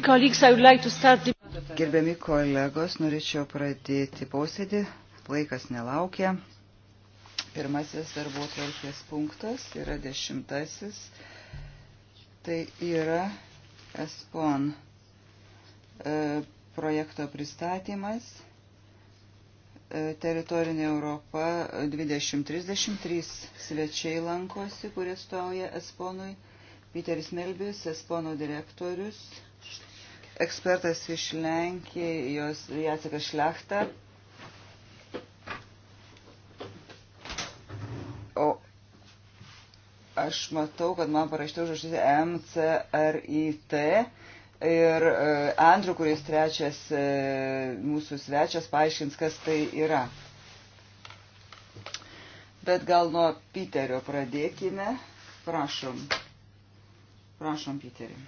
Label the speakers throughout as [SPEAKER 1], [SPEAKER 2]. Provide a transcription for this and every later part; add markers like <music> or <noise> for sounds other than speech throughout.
[SPEAKER 1] Gerbiami kolegos, norėčiau pradėti posėdį. Laikas nelaukia. Pirmasis darbo tvarkės punktas yra dešimtasis. Tai yra ESPON e, projekto pristatymas. E, teritorinė Europa 2033 svečiai lankosi, kurie stovauja ESPONui. Piteris Melbis, ESPONO direktorius, Ekspertas iš Lenkijos Jacekas Šlechta. O aš matau, kad man parašyta užrašyti MCRIT. Ir e, Andriu, kuris trečias e, mūsų svečias, paaiškins, kas tai yra. Bet gal nuo Piterio pradėkime. Prašom. Prašom, Piterį.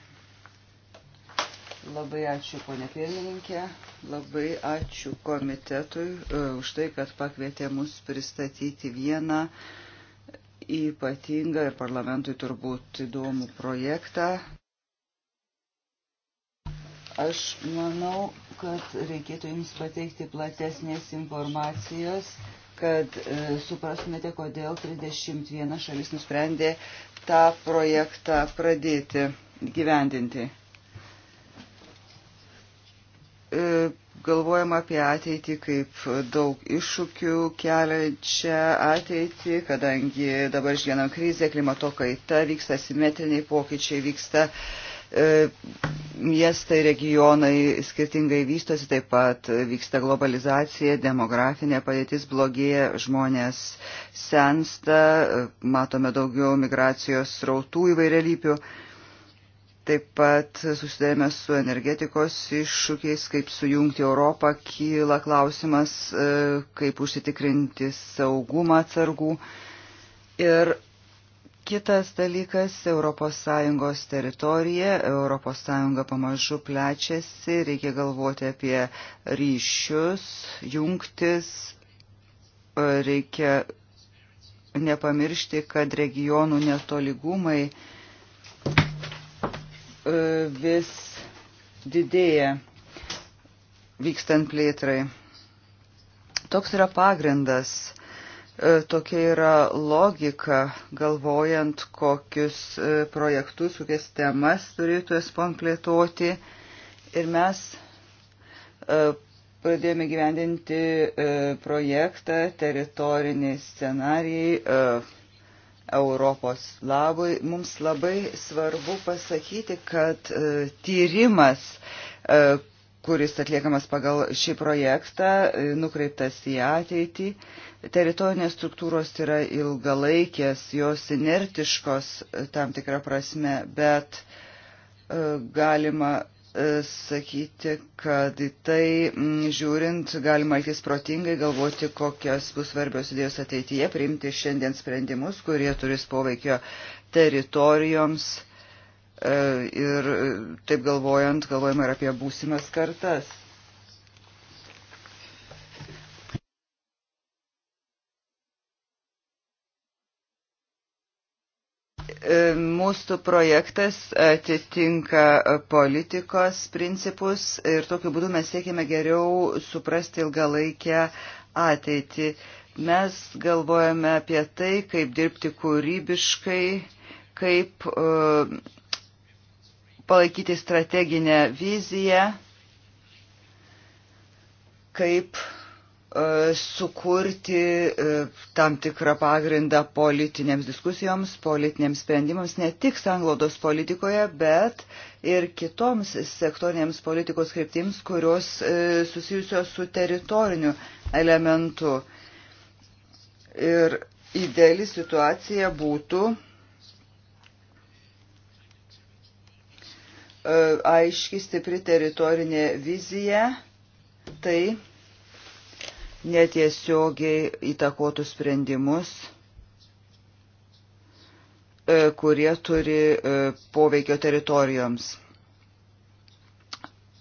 [SPEAKER 1] Labai ačiū, ponė pirmininkė, labai ačiū komitetui e, už tai, kad pakvietė mus pristatyti vieną ypatingą ir parlamentui turbūt įdomų projektą. Aš manau, kad reikėtų Jums pateikti platesnės informacijos, kad e, suprastumėte, kodėl 31 šalis nusprendė tą projektą pradėti gyvendinti. E, galvojam apie ateitį kaip daug iššūkių keliančią ateitį, kadangi dabar išgyvenam krizę, klimato kaita vyksta, simetriniai pokyčiai vyksta, e, miestai, regionai skirtingai vystosi, taip pat vyksta globalizacija, demografinė padėtis blogėja, žmonės sensta, matome daugiau migracijos srautų įvairialypių. lypių Taip pat susidarėme su energetikos iššūkiais, kaip sujungti Europą, kyla klausimas, e, kaip užsitikrinti saugumą atsargų. Ir kitas dalykas - ES teritorija. ES pamažu plečiasi, reikia galvoti apie ryšius, jungtis, e, reikia nepamiršti, kad regionų netoligumai vis didėja vykstant plėtrai. Toks yra pagrindas, e, tokia yra logika, galvojant, kokius e, projektus, kokias temas turėtų ESPON plėtoti. Ir mes e, pradėjome gyvendinti projektą teritoriniai scenarijai Europos labui. Mums labai svarbu pasakyti, kad e, tyrimas, e, kuris atliekamas pagal šį projektą, e, nukreiptas į ateitį. Teritorinės struktūros yra ilgalaikės, jos inertiškos tam tikrą prasme, bet galima sakyti, kad į tai mm, žiūrint galima elgtis protingai, galvoti, kokios bus svarbios idėjos ateityje, priimti šiandien sprendimus, kurie turis poveikio teritorijoms e, ir taip galvojant, galvojama ir apie būsimas kartas. mūsų projektas atitinka politikos principus ir tokiu būdu mes siekime geriau suprasti ilgalaikę ateitį. Mes galvojame apie tai, kaip dirbti kūrybiškai, kaip e, palaikyti strateginę viziją, kaip E, sukurti e, tam tikrą pagrindą politinėms diskusijoms, politinėms sprendimams, ne tik sanglaudos politikoje, bet ir kitoms sektorinėms politikos kryptims, kurios e, susijusios su teritoriniu elementu. Ir ideali situacija būtų aiški stipri teritorinė vizija, tai netiesiogiai įtakotų sprendimus, e, kurie turi e, poveikio teritorijoms.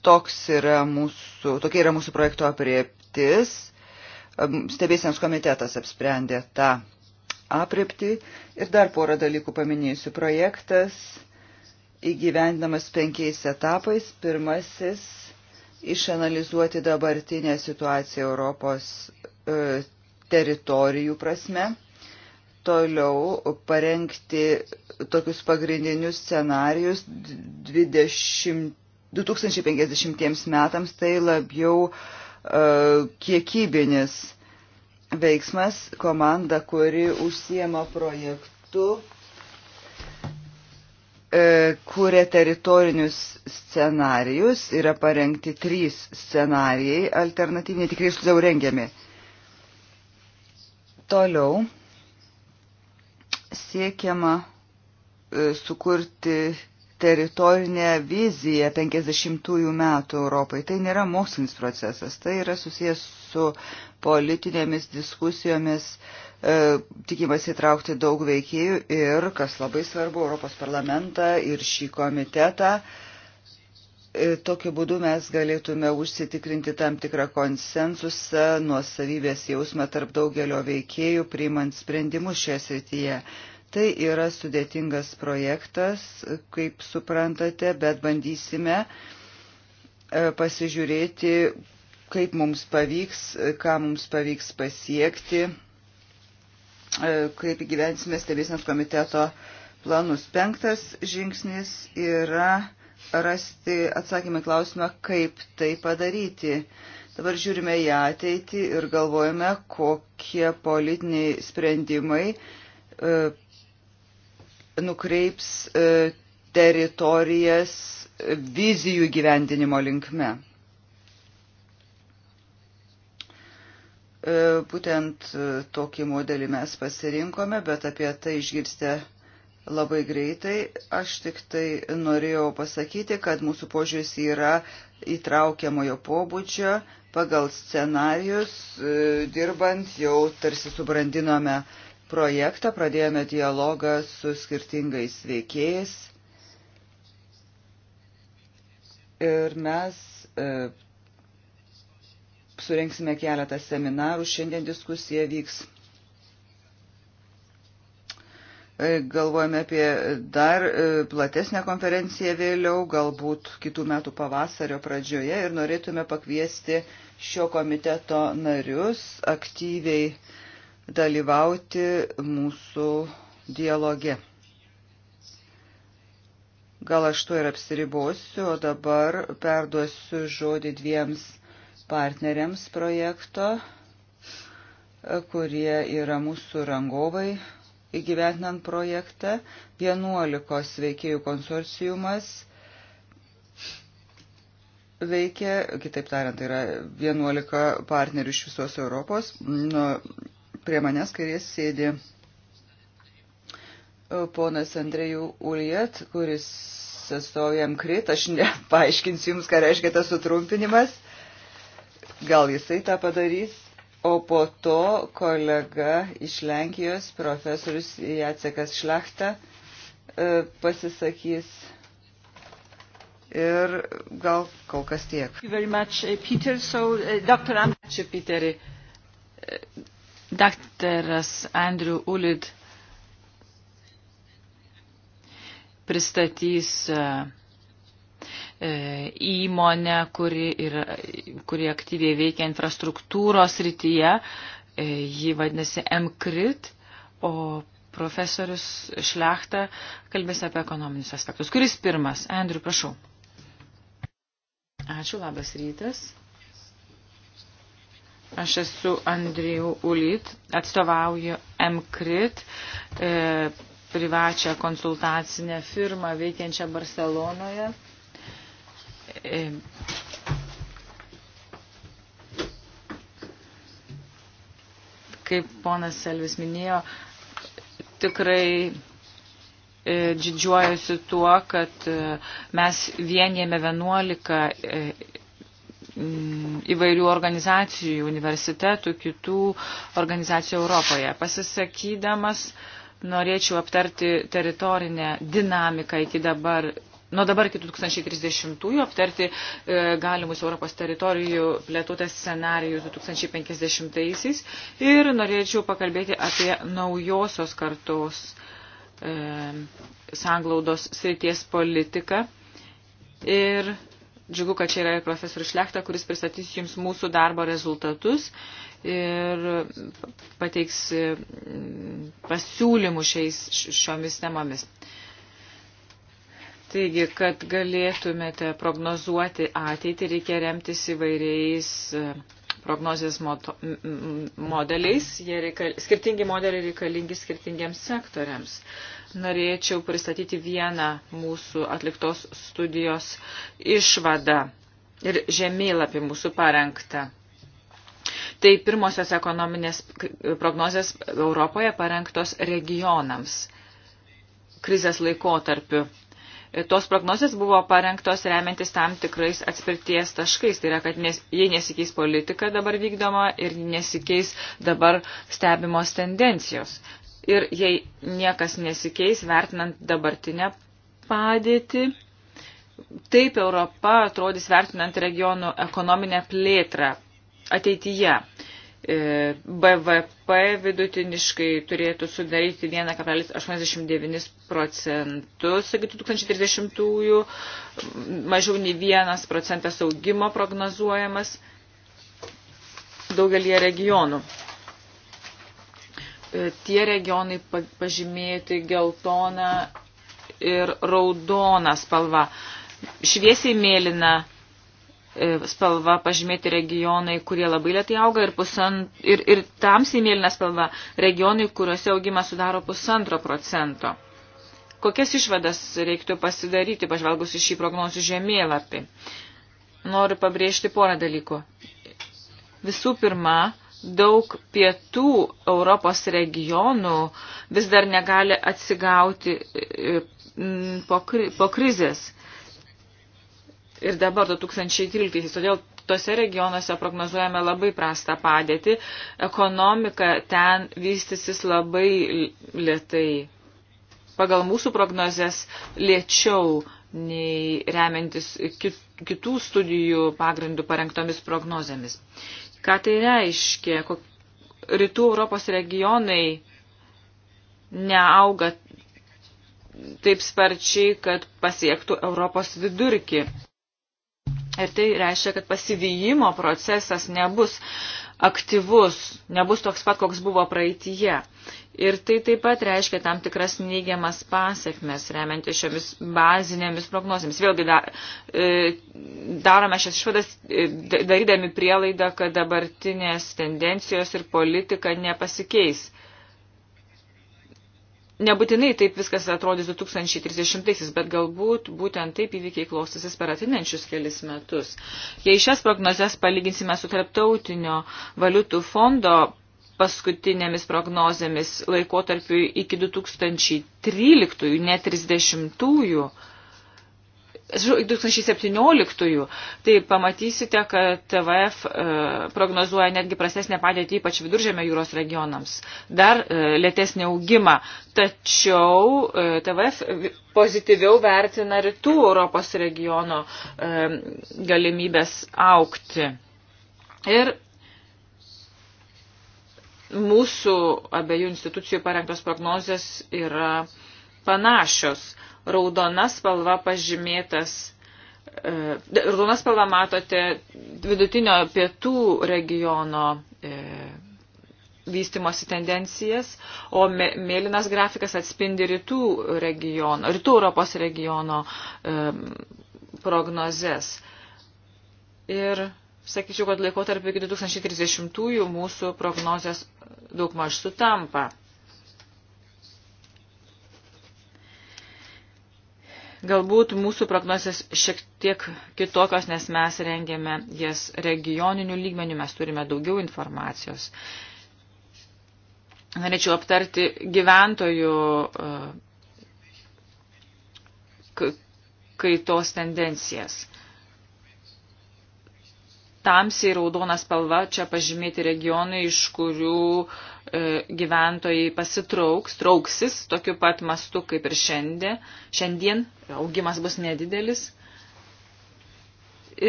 [SPEAKER 1] Toks yra mūsų, tokia yra mūsų projekto aprieptis. E, Stebėsiams komitetas apsprendė tą aprepti. Ir dar porą dalykų paminėsiu. Projektas įgyvendinamas penkiais etapais. Pirmasis išanalizuoti dabartinę situaciją Europos e, teritorijų prasme, toliau parengti tokius pagrindinius scenarius 20, 2050 metams, tai labiau e, kiekybinis veiksmas, komanda, kuri užsiema projektu E, kuria teritorinius scenarijus, yra parengti trys scenarijai alternatyviniai, tikrai jau rengiami. Toliau siekiama e, sukurti teritorinę viziją 50-ųjų metų Europai. Tai nėra mokslinis procesas, tai yra susijęs su politinėmis diskusijomis, e, tikimasi įtraukti daug veikėjų ir, kas labai svarbu, Europos parlamentą ir šį komitetą. E, tokiu būdu mes galėtume užsitikrinti tam tikrą konsensusą, nuosavybės jausmą tarp daugelio veikėjų, priimant sprendimus šioje srityje. Tai yra sudėtingas projektas, kaip suprantate, bet bandysime e, pasižiūrėti, kaip mums pavyks, ką mums pavyks pasiekti, e, kaip įgyvensime stebėsinos komiteto planus. Penktas žingsnis yra rasti atsakymą į klausimą, kaip tai padaryti. Dabar žiūrime į ateitį ir galvojame, kokie politiniai sprendimai e, nukreips e, teritorijas vizijų gyvendinimo linkme. E, būtent e, tokį modelį mes pasirinkome, bet apie tai išgirste labai greitai. Aš tik tai norėjau pasakyti, kad mūsų požiūris yra įtraukiamojo pobūdžio. Pagal scenarius e, dirbant jau tarsi subrandinome projektą, pradėjome dialogą su skirtingais veikėjais. Ir mes surenksime keletą seminarų, šiandien diskusija vyks. E, galvojame apie dar e, platesnę konferenciją vėliau, galbūt kitų metų pavasario pradžioje ir norėtume pakviesti šio komiteto narius aktyviai dalyvauti mūsų dialoge. Gal aš to ir apsiribosiu, o dabar perduosiu žodį dviems partneriams projekto, kurie yra mūsų rangovai įgyventinant projektą, 11 veikėjų konsorciumas veikia, kitaip tariant, tai yra 11 partnerių iš visos Europos. Nu, prie manęs kairės sėdi ponas Andrejų Uliet, kuris atstovė MKRIT, aš nepaaiškinsiu jums, ką reiškia tas sutrumpinimas. Gal jisai tą padarys, o po to kolega iš Lenkijos, profesorius Jacekas Šlechta, e, pasisakys. Ir gal kol kas tiek. Much, eh, Peter. So, uh, Ačiū,
[SPEAKER 2] Piteri. Eh, daktaras Andrew Ulid pristatys uh, E, įmonę, kuri, yra, kuri aktyviai veikia infrastruktūros rytyje. E, ji vadinasi MCRIT, o profesorius Šlechta kalbės apie ekonominius aspektus. Kuris pirmas? Andriu, prašau. Ačiū, labas rytas. Aš esu Andrijų Ulyt, atstovauju MCRIT, e, privačią konsultacinę firmą veikiančią Barcelonoje. Kaip ponas Elvis minėjo, tikrai e, didžiuojuosi tuo, kad e, mes vienėme 11 e, mm, įvairių organizacijų, universitetų, kitų organizacijų Europoje. Pasisakydamas, norėčiau aptarti teritorinę dinamiką iki dabar nuo dabar iki 2030-ųjų aptarti e, galimus Europos teritorijų plėtotės scenarijus 2050-aisiais ir norėčiau pakalbėti apie naujosios kartos e, sanglaudos srities politiką. Ir džiugu, kad čia yra ir profesorius Šlechta, kuris pristatys jums mūsų darbo rezultatus ir pateiks pasiūlymų šiais, šiomis temomis. E, Taigi, kad galėtumėte prognozuoti ateitį, reikia remtis įvairiais e, prognozės modeliais. Jie reikal, skirtingi modeliai reikalingi skirtingiems sektoriams. Norėčiau pristatyti vieną mūsų atliktos studijos išvadą ir žemėlapį mūsų parengtą. Tai pirmosios ekonominės prognozės Europoje parengtos regionams krizės laikotarpiu tos prognozijas buvo parengtos remiantis tam tikrais atspirties taškais. Tai yra, kad nes, jei nesikeis politika dabar vykdoma ir nesikeis dabar stebimos tendencijos. Ir jei niekas nesikeis, vertinant dabartinę padėtį, taip Europa atrodys vertinant regionų ekonominę plėtrą ateityje. E, BVP vidutiniškai turėtų sudaryti 1,89 procentus iki 2030-ųjų, mažiau nei 1 procentas augimo prognozuojamas daugelie regionų. E, tie regionai pažymėti geltona ir raudona spalva. Šviesiai mėlyna E, spalva pažymėti regionai, kurie labai lietai auga ir, pusant, ir, ir tamsiai mėlyna spalva regionai, kuriuose augimas sudaro pusantro procento. Kokias išvadas reiktų pasidaryti, pažvelgus į šį prognozių žemėlapį? Noriu pabrėžti porą dalykų. Visų pirma, daug pietų Europos regionų vis dar negali atsigauti e, po, kri po krizės ir dabar 2013. Todėl tose regionuose prognozuojame labai prastą padėtį. Ekonomika ten vystysis labai lietai. Pagal mūsų prognozes lėčiau nei remiantis kitų studijų pagrindų parengtomis prognozėmis. Ką tai reiškia? Rytų Europos regionai neauga taip sparčiai, kad pasiektų Europos vidurkį. Ir tai reiškia, kad pasivyjimo procesas nebus aktyvus, nebus toks pat, koks buvo praeitie. Ir tai taip pat reiškia tam tikras neigiamas pasiekmes, remiantis šiomis bazinėmis prognozėmis. Vėlgi da, e, darome šias išvadas, e, darydami prielaidą, kad dabartinės tendencijos ir politika nepasikeis. Nebūtinai taip viskas atrodys 2030-aisiais, bet galbūt būtent taip įvykiai klostysis per atinančius kelis metus. Jei šias prognozes palyginsime su tarptautinio valiutų fondo paskutinėmis prognozėmis laikotarpiu iki 2013, ne 30-ųjų, 2017-ųjų, tai pamatysite, kad TVF e, prognozuoja netgi prastesnę padėtį, ypač viduržėmio jūros regionams, dar e, lėtesnį augimą. Tačiau e, TVF pozityviau vertina rytų Europos regiono galimybės aukti. Ir mūsų abiejų institucijų parengtos prognozės yra panašios raudona spalva pažymėtas. E, raudona spalva matote vidutinio pietų regiono e, vystimosi tendencijas, o mėlynas grafikas atspindi rytų regiono, rytų Europos regiono e, prognozes. Ir sakyčiau, kad laikotarpį iki 2030-ųjų mūsų prognozijas daugmaž sutampa. Galbūt mūsų prognozijas šiek tiek kitokios, nes mes rengėme jas regioninių lygmenių, mes turime daugiau informacijos. Norėčiau aptarti gyventojų e, kaitos tendencijas. Tamsiai raudonas spalva čia pažymėti regionai, iš kurių e, gyventojai pasitrauks, trauksis tokiu pat mastu kaip ir šiandien. Šiandien augimas bus nedidelis.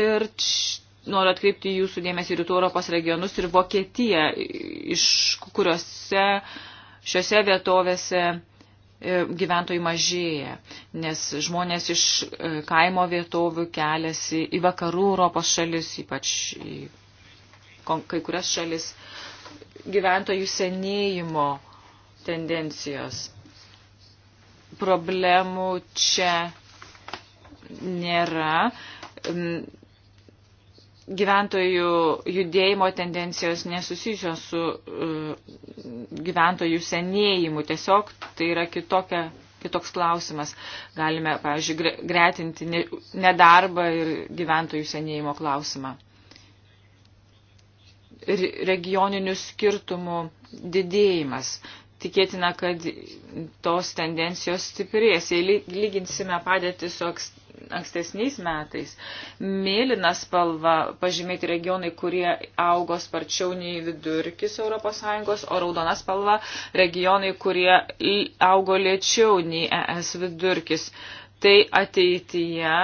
[SPEAKER 2] Ir č, noriu atkreipti jūsų dėmesį į rytų Europos regionus ir Vokietiją, iš kuriuose šiuose vietovėse E, gyventojai mažėja, nes žmonės iš e, kaimo vietovių keliasi į vakarų Europos šalis, ypač į kai kurias šalis gyventojų senėjimo tendencijos. Problemų čia nėra gyventojų judėjimo tendencijos nesusijusios su uh, gyventojų senėjimu. Tiesiog tai yra kitokia, kitoks klausimas. Galime, pavyzdžiui, gretinti nedarbą ir gyventojų senėjimo klausimą. Regioninių skirtumų didėjimas. Tikėtina, kad tos tendencijos stiprės. Jei lyginsime padėtį su ankstesniais metais. Mėlyna spalva pažymėti regionai, kurie augo sparčiau nei vidurkis ES, o raudona spalva regionai, kurie augo lėčiau nei ES vidurkis. Tai ateityje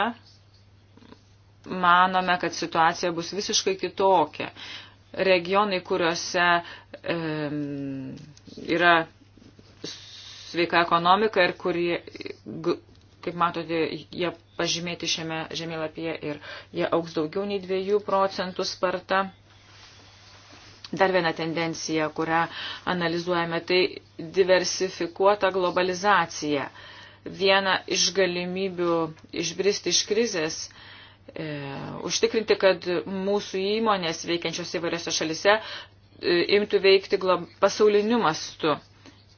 [SPEAKER 2] manome, kad situacija bus visiškai kitokia. Regionai, kuriuose e, yra sveika ekonomika ir kurie, kaip matote, jie pažymėti šiame žemėlapyje ir jie auks daugiau nei 2 procentų sparta. Dar viena tendencija, kurią analizuojame, tai diversifikuota globalizacija. Viena iš galimybių išbristi iš krizės e, užtikrinti, kad mūsų įmonės veikiančios įvairiose šalise e, imtų veikti glob... pasauliniu mastu.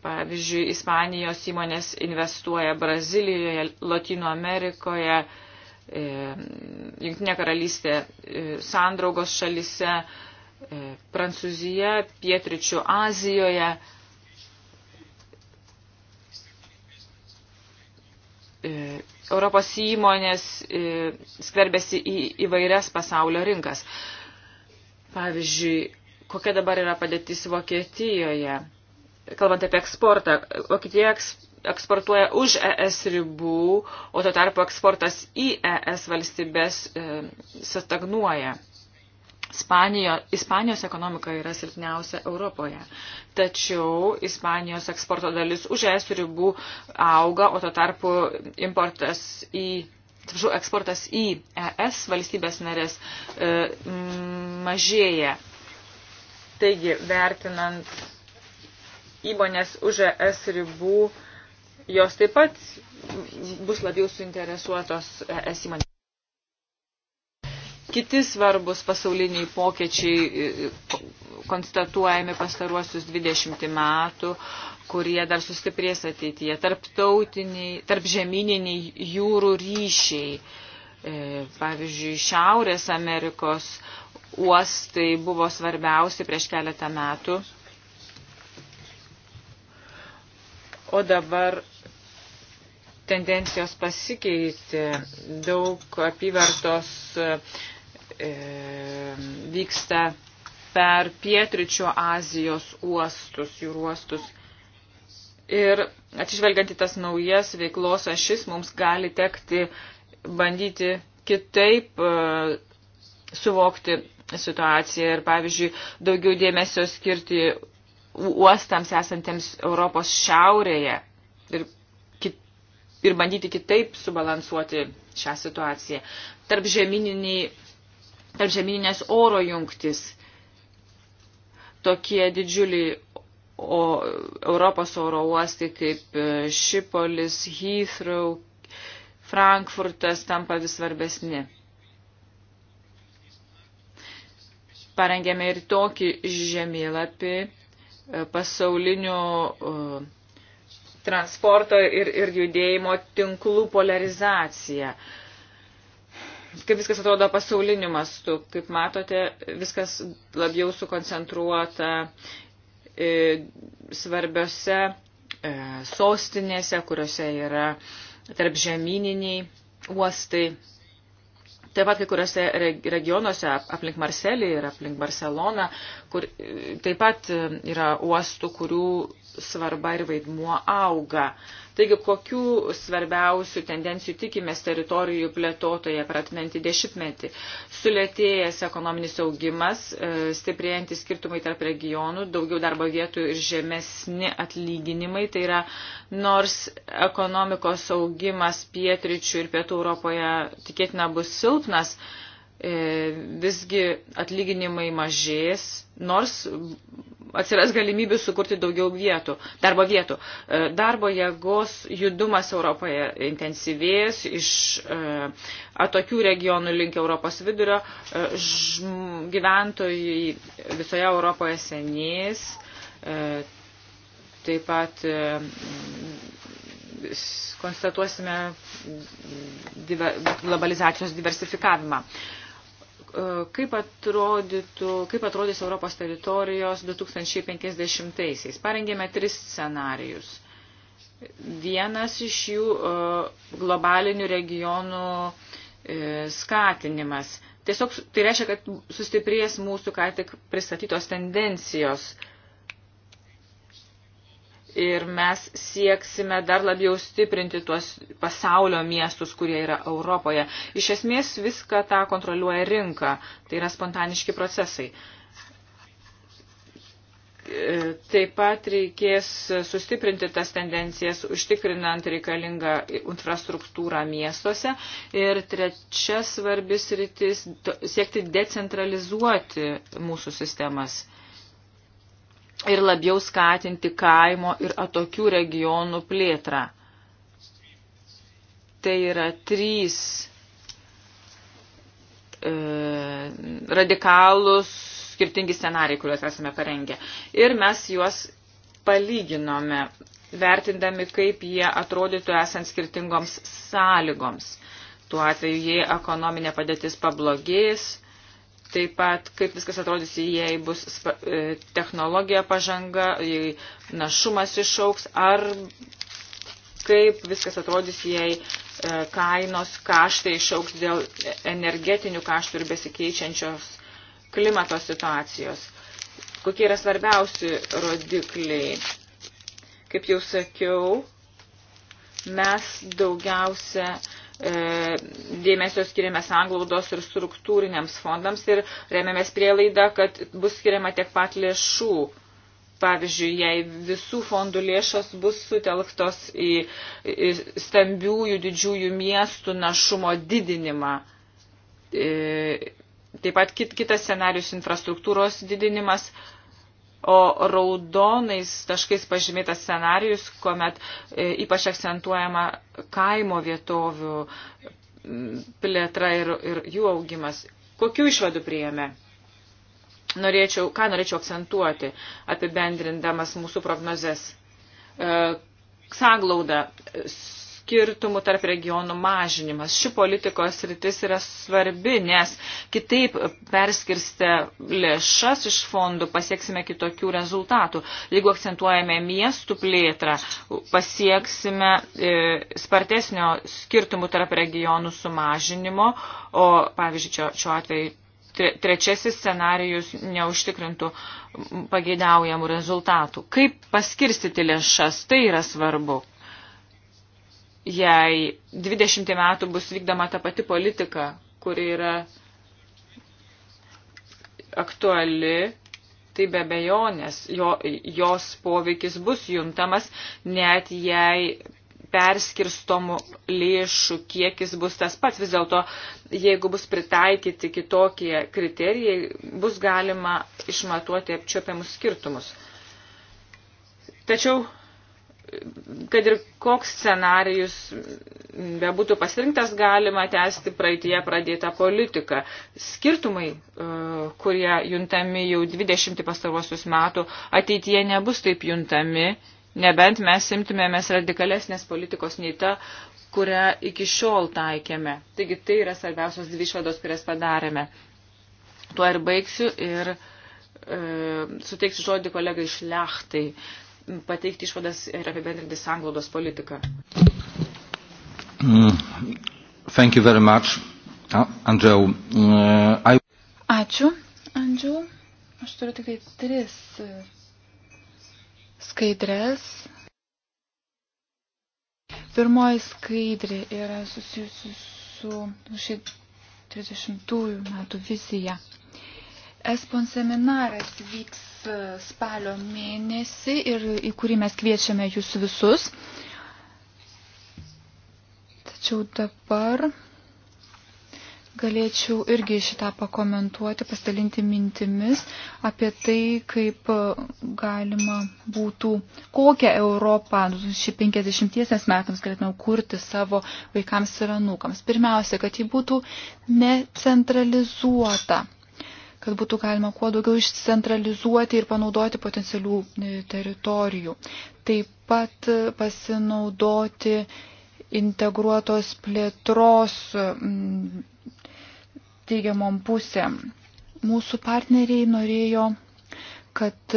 [SPEAKER 2] Pavyzdžiui, Ispanijos įmonės investuoja Brazilijoje, Latino Amerikoje, e, Junktinė karalystė e, sandraugos šalise, e, Prancūzija, Pietričių Azijoje. Europos įmonės skverbėsi į įvairias pasaulio rinkas. Pavyzdžiui, kokia dabar yra padėtis Vokietijoje kalbant apie eksportą, Vokietija eksportuoja už ES ribų, o tuo tarpu eksportas į ES valstybės e, sustagnuoja. Ispanijo, Ispanijos ekonomika yra silpniausia Europoje, tačiau Ispanijos eksporto dalis už ES ribų auga, o tuo tarpu importas į, atsiprašau, eksportas į ES valstybės narės e, mažėja. Taigi, vertinant įmonės už ES ribų, jos taip pat bus labiau suinteresuotos ES įmonės. Kiti svarbus pasauliniai pokyčiai e, konstatuojami pastaruosius 20 metų, kurie dar sustiprės ateityje. Tarptautiniai, tarp žemyniniai jūrų ryšiai. E, pavyzdžiui, Šiaurės Amerikos uostai buvo svarbiausi prieš keletą metų O dabar tendencijos pasikeitė. Daug apyvartos e, e vyksta per pietričio Azijos uostus, jūrų uostus. Ir atsižvelgiant į tas naujas veiklos ašis, mums gali tekti bandyti kitaip e, suvokti situaciją ir, pavyzdžiui, daugiau dėmesio skirti uostams esantiems Europos šiaurėje ir, kit, ir bandyti kitaip subalansuoti šią situaciją. Tarp, tarp žemyninės oro jungtis tokie didžiuliai o, Europos oro uostai kaip e, Šipolis, Heathrow, Frankfurtas tampa vis svarbesni. Parengėme ir tokį žemėlapį pasaulinių e, transporto ir, ir judėjimo tinklų polarizacija. Kaip viskas atrodo pasauliniu mastu, kaip matote, viskas labiau sukoncentruota e, svarbiose e, sostinėse, kuriuose yra tarp žemyniniai uostai Taip pat kai kuriuose regionuose aplink Marselį ir aplink Barceloną, kur taip pat e, yra uostų, kurių svarba ir vaidmuo auga. Uh, Taigi, kokių svarbiausių tendencijų tikimės teritorijų plėtotoje per atmenti dešimtmetį? Sulėtėjęs ekonominis augimas, e, stiprėjantis skirtumai tarp regionų, daugiau darbo vietų ir žemesni atlyginimai. Tai yra, nors ekonomikos augimas pietričių ir pietų Europoje tikėtina bus silpnas, E, visgi atlyginimai mažės, nors atsiras galimybių sukurti daugiau vietų, darbo vietų. E, darbo jėgos judumas Europoje intensyvės iš e, atokių regionų link Europos vidurio, gyventojai visoje Europoje senės, taip pat konstatuosime globalizacijos diversifikavimą kaip, atrodytų, kaip atrodys Europos teritorijos 2050-aisiais. Parengėme tris scenarius. Vienas iš jų e, globalinių regionų e, skatinimas. Tiesiog tai reiškia, kad sustiprės mūsų ką tik pristatytos tendencijos ir mes sieksime dar labiau stiprinti tuos pasaulio miestus, kurie yra Europoje. Iš esmės viską tą kontroliuoja rinka, tai yra spontaniški procesai. Taip pat reikės sustiprinti tas tendencijas, užtikrinant reikalingą infrastruktūrą miestuose. Ir trečia svarbis rytis - siekti decentralizuoti mūsų sistemas ir labiau skatinti kaimo ir atokių regionų plėtrą. Tai yra trys e, radikalus skirtingi scenarijai, kuriuos esame parengę. Ir mes juos palyginome, vertindami, kaip jie atrodytų esant skirtingoms sąlygoms. Tuo atveju, jei ekonominė padėtis pablogės, Taip pat, kaip viskas atrodys, jei bus e, technologija pažanga, jei našumas išauks, ar kaip viskas atrodys, jei e, kainos kaštai išauks dėl energetinių kaštų ir besikeičiančios klimato situacijos. Kokie yra svarbiausi rodikliai? Kaip jau sakiau, mes daugiausia E, dėmesio skiriame sanglaudos ir struktūriniams fondams ir remiamės prielaidą, kad bus skiriama tiek pat lėšų. Pavyzdžiui, jei visų fondų lėšos bus sutelktos į, į stambiųjų didžiųjų miestų našumo didinimą. E, taip pat kit, kitas scenarius - infrastruktūros didinimas, O raudonais taškais pažymėtas scenarius, kuomet e, ypač akcentuojama kaimo vietovių plėtra ir, ir jų augimas. Kokių išvadų priėmė? Norėčiau, ką norėčiau akcentuoti, apibendrindamas mūsų prognozes. E, Saglauda, skirtumų tarp regionų mažinimas. Ši politikos rytis yra svarbi, nes kitaip perskirstę lėšas iš fondų pasieksime kitokių rezultatų. Jeigu akcentuojame miestų plėtrą, pasieksime e, spartesnio skirtumų tarp regionų sumažinimo, o pavyzdžiui, čia, šiuo atveju trečiasis scenarijus neužtikrintų pageidaujamų rezultatų. Kaip paskirstyti lėšas, tai yra svarbu jei 20 metų bus vykdoma ta pati politika, kuri yra aktuali, tai be bejonės jo, jos poveikis bus juntamas, net jei perskirstomų lėšų kiekis bus tas pats. Vis dėlto, jeigu bus pritaikyti kitokie kriterijai, bus galima išmatuoti apčiopiamus skirtumus. Tačiau kad ir koks scenarijus bebūtų pasirinktas, galima tęsti praeitie pradėtą politiką. Skirtumai, e, kurie juntami jau 20 pastaruosius metų, ateityje nebus taip juntami, nebent mes imtumėmės radikalesnės politikos nei ta, kurią iki šiol taikėme. Taigi tai yra svarbiausios dvi išvados, kurias padarėme. Tuo ir baigsiu ir e, suteiksiu žodį kolegai Šlechtai. E, pateikti išvadas ir apibendrinti sanglaudos politiką. Mm. Thank you very much, uh,
[SPEAKER 3] Andriau. Uh, I... Ačiū, Andriau. Aš turiu tik tai tris uh, skaidrės. Pirmoji skaidrė yra susijusi su, su šį 30 metų vizija. Espon seminaras vyks E, spalio mėnesį ir į kurį mes kviečiame jūs visus. Tačiau dabar galėčiau irgi šitą pakomentuoti, pasidalinti mintimis apie tai, kaip galima būtų, kokią Europą 50 metams galėtume kurti savo vaikams ir anūkams. Pirmiausia, kad ji būtų necentralizuota kad būtų galima kuo daugiau išcentralizuoti ir panaudoti potencialių e, teritorijų. Taip pat e, pasinaudoti integruotos plėtros mm, teigiamom pusėm. Mūsų partneriai norėjo, kad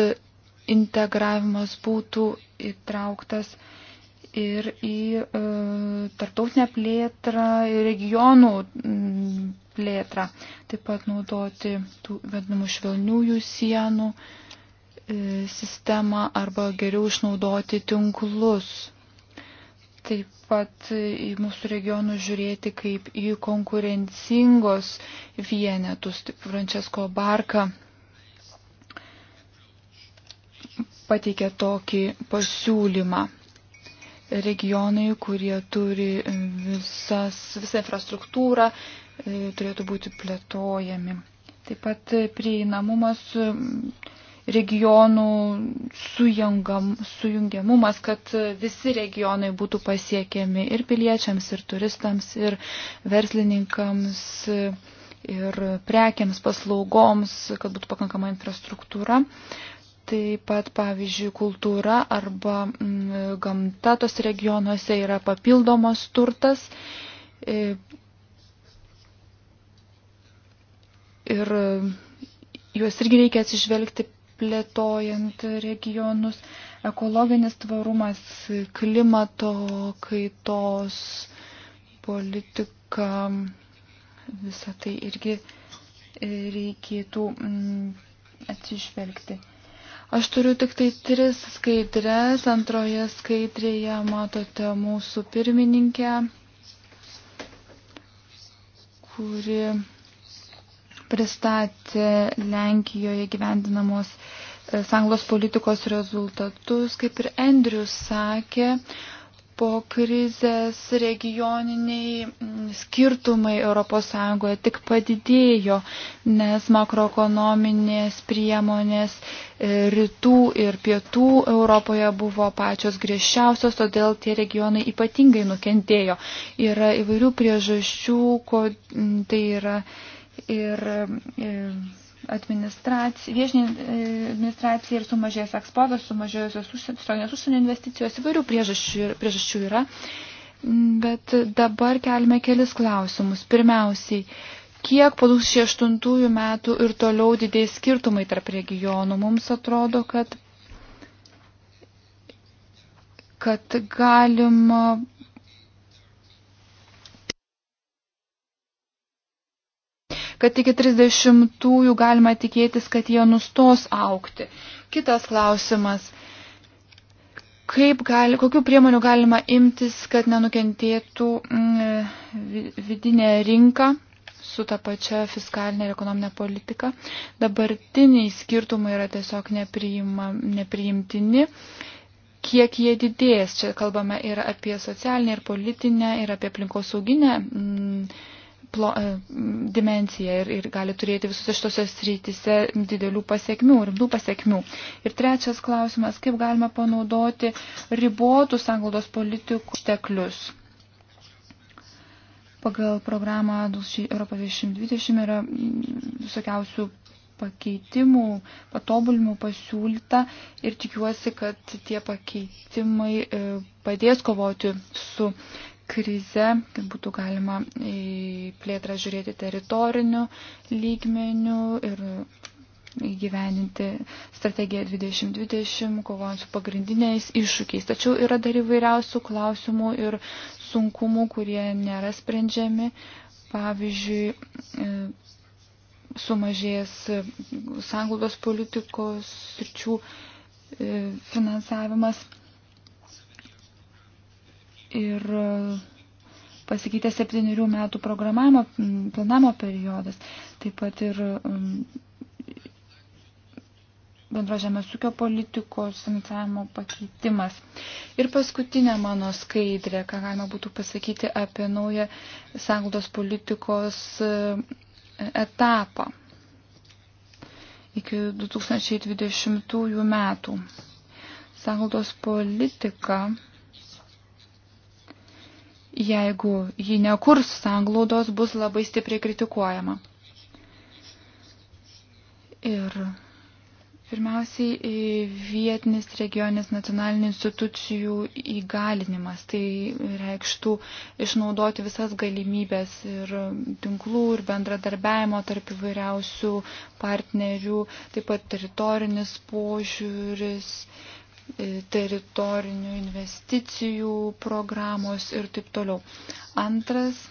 [SPEAKER 3] integravimas būtų įtrauktas ir į e, tartautinę plėtrą, regionų m, mm, plėtrą, taip pat naudoti tų vadinamų švelniųjų sienų e, sistemą arba geriau išnaudoti tinklus. Taip pat į mūsų regionus žiūrėti kaip į konkurencingos vienetus, taip Francesco Barka pateikė tokį pasiūlymą. Regionai, kurie turi visas, visą infrastruktūrą, E, turėtų būti plėtojami. Taip pat prieinamumas e, regionų sujungam, sujungiamumas, kad visi regionai būtų pasiekiami ir piliečiams, ir turistams, ir verslininkams, ir prekiams, paslaugoms, kad būtų pakankama infrastruktūra. Taip pat, pavyzdžiui, kultūra arba m, mm, gamta tos regionuose yra papildomas turtas. E, ir e, juos irgi reikia atsižvelgti plėtojant regionus, ekologinis tvarumas, klimato kaitos politika, visą tai irgi e, reikėtų mm, atsižvelgti. Aš turiu tik tai tris skaidrės. Antroje skaidrėje matote mūsų pirmininkę, kuri pristatė Lenkijoje gyvendinamos e, sanglos politikos rezultatus. Kaip ir Andrius sakė, po krizės regioniniai mm, skirtumai ES tik padidėjo, nes makroekonominės priemonės e, rytų ir pietų Europoje buvo pačios griežčiausios, todėl tie regionai ypatingai nukentėjo. Yra įvairių priežasčių, ko mm, tai yra ir e, administracija, viešinė e, administracija ir sumažėjęs eksportas, sumažėjusios užsienio, užsienio investicijos, įvairių priežasčių, priežasčių yra. Bet dabar kelime kelis klausimus. Pirmiausiai, kiek po 2008 metų ir toliau didės skirtumai tarp regionų? Mums atrodo, kad, kad galima kad iki 30-ųjų galima tikėtis, kad jie nustos aukti. Kitas klausimas. Kaip gali, kokiu priemonių galima imtis, kad nenukentėtų mm, vidinė rinka su ta pačia fiskalinė ir ekonominė politika. Dabartiniai skirtumai yra tiesiog nepriima, nepriimtini kiek jie didės. Čia kalbame ir apie socialinę, ir politinę, ir apie aplinkosauginę mm, plo, e, dimensiją ir, ir gali turėti visose šitose srityse didelių pasiekmių, rimtų pasiekmių. Ir trečias klausimas, kaip galima panaudoti ribotų sanglaudos politikų šteklius. Pagal programą Europa 2020 yra visokiausių pakeitimų, patobulimų pasiūlyta ir tikiuosi, kad tie pakeitimai e, padės kovoti su krizę, kad būtų galima į plėtrą žiūrėti teritoriniu lygmeniu ir įgyveninti strategiją 2020, kovojant su pagrindiniais iššūkiais. Tačiau yra dar įvairiausių klausimų ir sunkumų, kurie nėra sprendžiami. Pavyzdžiui, e, sumažės sanglaudos politikos sričių e, finansavimas ir e, pasikeitė septynių metų programavimo planavimo periodas, taip pat ir bendro žemės ūkio politikos finansavimo pakeitimas. Ir paskutinė mano skaidrė, ką galima būtų pasakyti apie naują sąnglaudos politikos e, etapą iki 2020 metų. Sąnglaudos politika jeigu ji nekurs sanglaudos, bus labai stipriai kritikuojama. Ir pirmiausiai e, vietinis regioninis nacionalinių institucijų įgalinimas. Tai reikštų išnaudoti visas galimybės ir tinklų, ir bendradarbiajimo tarp įvairiausių partnerių, taip pat teritorinis požiūris. E, E, teritorinių investicijų programos ir taip toliau. Antras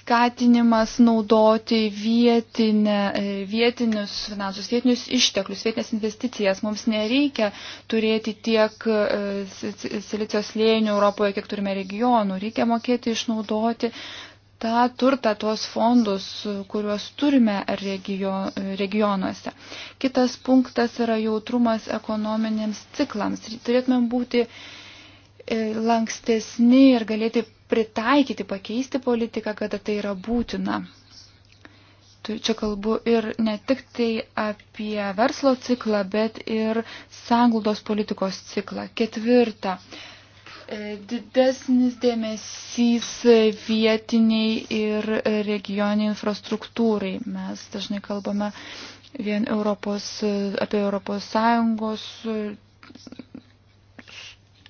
[SPEAKER 3] skatinimas naudoti vietinę, e, vietinius finansus, vietinius išteklius, vietinės investicijas. Mums nereikia turėti tiek e, silicijos lėjinių Europoje, kiek turime regionų. Reikia mokėti išnaudoti tą turtą, tuos fondus, kuriuos turime regio, regionuose. Kitas punktas yra jautrumas ekonominėms ciklams. Turėtume būti e, lankstesni ir galėti pritaikyti, pakeisti politiką, kada tai yra būtina. Čia kalbu ir ne tik tai apie verslo ciklą, bet ir sanglaudos politikos ciklą. Ketvirta. E, didesnis dėmesys vietiniai ir regioniai infrastruktūrai. Mes dažnai kalbame vien Europos, apie Europos Sąjungos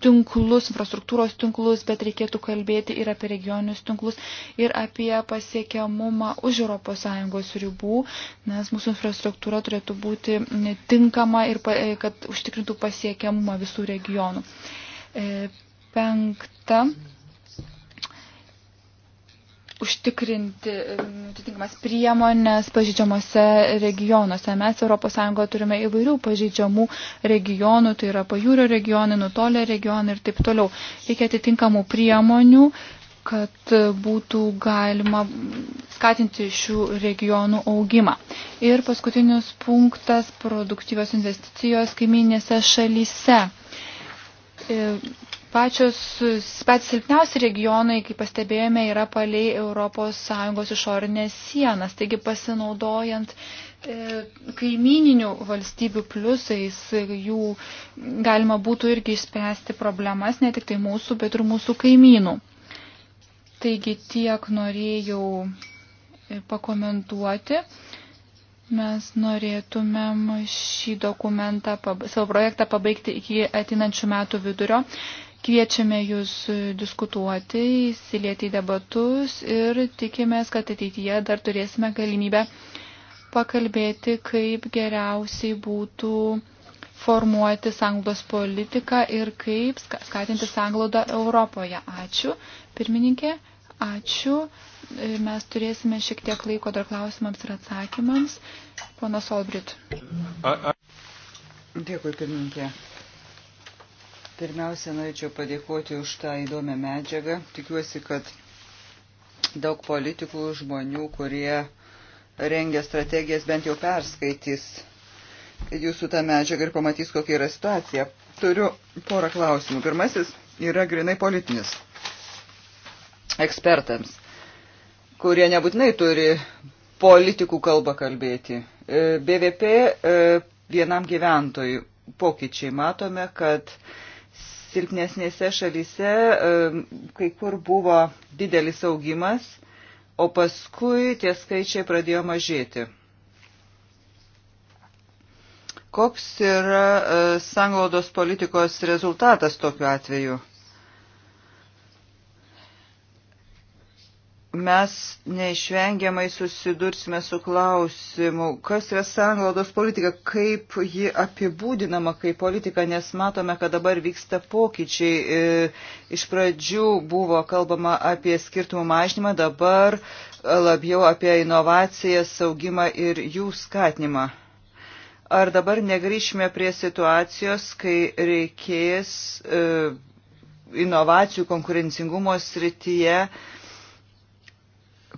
[SPEAKER 3] tinklus, infrastruktūros tinklus, bet reikėtų kalbėti ir apie regioninius tinklus ir apie pasiekiamumą už ES ribų, nes mūsų infrastruktūra turėtų būti tinkama ir kad užtikrintų pasiekiamumą visų regionų. E, penkta užtikrinti um, atitinkamas priemonės pažydžiamuose regionuose. Mes ES turime įvairių pažydžiamų regionų, tai yra pajūrio regionai, nutolę regionai ir taip toliau. Reikia atitinkamų priemonių, kad būtų galima skatinti šių regionų augimą. Ir paskutinis punktas - produktyvios investicijos kaiminėse šalyse e, Pačios, patys silpniausi regionai, kaip pastebėjome, yra paliai ES išorinės sienas. Taigi pasinaudojant e, kaimyninių valstybių pliusais, jų galima būtų irgi išspręsti problemas, ne tik tai mūsų, bet ir mūsų kaimynų. Taigi tiek norėjau e, pakomentuoti. Mes norėtumėm šį dokumentą, savo projektą pabaigti iki atinančių metų vidurio. Kviečiame jūs diskutuoti, įsilieti į debatus ir tikimės, kad ateityje dar turėsime galimybę pakalbėti, kaip geriausiai būtų formuoti sanglos politiką ir kaip skatinti sanglodą Europoje. Ačiū, pirmininkė, ačiū. Mes turėsime šiek tiek laiko dar klausimams ir atsakymams. Ponas Olbrit.
[SPEAKER 1] Dėkui, pirmininkė. Pirmiausia, norėčiau padėkoti už tą įdomią medžiagą. Tikiuosi, kad daug politikų, žmonių, kurie rengia strategijas, bent jau perskaitys jūsų tą medžiagą ir pamatys, kokia yra situacija. Turiu porą klausimų. Pirmasis yra grinai politinis ekspertams, kurie nebūtinai turi politikų kalbą kalbėti. E, BVP e, vienam gyventojui pokyčiai. Matome, kad silpnesnėse šalyse kai kur buvo didelis augimas, o paskui tie skaičiai pradėjo mažėti. Koks yra e, sanglaudos politikos rezultatas tokiu atveju? mes neišvengiamai susidursime su klausimu, kas yra sanglaudos politika, kaip ji apibūdinama kaip politika, nes matome, kad dabar vyksta pokyčiai. E, iš pradžių buvo kalbama apie skirtumų mažinimą, dabar labiau apie inovaciją, saugimą ir jų skatinimą. Ar dabar negrįšime prie situacijos, kai reikės e, inovacijų konkurencingumo srityje,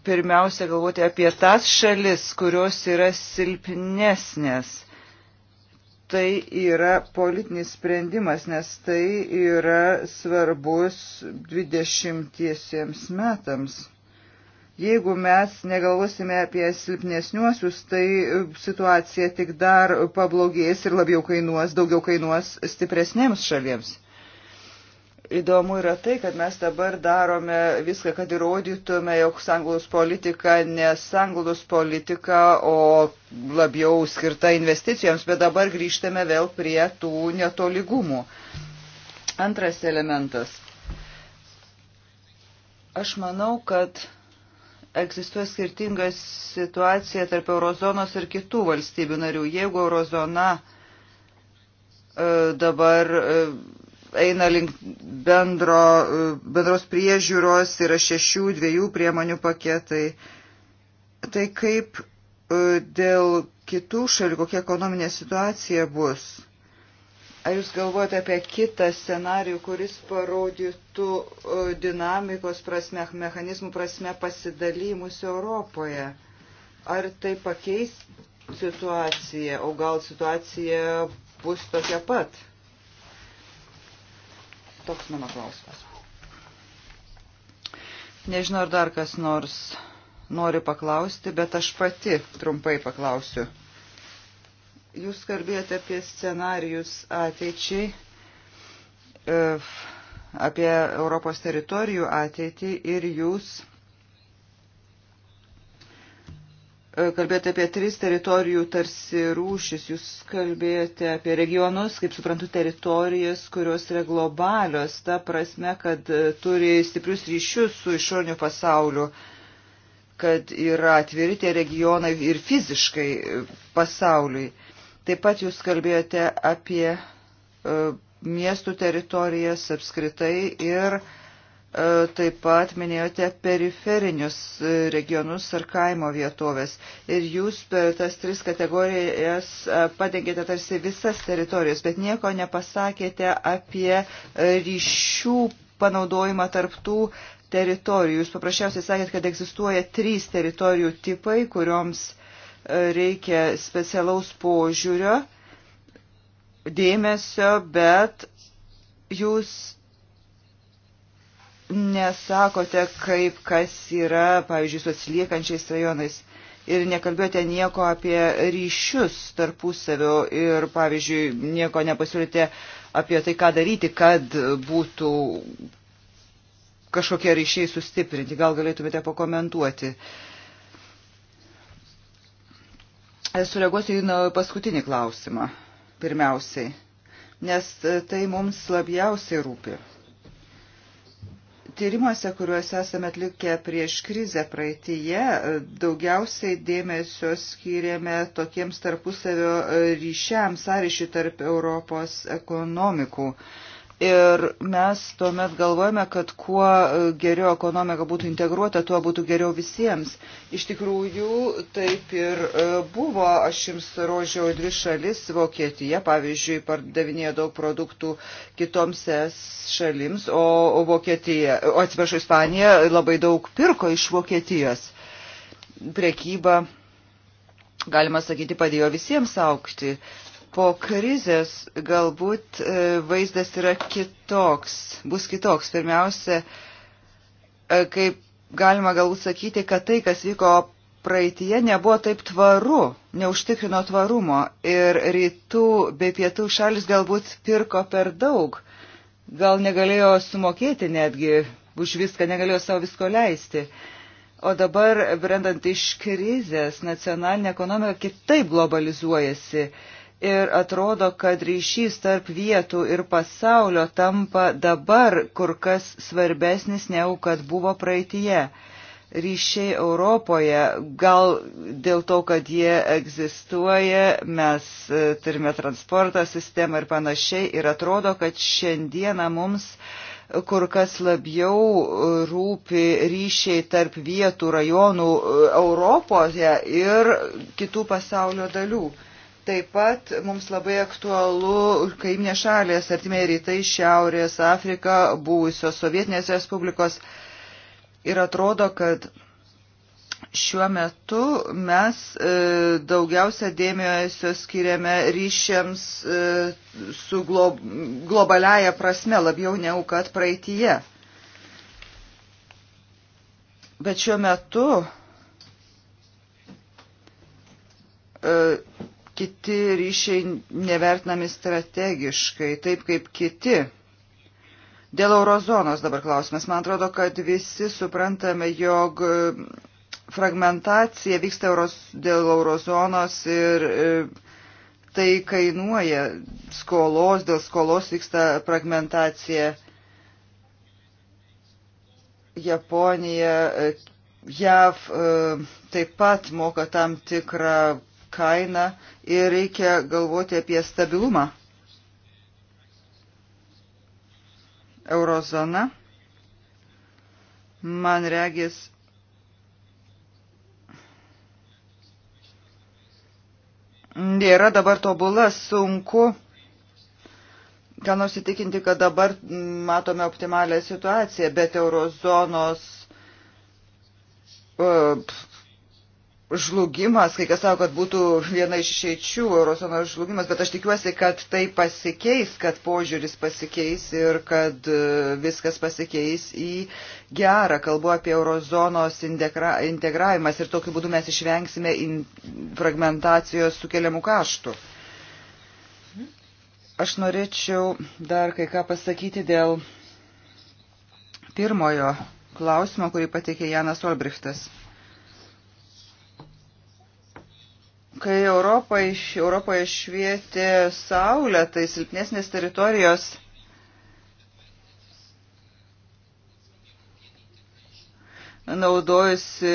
[SPEAKER 1] pirmiausia galvoti apie tas šalis, kurios yra silpnesnės. Tai yra politinis sprendimas, nes tai yra svarbus 20 metams. Jeigu mes negalvosime apie silpnesniuosius, tai situacija tik dar pablogės ir labiau kainuos, daugiau kainuos stipresnėms šalims įdomu yra tai, kad mes dabar darome viską, kad įrodytume, jog sanglus politika ne sanglus politika, o labiau skirta investicijoms, bet dabar grįžtame vėl prie tų netoligumų. Antras elementas. Aš manau, kad egzistuoja skirtinga situacija tarp eurozonos ir kitų valstybių narių. Jeigu eurozona e, dabar e, eina link bendro, bendros priežiūros, yra šešių dviejų priemonių paketai. Tai kaip e, dėl kitų šalių, kokia ekonominė situacija bus? Ar jūs galvojate apie kitą scenarių, kuris parodytų e, dinamikos prasme, mechanizmų prasme pasidalymus Europoje? Ar tai pakeis situaciją, o gal situacija bus tokia pat? Toks mano klausimas. Nežinau, ar dar kas nors nori paklausti, bet aš pati trumpai paklausiu. Jūs kalbėjote apie scenarius ateičiai, e, apie Europos teritorijų ateitį ir jūs E, kalbėjote apie tris teritorijų tarsi rūšis, jūs kalbėjote apie regionus, kaip suprantu, teritorijas, kurios yra globalios, ta prasme, kad e, turi stiprius ryšius su išorniu pasauliu, kad yra atviri tie regionai ir fiziškai e, pasauliui. Taip pat jūs kalbėjote apie miestų teritorijas apskritai ir uh, E, taip pat minėjote periferinius e, regionus ar kaimo vietovės. Ir jūs per tas tris kategorijas e, padengėte tarsi visas teritorijas, bet nieko nepasakėte apie ryšių panaudojimą tarptų teritorijų. Jūs paprasčiausiai sakėt, kad egzistuoja trys teritorijų tipai, kurioms reikia specialaus požiūrio, dėmesio, bet jūs nesakote, kaip kas yra, pavyzdžiui, su atsiliekančiais rajonais ir nekalbėjote nieko apie ryšius tarpusavio ir, pavyzdžiui, nieko nepasiūlėte apie tai, ką daryti, kad būtų kažkokie ryšiai sustiprinti. Gal galėtumėte pakomentuoti. Sureaguosiu į paskutinį klausimą pirmiausiai, nes tai mums labiausiai rūpi. Tyrimuose, kuriuos esame atlikę prieš krizę praeitįje, daugiausiai dėmesio skiriame tokiems tarpusavio ryšiams, sąryšių tarp Europos ekonomikų. Uh, Ir mes tuomet galvojame, kad kuo geriau ekonomika būtų integruota, tuo būtų geriau visiems. Iš tikrųjų, taip ir e, buvo. Aš jums rožiau dvi šalis. Vokietija, pavyzdžiui, pardavinėjo daug produktų kitoms šalims, o Vokietija, o atsiprašau, Ispanija labai daug pirko iš Vokietijos. Prekyba galima sakyti, padėjo visiems aukti po krizės galbūt e, vaizdas yra kitoks, bus kitoks. Pirmiausia, e, kaip galima galbūt sakyti, kad tai, kas vyko praeitie, nebuvo taip tvaru, neužtikrino tvarumo ir rytų bei pietų šalis galbūt pirko per daug, gal negalėjo sumokėti netgi už viską, negalėjo savo visko leisti. O dabar, brendant iš krizės, nacionalinė ekonomika kitaip globalizuojasi ir atrodo, kad ryšys tarp vietų ir pasaulio tampa dabar kur kas svarbesnis negu kad buvo praeitie. Ryšiai Europoje, gal dėl to, kad jie egzistuoja, mes e, turime transporto sistemą ir panašiai, ir atrodo, kad šiandieną mums kur kas labiau rūpi ryšiai tarp vietų, rajonų e, Europoje ir kitų pasaulio dalių. Taip pat mums labai aktualu kaiminė šalės, artimieji rytai, Šiaurės Afrika, buvusios Sovietinės Respublikos. Ir atrodo, kad šiuo metu mes e, daugiausia dėmesio skiriame ryšiams e, su glo, globaliaja prasme, labiau negu kad praeitie. Bet šiuo metu e, kiti ryšiai nevertinami strategiškai, taip kaip kiti. Dėl eurozonos dabar klausimas. Man atrodo, kad visi suprantame, jog e, fragmentacija vyksta euros, dėl eurozonos ir e, tai kainuoja skolos, dėl skolos vyksta fragmentacija. Japonija, e, JAV taip pat moka tam tikrą kainą ir reikia galvoti apie stabilumą. Eurozona, man regis, nėra dabar tobula, sunku, ką nors įtikinti, kad dabar matome optimalią situaciją, bet eurozonos e, žlugimas, kai kas sako, kad būtų viena iš išeičių eurozonos žlugimas, bet aš tikiuosi, kad tai pasikeis, kad požiūris pasikeis ir kad e, viskas pasikeis į gerą. Kalbu apie eurozonos integra integravimas ir tokiu būdu mes išvengsime fragmentacijos sukeliamų kaštų. Aš norėčiau dar kai ką pasakyti dėl pirmojo klausimo, kurį pateikė Janas Olbrichtas. Kai Europa iš, Europoje švietė saulė, tai silpnesnės teritorijos naudojasi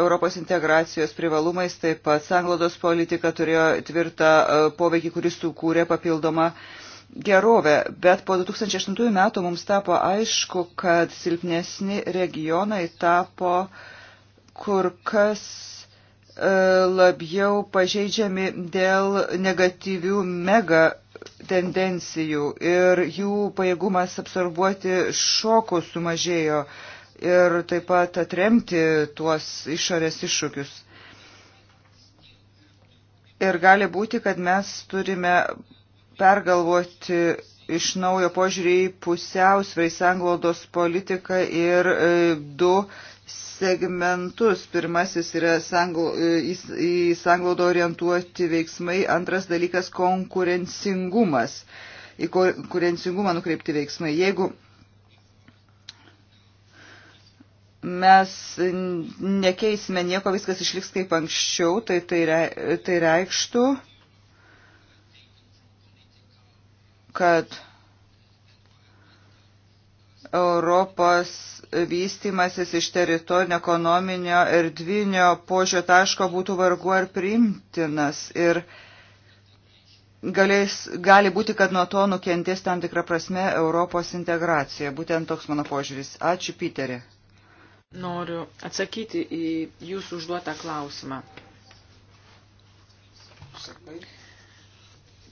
[SPEAKER 1] Europos integracijos privalumais, taip pat sanglodos politika turėjo tvirtą e, poveikį, kuris sukūrė papildomą gerovę. Bet po 2008 metų mums tapo aišku, kad silpnesni regionai tapo kur kas labiau pažeidžiami dėl negatyvių mega tendencijų ir jų pajėgumas absorbuoti šokus sumažėjo ir taip pat atremti tuos išorės iššūkius. Ir gali būti, kad mes turime pergalvoti iš naujo požiūrį į pusiausvai sanglaudos politiką ir e, du segmentus. Pirmasis yra sanglo, e, į, į sanglaudą orientuoti veiksmai, antras dalykas - konkurencingumas. Į konkurencingumą nukreipti veiksmai. Jeigu mes nekeisime nieko, viskas išliks kaip anksčiau, tai tai, re, tai reikštų, kad Europos vystimasis iš teritorinio, ekonominio ir dvinio požio taško būtų vargu ar priimtinas ir galės, gali būti, kad nuo to nukentės tam tikrą prasme Europos integracija. Būtent toks mano požiūris. Ačiū, Piterė.
[SPEAKER 2] Noriu atsakyti į jūsų užduotą klausimą.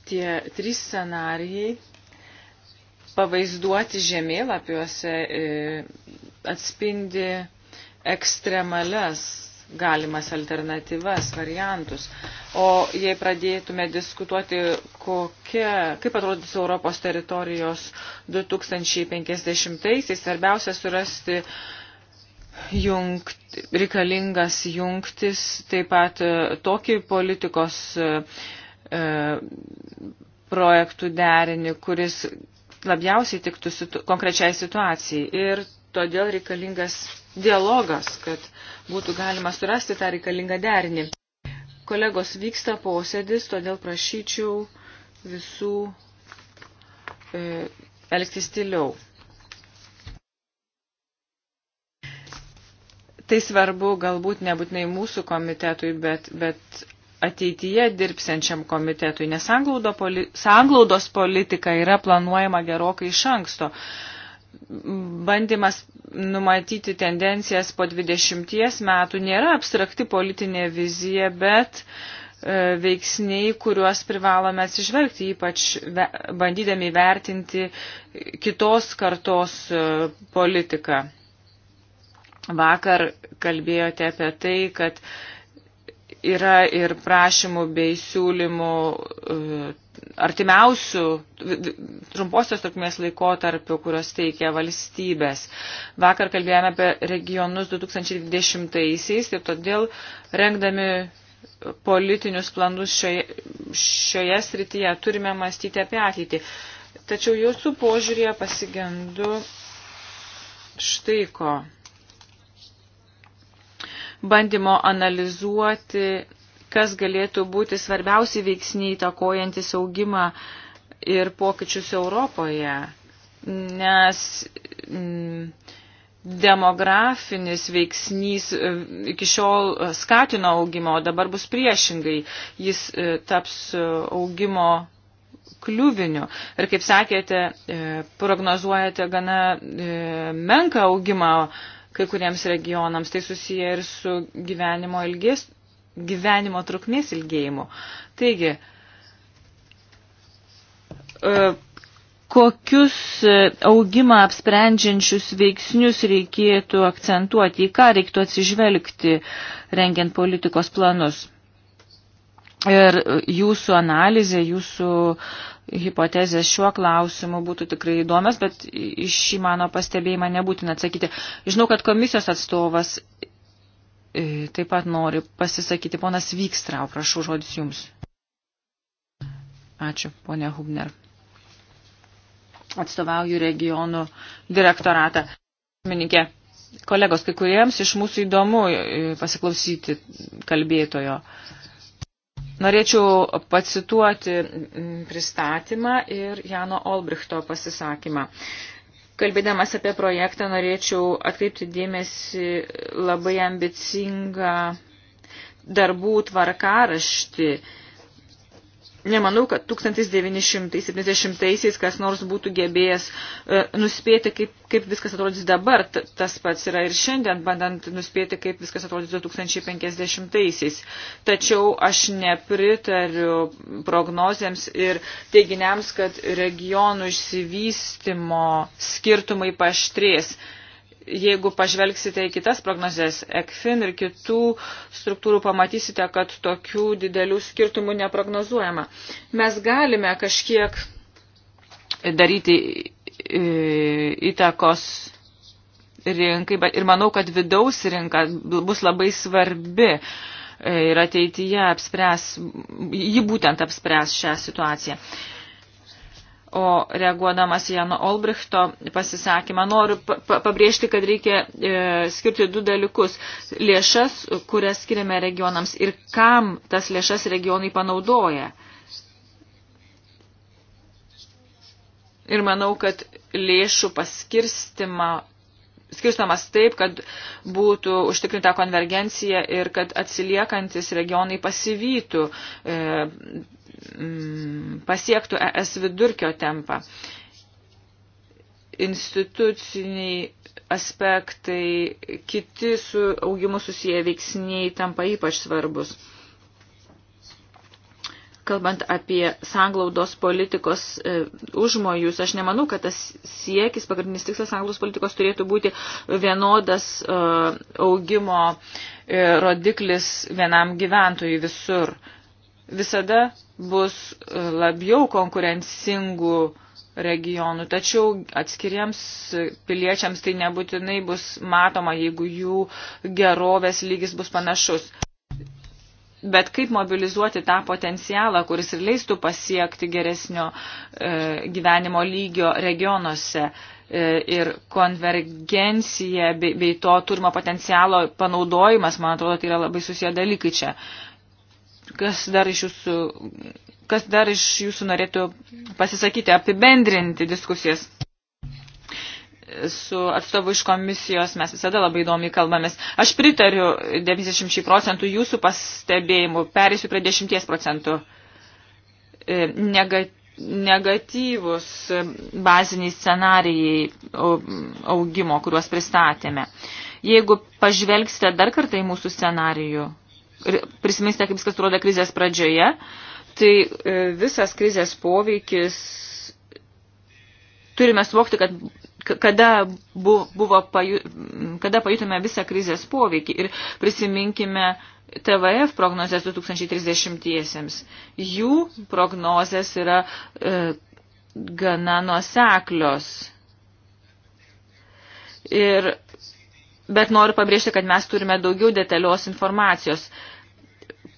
[SPEAKER 2] Tie trys scenarijai pavaizduoti žemėlapiuose e, atspindi ekstremales galimas alternatyvas, variantus. O jei pradėtume diskutuoti, kokia, kaip atrodys Europos teritorijos 2050-aisiais, svarbiausia surasti jungt, reikalingas jungtis, taip pat e, tokį politikos e, e, projektų derinį, kuris labiausiai tiktų situ, konkrečiai situacijai. Ir todėl reikalingas dialogas, kad būtų galima surasti tą reikalingą derinį. Kolegos vyksta posėdis, todėl prašyčiau visų e, elgtis tyliau. Tai svarbu galbūt nebūtinai mūsų komitetui, bet, bet ateityje dirbsiančiam komitetui, nes sanglaudos politika yra planuojama gerokai iš anksto. Bandymas numatyti tendencijas po 20 metų nėra abstrakti politinė vizija, bet e, veiksniai, kuriuos privalome atsižvelgti, ypač bandydami vertinti kitos kartos e, politiką. Vakar kalbėjote apie tai, kad Yra ir prašymų bei siūlymų e, artimiausių trumposios trukmės laikotarpių, kurios teikia valstybės. Vakar kalbėjome apie regionus 2020-aisiais ir todėl rengdami politinius planus šioje, šioje srityje turime mąstyti apie ateitį. Tačiau jūsų požiūrėje pasigendu štai ko bandymo analizuoti, kas galėtų būti svarbiausi veiksniai takojantis augimą ir pokyčius Europoje. Nes mm, demografinis veiksnys e, iki šiol skatino augimo, o dabar bus priešingai. Jis e, taps e, augimo kliuviniu. Ir kaip sakėte, prognozuojate gana menką augimą kai kuriems regionams. Tai susiję ir su gyvenimo, ilgės, gyvenimo trukmės ilgėjimu. Taigi, e, kokius e, augimą apsprendžiančius veiksnius reikėtų akcentuoti, į ką reiktų atsižvelgti, rengiant politikos planus? Ir jūsų analizė, jūsų hipotezės šiuo klausimu būtų tikrai įdomios, bet iš šį mano pastebėjimą nebūtina atsakyti. Žinau, kad komisijos atstovas e, taip pat nori pasisakyti. Ponas Vykstrau, prašau, žodis jums. Ačiū, ponė Hubner. Atstovauju regionų direktoratą. Mininkė, kolegos, kai kuriems iš mūsų įdomu e, pasiklausyti kalbėtojo. Uh, Norėčiau pacituoti pristatymą ir Jano Olbrichto pasisakymą. Kalbėdamas apie projektą norėčiau atkreipti dėmesį labai ambicingą darbų tvarkaraštį Nemanau, kad 1970-aisiais kas nors būtų gebėjęs e, nuspėti, kaip, kaip viskas atrodys dabar. T tas pats yra ir šiandien, bandant nuspėti, kaip viskas atrodys 2050-aisiais. Tačiau aš nepritariu prognozėms ir teiginiams, kad regionų išsivystimo skirtumai paštrės jeigu pažvelgsite į kitas prognozes ECFIN ir kitų struktūrų, pamatysite, kad tokių didelių skirtumų neprognozuojama. Mes galime kažkiek daryti e, įtakos rinkai, bet ir manau, kad vidaus rinka bus labai svarbi e, ir ateityje apspręs, ji būtent apspręs šią situaciją. O reaguodamas Jano Olbrichto pasisakymą noriu pabrėžti, kad reikia e, skirti du dalykus. Lėšas, kurias skiriame regionams ir kam tas lėšas regionai panaudoja. Ir manau, kad lėšų paskirstimą skirstomas taip, kad būtų užtikrinta konvergencija ir kad atsiliekantis regionai pasivytų, e, mm, pasiektų ES vidurkio tempą. Instituciniai aspektai, kiti su augimu susiję veiksniai tampa ypač svarbus kalbant apie sanglaudos politikos e, užmojus, aš nemanau, kad tas siekis, pagrindinis tikslas sanglaudos politikos turėtų būti vienodas e, augimo e, rodiklis vienam gyventojui visur. Visada bus e, labiau konkurencingų regionų, tačiau atskiriems piliečiams tai nebūtinai bus matoma, jeigu jų gerovės lygis bus panašus. Bet kaip mobilizuoti tą potencialą, kuris ir leistų pasiekti geresnio e, gyvenimo lygio regionuose e, ir konvergencija bei, bei to turimo potencialo panaudojimas, man atrodo, tai yra labai susiję dalykai čia. Kas dar iš jūsų, kas dar iš jūsų norėtų pasisakyti, apibendrinti diskusijas? su atstovu iš komisijos, mes visada labai įdomiai kalbamės. Aš pritariu 90 procentų jūsų pastebėjimų, perėsiu prie 10 procentų. E, Negat, negatyvus baziniai scenarijai augimo, kuriuos pristatėme. Jeigu pažvelgsite dar kartą į mūsų scenarijų ir prisiminsite, kaip viskas atrodo krizės pradžioje, tai e, visas krizės poveikis turime suvokti, kad kada, buvo, kada pajutome visą krizės poveikį ir prisiminkime TVF prognozes 2030-iesiems. Jų prognozes yra e, gana nuoseklios. Ir, bet noriu pabrėžti, kad mes turime daugiau detalios informacijos. E,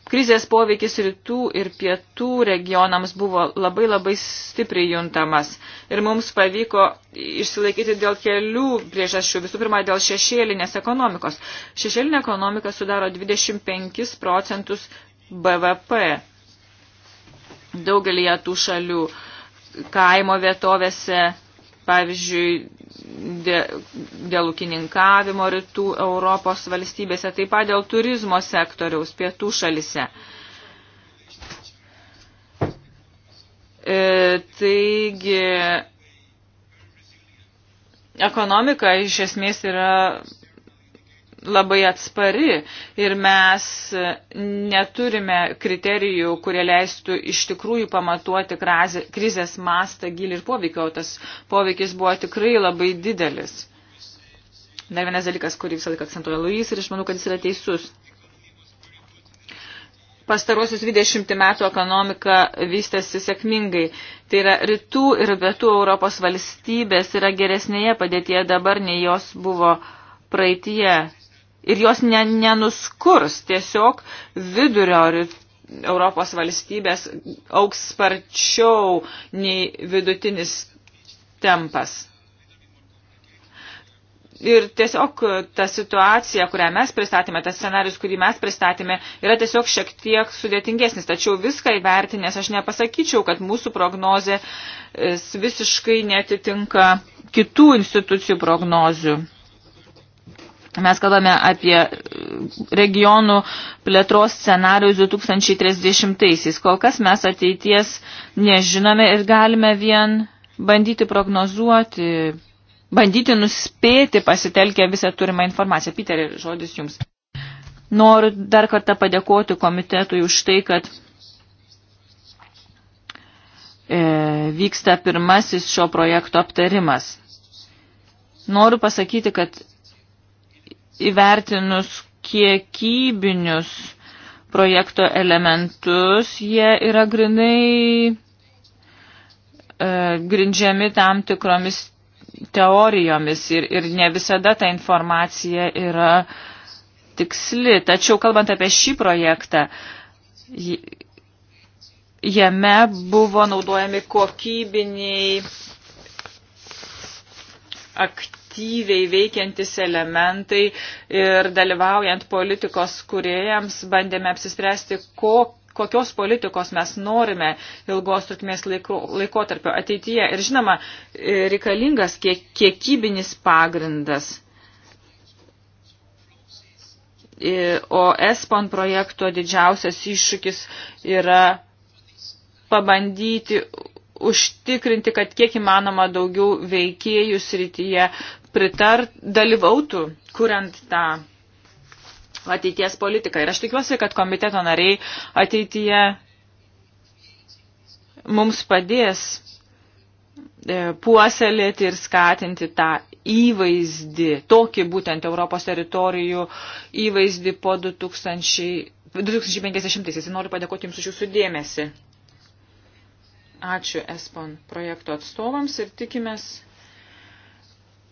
[SPEAKER 2] krizės poveikis rytų ir pietų regionams buvo labai labai stipriai juntamas. Ir mums pavyko išsilaikyti dėl kelių priežasčių. Visų pirma, dėl šešėlinės ekonomikos. Šešėlinė ekonomika sudaro 25 procentus BVP daugelį tų šalių kaimo vietovėse, pavyzdžiui, dėl ūkininkavimo rytų Europos valstybėse, taip pat dėl turizmo sektoriaus pietų šalise. E, taigi, ekonomika iš esmės yra labai atspari ir mes neturime kriterijų, kurie leistų iš tikrųjų pamatuoti krizės mastą, gilį ir poveikio, o tas poveikis buvo tikrai labai didelis. Dar vienas dalykas, kurį visą laiką akcentuoja Luis ir aš manau, kad jis yra teisus. Pastaruosius 20 metų ekonomika vystėsi sėkmingai. Tai yra rytų ir pietų Europos valstybės yra geresnėje padėtyje dabar, nei jos buvo praeitie ir jos ne, nenuskurs. Tiesiog vidurio Europos valstybės auks sparčiau nei vidutinis tempas. Ir tiesiog ta situacija, kurią mes pristatėme, tas scenarius, kurį mes pristatėme, yra tiesiog šiek tiek sudėtingesnis. Tačiau viską įvertinęs aš nepasakyčiau, kad mūsų prognozė visiškai netitinka kitų institucijų prognozių. Mes kalbame apie e, regionų plėtros scenarius 2030-aisiais. Kol kas mes ateities nežinome ir galime vien bandyti prognozuoti, bandyti nuspėti pasitelkę visą turimą informaciją. Piterį, žodis jums. Noriu dar kartą padėkoti komitetui už tai, kad e, vyksta pirmasis šio projekto aptarimas. Noriu pasakyti, kad įvertinus kiekybinius projekto elementus, jie yra grinai e, grindžiami tam tikromis teorijomis ir, ir ne visada ta informacija yra tiksli. Tačiau kalbant apie šį projektą, jame buvo naudojami kokybiniai aktyvai aktyviai veikiantis elementai ir dalyvaujant politikos kuriejams bandėme apsispręsti, kokį kokios politikos mes norime ilgos trukmės laiko, laikotarpio ateityje. Ir žinoma, e, reikalingas kiek, kiekybinis pagrindas. E, o ESPON projekto didžiausias iššūkis yra pabandyti užtikrinti, kad kiek įmanoma daugiau veikėjų srityje pritar, dalyvautų, kuriant tą ateities politiką. Ir aš tikiuosi, kad komiteto nariai ateityje mums padės e, puoselėti ir skatinti tą įvaizdį, tokį būtent Europos teritorijų įvaizdį po 2000, 2050-aisiais. Noriu padėkoti Jums už Jūsų dėmesį. Ačiū ESPON projekto atstovams ir tikimės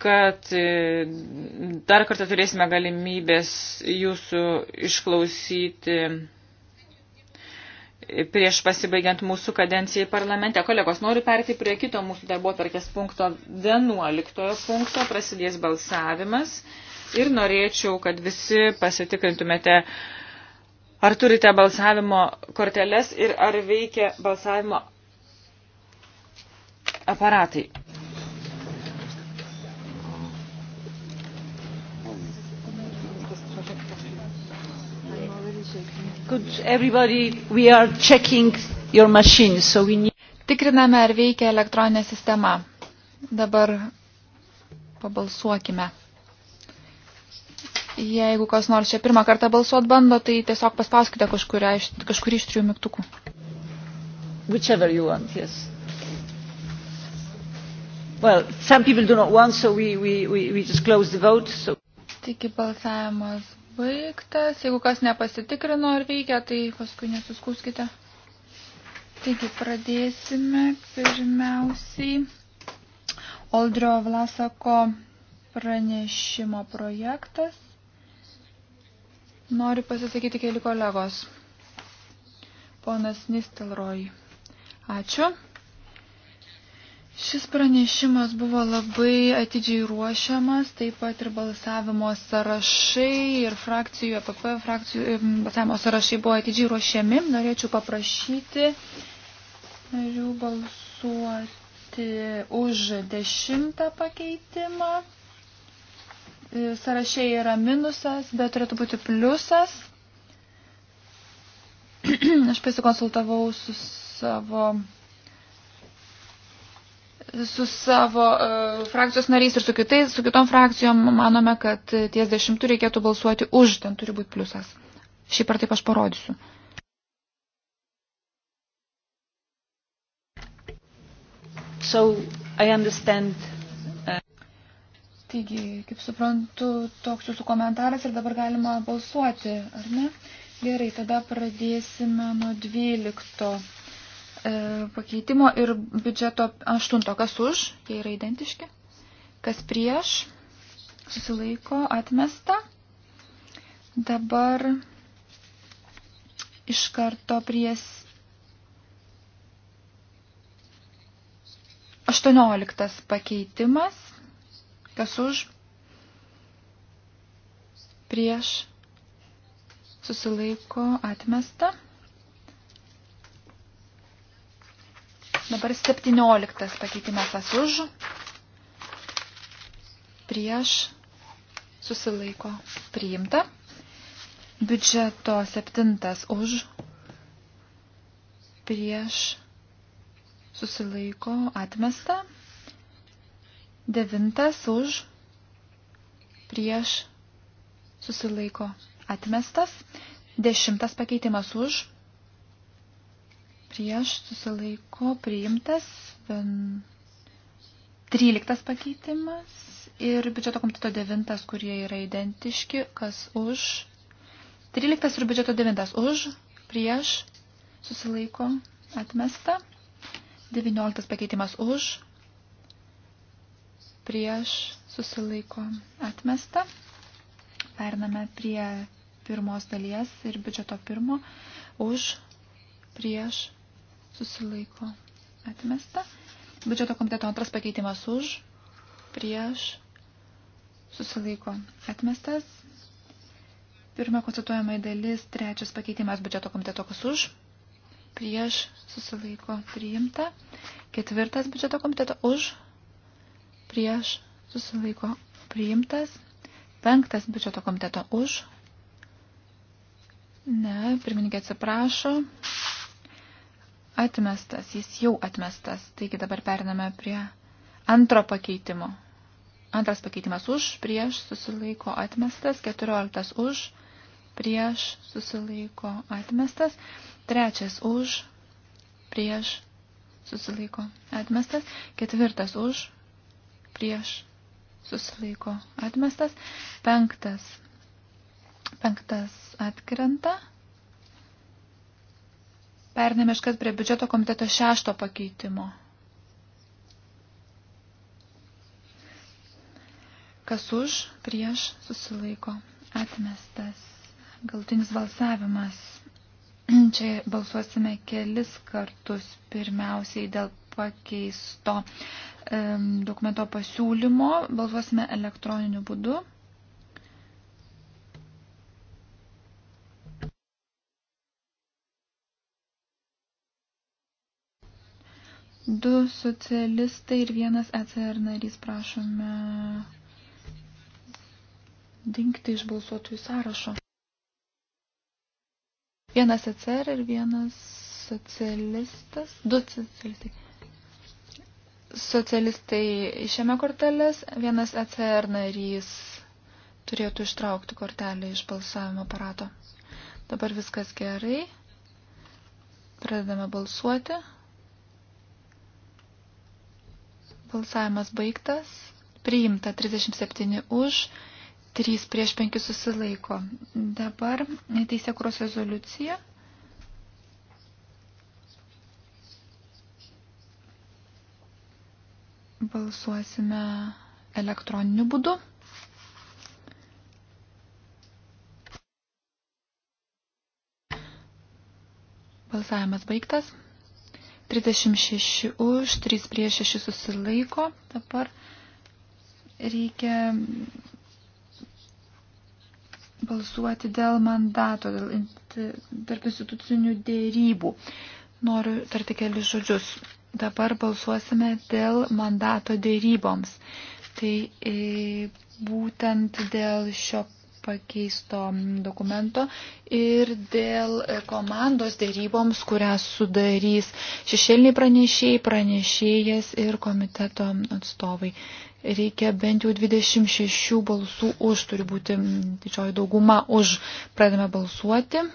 [SPEAKER 2] kad e, dar kartą turėsime galimybės jūsų išklausyti prieš pasibaigiant mūsų kadencijai parlamente. Kolegos, noriu perti prie kito mūsų darbo tarkės punkto 11 punkto, prasidės balsavimas ir norėčiau, kad visi pasitikrintumėte, ar turite balsavimo korteles ir ar veikia balsavimo
[SPEAKER 1] aparatai. Could everybody, we are checking
[SPEAKER 3] your machine, so we need... Tikriname, ar veikia elektroninė sistema. Dabar pabalsuokime. Jeigu kas nors čia pirmą kartą balsuot bando, tai tiesiog paspauskite kažkurį, kažkurį iš trijų mygtukų. Whichever
[SPEAKER 2] you want, yes. Well, some people do not want, so we, we, we, we just close the vote. So.
[SPEAKER 3] Taigi balsavimas baigtas. Jeigu kas nepasitikrino ar veikia, tai paskui nesuskūskite. Taigi pradėsime pirmiausiai Oldrio Vlasako pranešimo projektas. Noriu pasisakyti keli kolegos. Ponas Nistelroj. Ačiū. Šis pranešimas buvo labai atidžiai ruošiamas, taip pat ir balsavimo sąrašai ir frakcijų, APP frakcijų balsavimo sąrašai buvo atidžiai ruošiami. Norėčiau paprašyti narių balsuoti už dešimtą pakeitimą. E, sąrašai yra minusas, bet turėtų būti pliusas. <clears throat> Aš pasikonsultavau su savo su savo uh, frakcijos nariais ir su, kitais, su kitom frakcijom manome, kad ties dešimtų reikėtų balsuoti už, ten turi būti pliusas. Šiaip ar taip aš parodysiu.
[SPEAKER 2] So, I understand. Uh...
[SPEAKER 3] Taigi, kaip suprantu, toks jūsų komentaras ir dabar galima balsuoti, ar ne? Gerai, tada pradėsime nuo 12 E, pakeitimo ir biudžeto aštunto. Kas už? Jie yra identiški. Kas prieš? Susilaiko atmesta. Dabar iš karto prie 18 pakeitimas. Kas už? Prieš susilaiko atmesta. Dabar 17 pakeitimas kas už, prieš, susilaiko, priimta. Biudžeto 7 už, prieš, susilaiko, atmesta. 9 už, prieš, susilaiko, atmestas. Dešimtas pakeitimas už, prieš susilaiko priimtas 13 pakeitimas ir biudžeto komiteto 9, kurie yra identiški, kas už. 13 ir biudžeto 9 už, prieš susilaiko atmesta. 19 pakeitimas už, prieš susilaiko atmesta. Pername prie pirmos dalies ir biudžeto pirmo už prieš susilaiko atmesta. Biudžeto komiteto antras pakeitimas už, prieš susilaiko atmestas. Pirma konstatuojama dalis, trečias pakeitimas biudžeto komiteto kas už, prieš susilaiko priimta. Ketvirtas biudžeto komiteto už, prieš susilaiko priimtas. Penktas biudžeto komiteto už. Ne, pirmininkė atsiprašo. Atmestas, jis jau atmestas. Taigi dabar periname prie antro pakeitimo. Antras pakeitimas už, prieš, susilaiko atmestas. Keturioliktas už, prieš, susilaiko atmestas. Trečias už, prieš, susilaiko atmestas. Ketvirtas už, prieš, susilaiko atmestas. Penktas. Penktas atkrenta. Pernėme iškart prie biudžeto komiteto šešto pakeitimo. Kas už, prieš, susilaiko. Atmestas. Galtinis balsavimas. <clears throat> Čia balsuosime kelis kartus. Pirmiausiai dėl pakeisto um, dokumento pasiūlymo. Balsuosime elektroniniu būdu. Du socialistai ir vienas ECR narys prašome dinkti iš balsuotojų sąrašo. Vienas ECR ir vienas socialistas, du socialistai. Socialistai išėmė kortelės, vienas ECR narys turėtų ištraukti kortelę iš balsavimo aparato. Dabar viskas gerai. Pradedame balsuoti. Balsavimas baigtas. Priimta 37 už, 3 prieš 5 susilaiko. Dabar teisėkros rezoliucija. Balsuosime elektroniniu būdu. Balsavimas baigtas. 36 už, 3 prieš 6 susilaiko. Dabar reikia balsuoti dėl mandato, dėl tarp institucinių dėrybų. Noriu tarti kelius žodžius. Dabar balsuosime dėl mandato dėryboms. Tai e, būtent dėl šio pakeisto dokumento ir dėl komandos dėryboms, kurią sudarys šešėliniai pranešėjai, pranešėjas ir komiteto atstovai. Reikia bent jau 26 balsų už, turi būti didžioji dauguma už. Pradame balsuoti.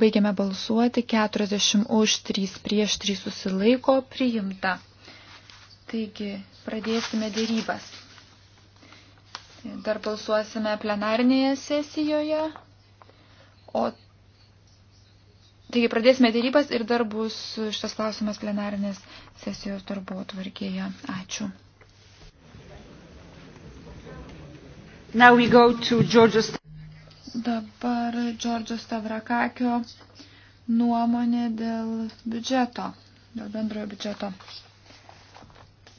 [SPEAKER 3] Baigiame balsuoti. 40 už 3 prieš 3 susilaiko priimta. Taigi pradėsime dėrybas. Dar balsuosime plenarinėje sesijoje. O Taigi pradėsime dėrybas ir dar bus šitas klausimas plenarinės sesijos darbo tvarkėje. Ačiū. Now we go to Georgia's... Dabar Džordžio Stavrakakio nuomonė dėl biudžeto, dėl bendrojo biudžeto.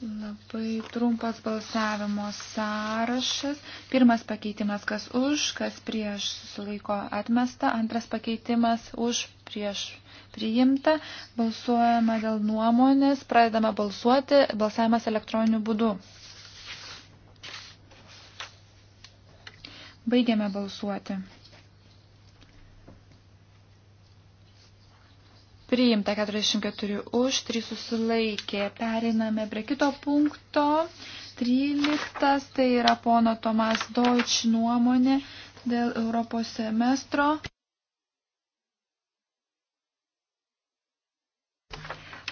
[SPEAKER 3] Labai trumpas balsavimo sąrašas. Pirmas pakeitimas, kas už, kas prieš susilaiko atmesta. Antras pakeitimas už, prieš priimta. Balsuojama dėl nuomonės, pradedama balsuoti, balsavimas elektroniniu būdu. Baigiame balsuoti. Priimta 44 už, 3 susilaikė. Periname prie kito punkto. 13. Tai yra pono Tomas Deutsch nuomonė dėl Europos semestro.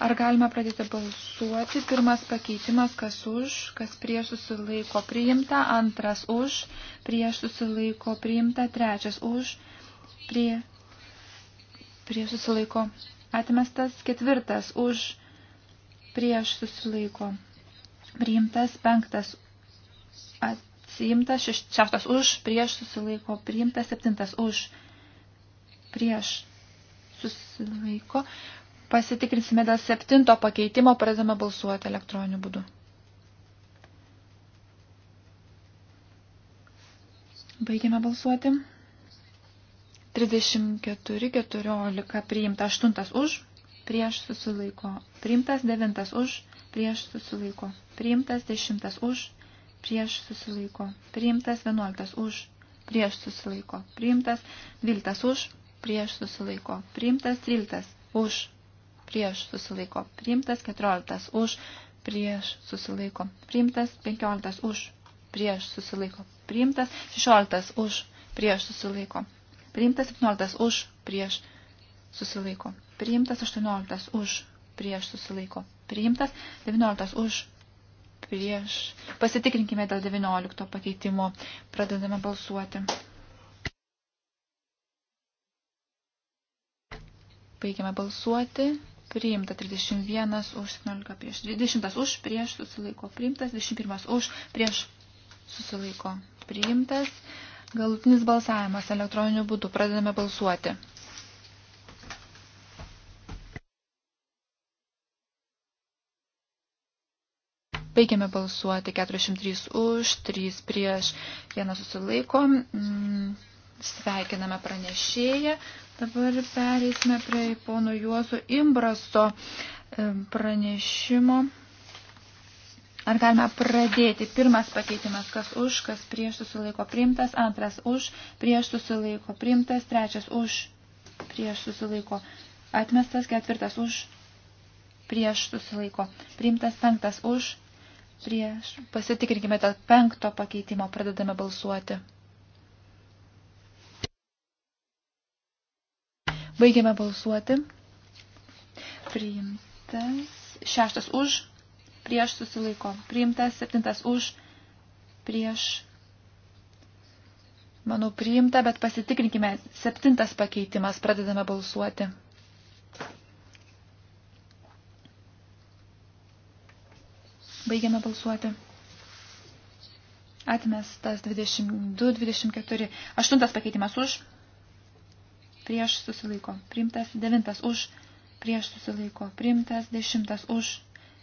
[SPEAKER 3] Ar galime pradėti balsuoti? Pirmas pakeitimas, kas už, kas prieš susilaiko priimta, antras už, prieš susilaiko priimta, trečias už, prie, prieš susilaiko atmestas, ketvirtas už, prieš susilaiko priimtas, penktas atsiimtas, šeš, šeštas už, prieš susilaiko priimtas, septintas už, prieš susilaiko Pasitikrinsime dėl septinto pakeitimo, pradedame balsuoti elektroniniu būdu. Baigiame balsuoti. 34, 14 priimta, 8 už, prieš susilaiko, priimtas 9 už, prieš susilaiko, priimtas 10 už, prieš susilaiko, priimtas 11 už, prieš susilaiko, priimtas 12 už, prieš susilaiko, priimtas 13 už, prieš susilaiko priimtas, 14 už, prieš susilaiko priimtas, 15 už, prieš susilaiko priimtas, 16 už, prieš susilaiko priimtas, 17 už, prieš susilaiko priimtas, 18 už, prieš susilaiko priimtas, 19 už, prieš. Pasitikrinkime dėl 19 pakeitimo, pradedame balsuoti. Baigiame balsuoti priimta 31 už 17 prieš 20 už prieš susilaiko priimtas 21 už prieš susilaiko priimtas galutinis balsavimas elektroniniu būdu pradedame balsuoti Baigiame balsuoti 403 už, 3 prieš, vienas susilaiko. Mm Sveikiname pranešėją. Dabar pereisime prie pono Juozo Imbraso e, pranešimo. Ar galime pradėti? Pirmas pakeitimas, kas už, kas prieš susilaiko priimtas, antras už, prieš susilaiko priimtas, trečias už, prieš susilaiko atmestas, ketvirtas už, prieš susilaiko priimtas, penktas už, prieš. Pasitikrinkime dėl penkto pakeitimo, pradedame balsuoti. Baigiame balsuoti. Priimtas šeštas už, prieš susilaiko. Priimtas septintas už, prieš. Manau, priimta, bet pasitikrinkime. Septintas pakeitimas, pradedame balsuoti. Baigiame balsuoti. Atmestas 22, 24. Aštuntas pakeitimas už, prieš susilaiko priimtas, devintas už, prieš susilaiko priimtas, dešimtas už,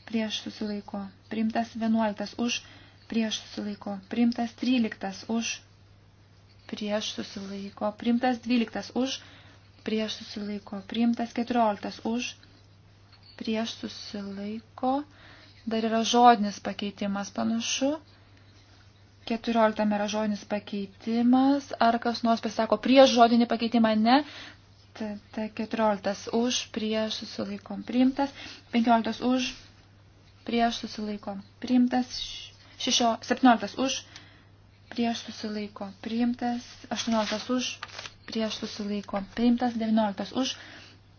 [SPEAKER 3] prieš susilaiko priimtas, vienuoliktas už, prieš susilaiko priimtas, tryliktas už, prieš susilaiko priimtas, dvyliktas už, prieš susilaiko priimtas, keturioliktas už, prieš susilaiko, dar yra žodinis pakeitimas panašu, 14 yra žodinis pakeitimas. Ar kas nors pasako prieš žodinį pakeitimą? Ne. Tada 14 už, prieš susilaikom priimtas. 15 už, prieš susilaikom priimtas. 16, 17 už, prieš susilaiko priimtas. 18 už, prieš susilaiko priimtas. 19 už,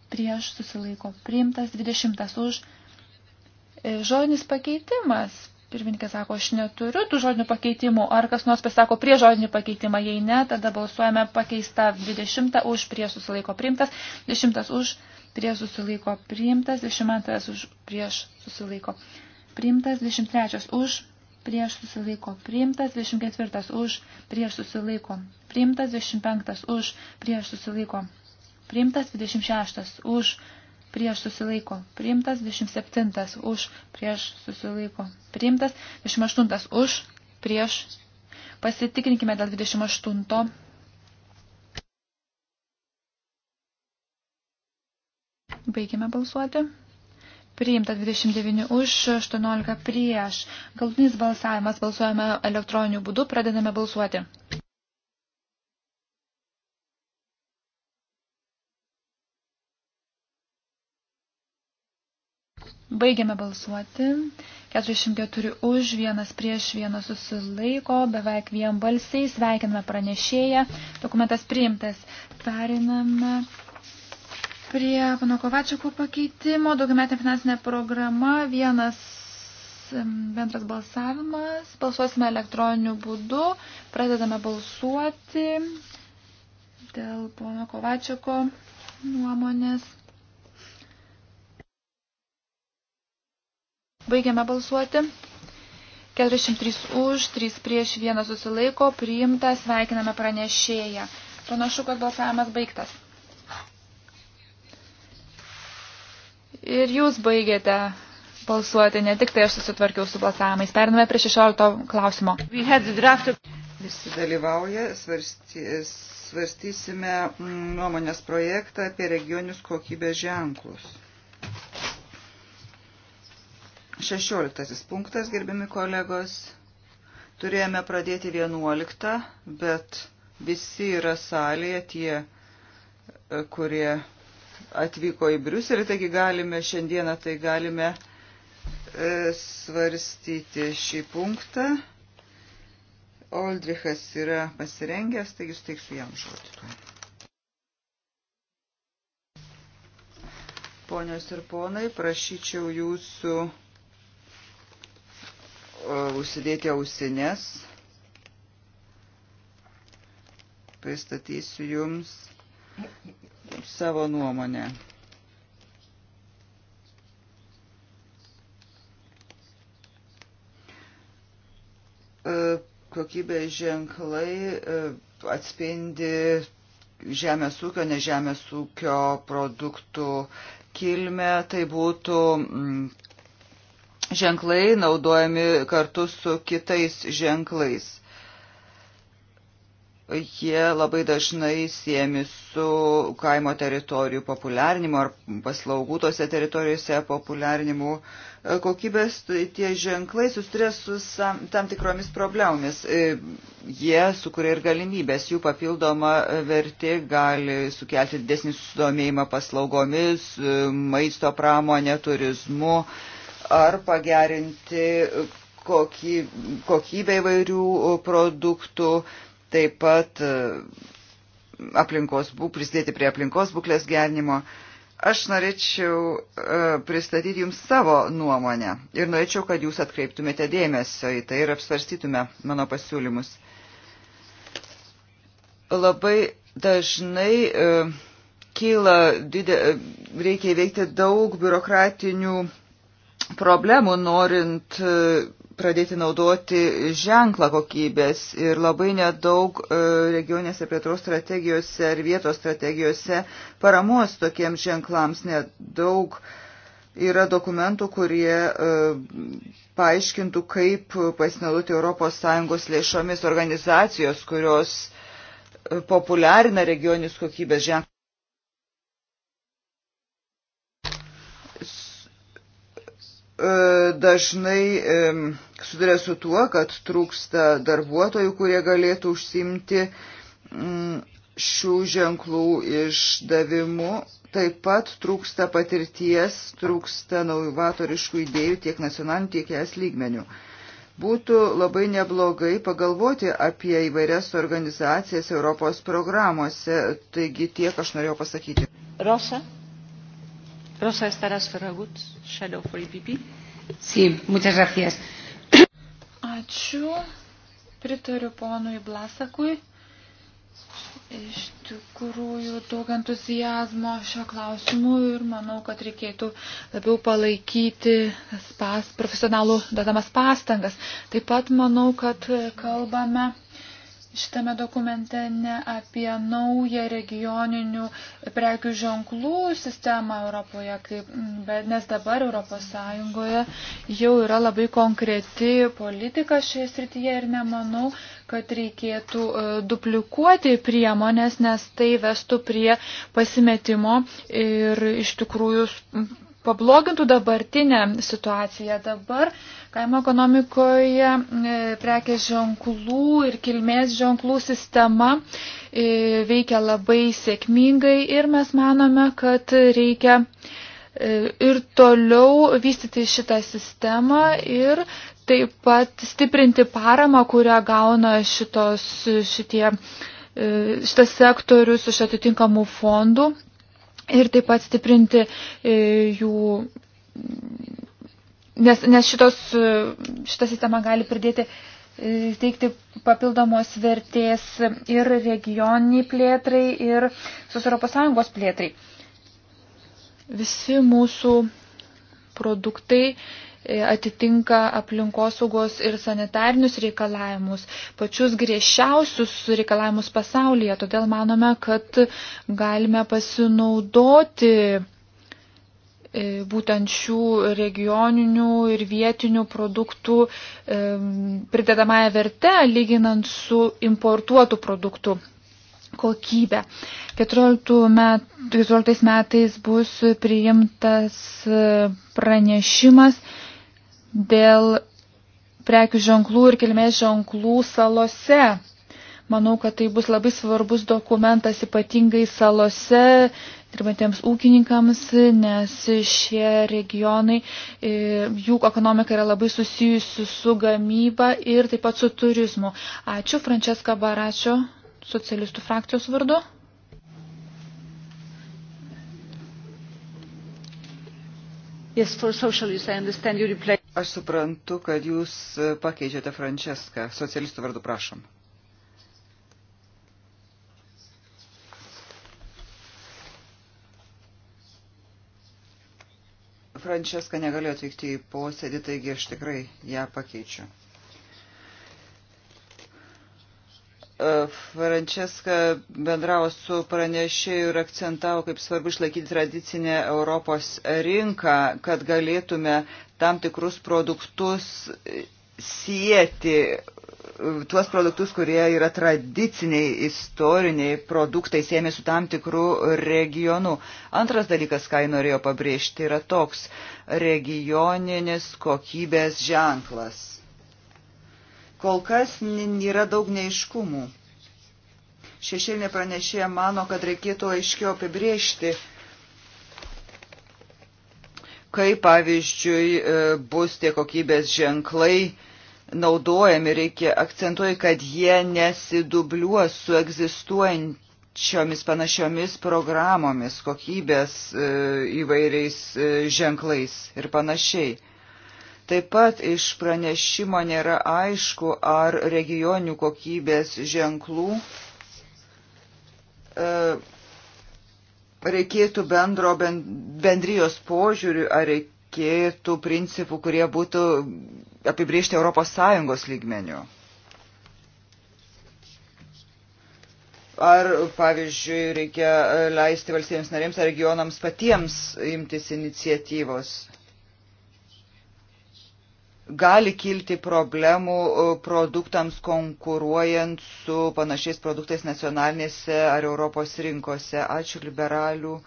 [SPEAKER 3] prieš susilaiko priimtas. 20 už, e, žodinis pakeitimas Pirmininkė sako, aš neturiu tų žodinių pakeitimų. Ar kas nors pasako prie žodinių pakeitimą? Jei ne, tada balsuojame pakeista 20 už prie susilaiko priimtas, 10 už prie susilaiko priimtas, 22 už prieš susilaiko priimtas, 23 už prieš susilaiko priimtas, 24 už prieš susilaiko priimtas, 25 už prieš susilaiko priimtas, 26 už prieš susilaiko priimtas, 27 už prieš susilaiko priimtas, 28 už prieš. Pasitikrinkime dėl 28. Baigime balsuoti. Priimta 29 už, 18 prieš. Galutinis balsavimas balsuojame elektroniniu būdu, pradedame balsuoti. Baigiame balsuoti. 44 už, vienas prieš, vienas susilaiko, beveik vien balsiai. Sveikiname pranešėją. Dokumentas priimtas. Periname prie pano Kovačiukų pakeitimo. Daugiametė finansinė programa. Vienas bendras balsavimas. Balsuosime elektroniniu būdu. Pradedame balsuoti dėl pono Kovačiuko nuomonės. Baigiame balsuoti. 43 už, 3 prieš, 1 susilaiko, priimta, sveikiname pranešėją. Panašu, kad balsavimas baigtas. Ir jūs baigėte balsuoti, ne tik tai aš susitvarkiau su balsavimais. Periname prie 16 klausimo.
[SPEAKER 1] Visi dalyvauja, svarstys, svarstysime nuomonės projektą apie regionius kokybės ženklus. Šešioliktasis punktas, gerbiami kolegos. Turėjome pradėti vienuoliktą, bet visi yra salėje tie, e, kurie atvyko į Briuselį, taigi galime šiandieną tai galime e, svarstyti šį punktą. Oldrichas yra pasirengęs, taigi suteiksiu jam žodį. Ponios ir ponai, prašyčiau jūsų užsidėti ausinės. Pristatysiu jums savo nuomonę. E, kokybės ženklai e, atspindi žemės ūkio, nežemės ūkio produktų kilmę, tai būtų ženklai naudojami kartu su kitais ženklais. Jie labai dažnai siemi su kaimo teritorijų populiarinimu ar paslaugų tose teritorijose populiarinimu. E, kokybės tai tie ženklai susiturė su tam tikromis problemomis. E, jie sukuria ir galimybės, jų papildoma vertė gali sukelti didesnį susidomėjimą paslaugomis, e, maisto pramonė, turizmu ar pagerinti kokybę įvairių produktų, taip pat e, aplinkos būk, prisidėti prie aplinkos būklės gerinimo. Aš norėčiau e, pristatyti Jums savo nuomonę ir norėčiau, kad Jūs atkreiptumėte dėmesio į tai ir apsvarstytume mano pasiūlymus. Labai dažnai e, kyla, didė, reikia įveikti daug biurokratinių problemų norint e, pradėti naudoti ženklą kokybės ir labai nedaug e, regionėse plėtros strategijose ar vietos strategijose paramos tokiems ženklams nedaug yra dokumentų, kurie e, paaiškintų, kaip pasinaudoti ES lėšomis organizacijos, kurios populiarina regionius kokybės ženklą. E, dažnai e, sudarė su tuo, kad trūksta darbuotojų, kurie galėtų užsimti mm, šių ženklų išdavimu. Taip pat trūksta patirties, trūksta naujovatoriškų idėjų tiek nacionalinių, tiek es lygmenių. Būtų labai neblogai pagalvoti apie įvairias organizacijas Europos programuose. Taigi tiek aš norėjau pasakyti. Rosa.
[SPEAKER 2] Rosa Estaras Ferragut, Shadow for EPP.
[SPEAKER 3] Sí, muchas gracias. Ačiū. Pritariu ponui Blasakui. Iš tikrųjų daug entuzijazmo šio klausimu ir manau, kad reikėtų labiau palaikyti pas, profesionalų dadamas pastangas. Taip pat manau, kad kalbame šitame dokumente ne apie naują regioninių prekių ženklų sistemą Europoje, kaip, bet, nes dabar ES jau yra labai konkreti politika šioje srityje ir nemanau, kad reikėtų e, duplikuoti priemonės, nes tai vestų prie pasimetimo ir iš tikrųjų pablogintų dabartinę situaciją. Dabar uh, Kaimo ekonomikoje e, prekės ženklų ir kilmės ženklų sistema e, veikia labai sėkmingai ir mes manome, kad reikia e, ir toliau vystyti šitą sistemą ir taip pat stiprinti paramą, kurią gauna šitos, šitie, šitas sektorius iš atitinkamų fondų ir taip pat stiprinti jų nes, nes šitos, šita sistema gali pridėti e, teikti papildomos vertės ir regioniniai plėtrai, ir visos ES plėtrai. Visi mūsų produktai e, atitinka aplinkosaugos ir sanitarinius reikalavimus, pačius griežčiausius reikalavimus pasaulyje. Todėl manome, kad galime pasinaudoti E, būtent šių regioninių ir vietinių produktų e, pridedamąją vertę lyginant su importuotų produktų kokybę. 14 met, 14 metais bus priimtas e, pranešimas dėl prekių ženklų ir kilmės ženklų salose. Manau, kad tai bus labai svarbus dokumentas ypatingai salose, dirbantiems ūkininkams, nes šie regionai, e, jų ekonomika yra labai susijusi su gamyba ir taip pat su turizmu. Ačiū, Franceska Baračio, socialistų frakcijos vardu.
[SPEAKER 1] Yes, for socialists, I understand you replay. Aš suprantu, kad jūs e, pakeičiate Franceską. Socialistų vardu prašom. Frančeska negalėjo atvykti į posėdį, taigi aš tikrai ją pakeičiu. E, Frančeska bendravo su pranešėju ir akcentavo, kaip svarbu išlaikyti tradicinę Europos rinką, kad galėtume tam tikrus produktus sieti e, tuos produktus, kurie yra tradiciniai, istoriniai produktai, siemi su tam tikrų regionų. Antras dalykas, ką norėjau pabrėžti, yra toks regioninis kokybės ženklas. Kol kas yra daug neiškumų. Šešėlinė pranešėja mano, kad reikėtų aiškiau apibriežti, kaip pavyzdžiui e, bus tie kokybės ženklai, naudojami, reikia akcentuoja, kad jie nesidubliuos su egzistuojančiomis panašiomis programomis, kokybės e, įvairiais e, ženklais ir panašiai. Taip pat iš pranešimo nėra aišku, ar regionių kokybės ženklų e, reikėtų bendro bendrijos požiūrių, ar reikėtų principų, kurie būtų apibriežti ES lygmenių. Ar, pavyzdžiui, reikia leisti valstybėms narėms ar regionams patiems imtis iniciatyvos? Gali kilti problemų e, produktams konkuruojant su panašiais produktais nacionalinėse ar Europos rinkose. Ačiū liberalių,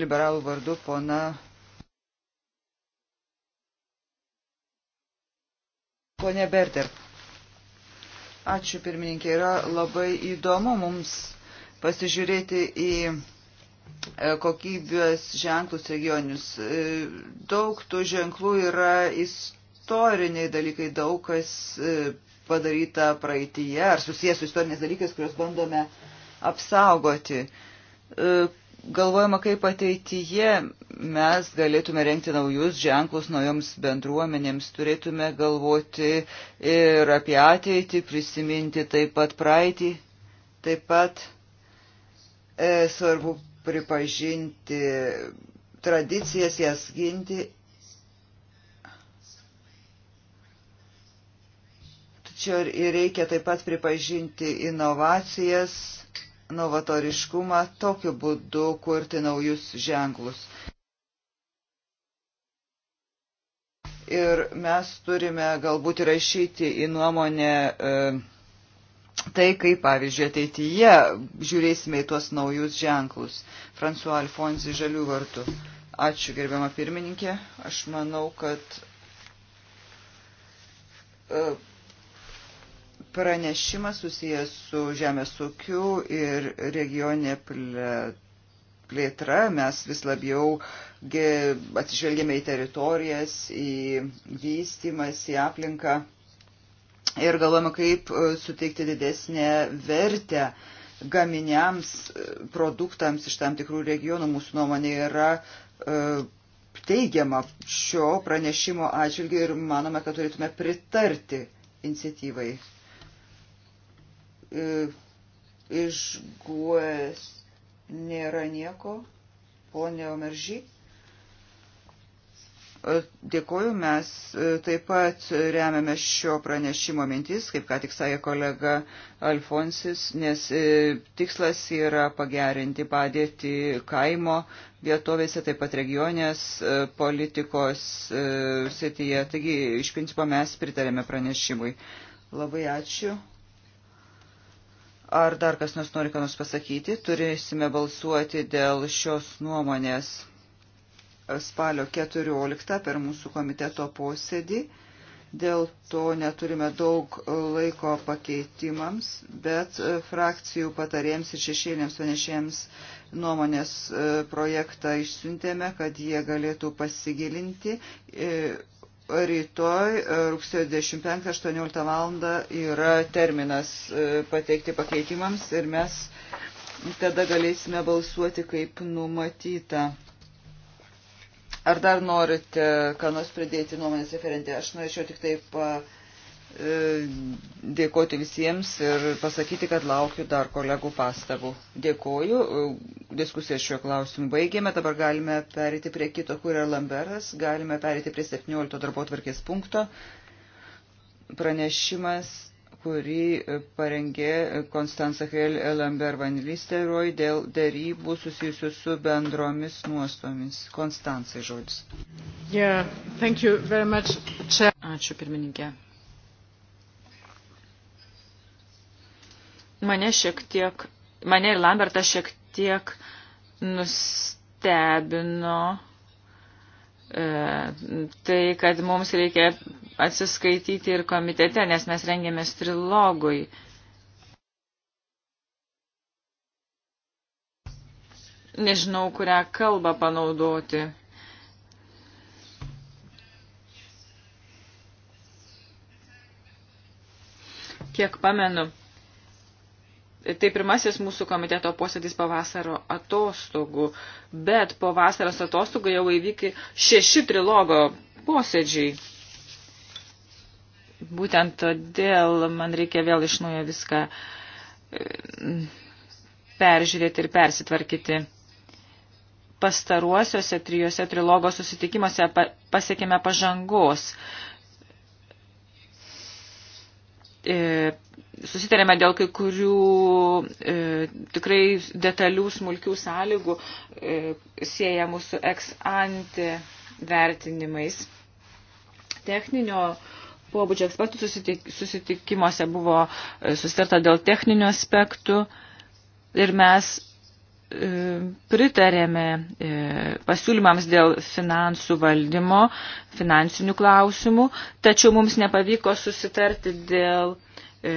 [SPEAKER 1] liberalų vardu, pona Pone Berter, ačiū pirmininkė, yra labai įdomu mums pasižiūrėti į e, kokybės ženklus regionius. E, daug tų ženklų yra istoriniai dalykai, daug kas e, padaryta praeitįje ar susijęs su istoriniais dalykais, kuriuos bandome apsaugoti galvojama, kaip ateityje mes galėtume renkti naujus ženklus naujoms bendruomenėms, turėtume galvoti ir apie ateitį, prisiminti taip pat praeitį, taip pat e, svarbu pripažinti tradicijas, jas ginti. Čia ir reikia taip pat pripažinti inovacijas novatoriškumą, tokiu būdu kurti naujus ženklus. Ir mes turime galbūt įrašyti į nuomonę e, tai, kaip, pavyzdžiui, ateityje žiūrėsime į tuos naujus ženklus. François Alfonsi Žalių vartų. Ačiū, gerbiama pirmininkė. Aš manau, kad e, pranešimas susijęs su žemės ūkiu ir regionė plėtra. Mes vis labiau atsižvelgėme į teritorijas, į vystimas, į aplinką ir galvojame, kaip e, suteikti didesnę vertę gaminiams, e, produktams iš tam tikrų regionų. Mūsų nuomonė yra e, teigiama šio pranešimo atžvilgiu ir manome, kad turėtume pritarti iniciatyvai. E, iš guės e nėra nieko, ponė Omeržiai. E, Dėkuoju, mes taip pat remiame šio pranešimo mintis, kaip ką tik sakė kolega Alfonsis, nes tikslas yra pagerinti padėtį kaimo vietovėse, taip pat regionės politikos sityje. Taigi, iš principo, mes pritarėme pranešimui. Labai ačiū. Ar dar kas nors nori ką nors pasakyti? Turėsime balsuoti dėl šios nuomonės spalio 14 per mūsų komiteto posėdį. Dėl to neturime daug laiko pakeitimams, bet e, frakcijų patarėjams ir šešėlėms panešėjams nuomonės e, projektą išsiuntėme, kad jie galėtų pasigilinti e, Rytoj e, rugsėjo 15-18 val. yra terminas e, pateikti pakeitimams ir mes tada galėsime balsuoti kaip numatyta. Ar dar norite, ką nors pridėti nuomonės referentė? Aš norėčiau tik taip. Uh, E, dėkoti visiems ir pasakyti, kad laukiu dar kolegų pastabų. Dėkoju. E, Diskusiją šiuo klausimu baigėme. Dabar galime perėti prie kito, kur yra Lamberas. Galime perėti prie 17 darbo tvarkės punkto. Pranešimas, kurį parengė Konstantas Hel Lamber Van Listeroj dėl dėrybų susijusių su bendromis nuostomis. Konstantai žodis.
[SPEAKER 2] Yeah, much, Ačiū pirmininkė. mane šiek tiek, mane ir Lambertą šiek tiek nustebino e, tai, kad mums reikia atsiskaityti ir komitete, nes mes rengėmės trilogui. Nežinau, kurią kalbą panaudoti. Kiek pamenu, Tai pirmasis mūsų komiteto posėdis pavasaro atostogų, bet po vasaros atostogų jau įvyki šeši trilogo posėdžiai. Būtent todėl man reikia vėl iš naujo viską e, peržiūrėti ir persitvarkyti. Pastaruosiuose trijuose trilogo susitikimuose pasiekėme pažangos. E, susitarėme dėl kai kurių e, tikrai detalių smulkių sąlygų e, siejamų su ex ante vertinimais. Techninio pobūdžio ekspertų susitik, susitikimuose buvo e, susitarta dėl techninių aspektų ir mes E, pritarėme e, pasiūlymams dėl finansų valdymo, finansinių klausimų, tačiau mums nepavyko susitarti dėl e,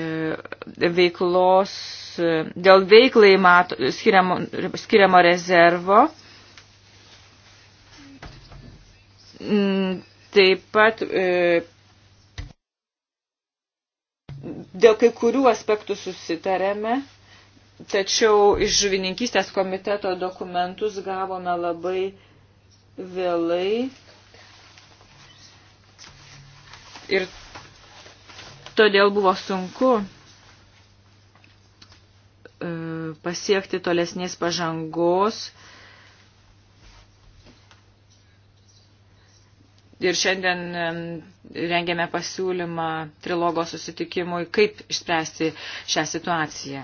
[SPEAKER 2] veiklos, dėl veiklai mato, skiriamo, skiriamo rezervo. Mm, taip pat dėl kai kurių aspektų susitarėme. Tačiau iš žuvininkystės komiteto dokumentus gavome labai vėlai. Ir todėl buvo sunku e, pasiekti tolesnės pažangos. Ir šiandien e, rengėme pasiūlymą trilogo susitikimui, kaip išspręsti šią situaciją.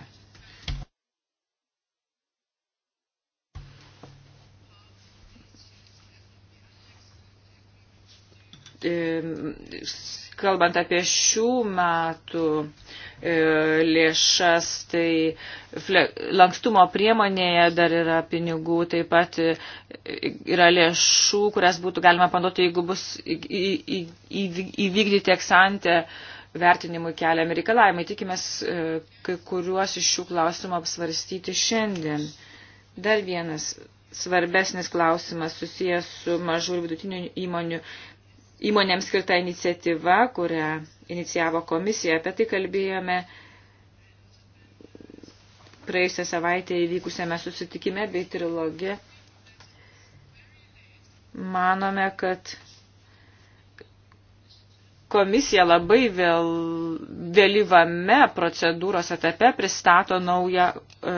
[SPEAKER 2] kalbant apie šių metų e, lėšas, tai lankstumo priemonėje dar yra pinigų, taip pat e, yra lėšų, kurias būtų galima panduoti, jeigu bus įvykdyti eksantę vertinimui keliami reikalavimai. Tikimės e, kai kuriuos iš šių klausimų apsvarstyti šiandien. Dar vienas svarbesnis klausimas susijęs su mažų ir vidutinių įmonių įmonėms skirta iniciatyva, kurią inicijavo komisija. Apie tai kalbėjome praėjusią savaitę įvykusiame susitikime bei trilogė. Manome, kad komisija labai vėl, vėlyvame procedūros etape pristato naują e,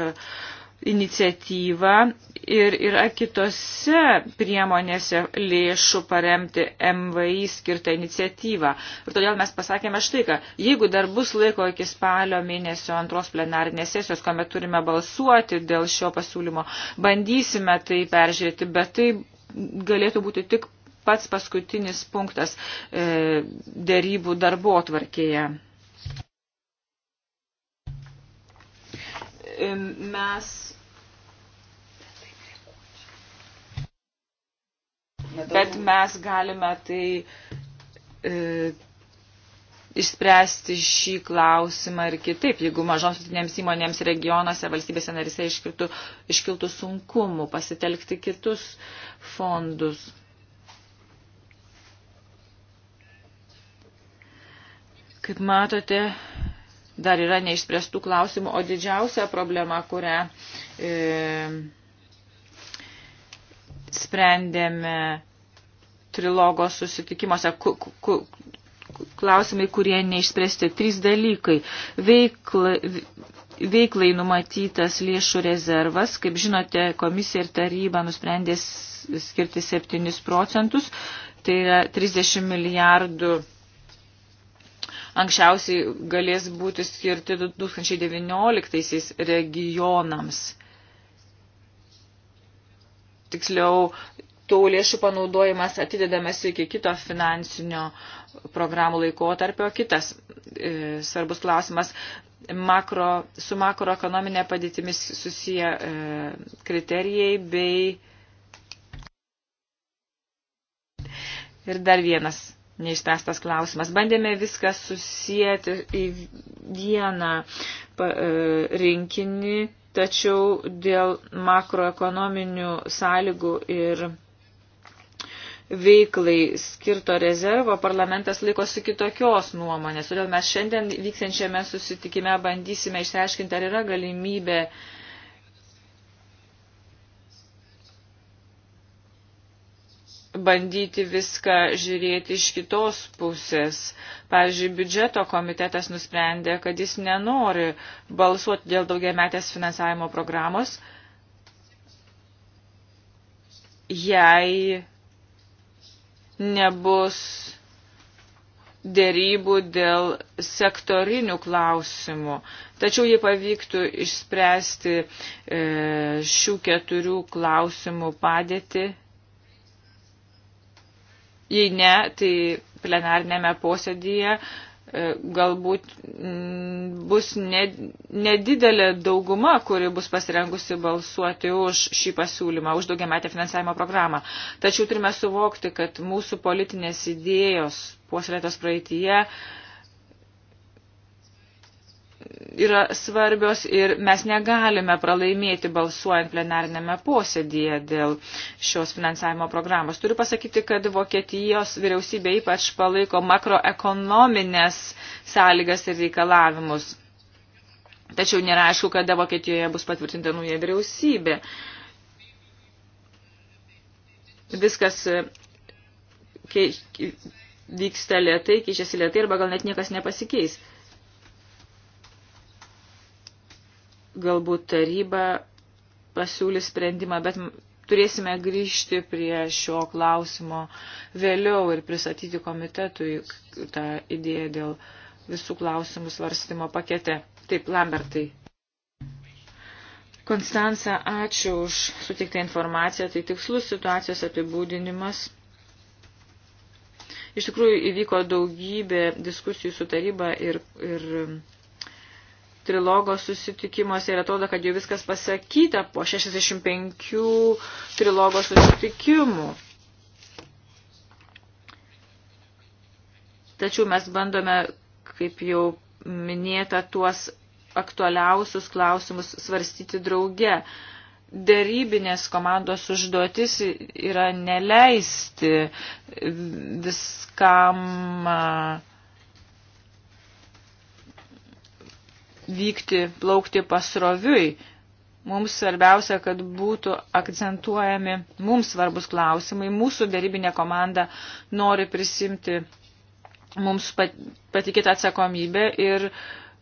[SPEAKER 2] iniciatyvą ir yra kitose priemonėse lėšų paremti MVI skirtą iniciatyvą. Ir todėl mes pasakėme štai, kad jeigu dar bus laiko iki spalio mėnesio antros plenarinės sesijos, kuomet turime balsuoti dėl šio pasiūlymo, bandysime tai peržiūrėti, bet tai galėtų būti tik pats paskutinis punktas e, dėrybų darbo tvarkėje. mes.
[SPEAKER 1] Bet mes
[SPEAKER 2] galime tai e, išspręsti šį klausimą ir kitaip, jeigu mažoms vidutinėms įmonėms regionuose, valstybėse narise iškiltų, iškiltų sunkumų pasitelkti kitus fondus. Kaip matote, dar yra neišspręstų klausimų, o didžiausia problema, kurią e, sprendėme trilogo susitikimuose, ku, ku, klausimai, kurie neišspręsti, trys dalykai. Veikla, veiklai numatytas lėšų rezervas. Kaip žinote, komisija ir taryba nusprendė skirti 7 procentus, tai yra 30 milijardų anksčiausiai galės būti skirti 2019 regionams. Tiksliau, tų lėšų panaudojimas atidedamas iki kito finansinio programų laikotarpio. Kitas e, svarbus klausimas makro, su makroekonominė padėtimis susiję e, kriterijai bei. Ir dar vienas neišspręstas klausimas. Bandėme viską susijęti į vieną e, rinkinį, tačiau dėl makroekonominių sąlygų ir veiklai skirto rezervo parlamentas laikosi kitokios nuomonės. Todėl mes šiandien vyksiančiame susitikime bandysime išsiaiškinti, ar yra galimybė uh, bandyti viską žiūrėti iš kitos pusės. Pavyzdžiui, biudžeto komitetas nusprendė, kad jis nenori balsuoti dėl daugiametės finansavimo programos, jei nebus dėrybų dėl sektorinių klausimų. Tačiau jei pavyktų išspręsti e, šių keturių klausimų padėti, Jei ne, tai plenarnėme posėdyje e, galbūt mm, bus nedidelė dauguma, kuri bus pasirengusi balsuoti už šį pasiūlymą, už daugiametę finansavimo programą. Tačiau turime suvokti, kad mūsų politinės idėjos puoselėtos praeitie yra svarbios ir mes negalime pralaimėti balsuojant plenarinėme posėdėje dėl šios finansavimo programos. Turiu pasakyti, kad Vokietijos vyriausybė ypač palaiko makroekonominės sąlygas ir reikalavimus. Tačiau nėra aišku, kada Vokietijoje bus patvirtinta nauja vyriausybė. Viskas e, kei, vyksta lietai, keičiasi lietai arba gal net niekas nepasikeis. galbūt taryba pasiūlys sprendimą, bet turėsime grįžti prie šio klausimo vėliau ir pristatyti komitetui tą idėją dėl visų klausimų svarstymo pakete. Taip, Lambertai. Konstanca, ačiū už sutiktą informaciją. Tai tikslus situacijos apibūdinimas. Iš tikrųjų įvyko daugybė diskusijų su taryba ir, ir trilogo susitikimuose ir atrodo, kad jau viskas pasakyta po 65 trilogo susitikimų. Tačiau mes bandome, kaip jau minėta, tuos aktualiausius klausimus svarstyti drauge. Darybinės komandos užduotis yra neleisti viskam uh, vykti, plaukti pasroviui. Mums svarbiausia, kad būtų akcentuojami mums svarbus klausimai. Mūsų darybinė komanda nori prisimti mums patikėtą atsakomybę ir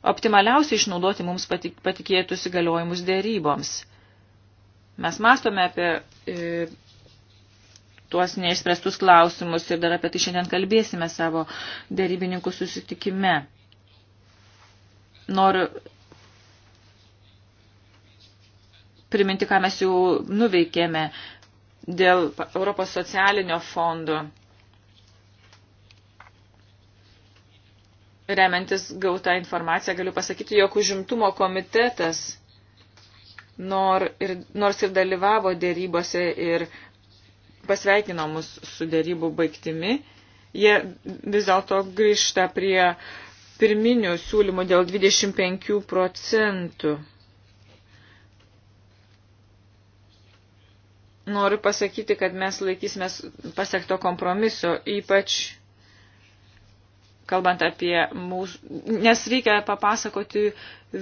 [SPEAKER 2] optimaliausiai išnaudoti mums patikėtus įgaliojimus dėryboms. Mes mastome apie e, tuos neišspręstus klausimus ir dar apie tai šiandien kalbėsime savo dėrybininkų susitikime noriu priminti, ką mes jau nuveikėme dėl Europos socialinio fondo. Remiantis gautą informaciją, galiu pasakyti, jog užimtumo komitetas nor ir, nors ir dalyvavo dėrybose ir pasveikino mus su dėrybų baigtimi, jie vis dėlto grįžta prie uh, pirminio siūlymo dėl 25 procentų. Noriu pasakyti, kad mes laikysime pasiekto kompromiso, ypač kalbant apie mūsų, nes reikia papasakoti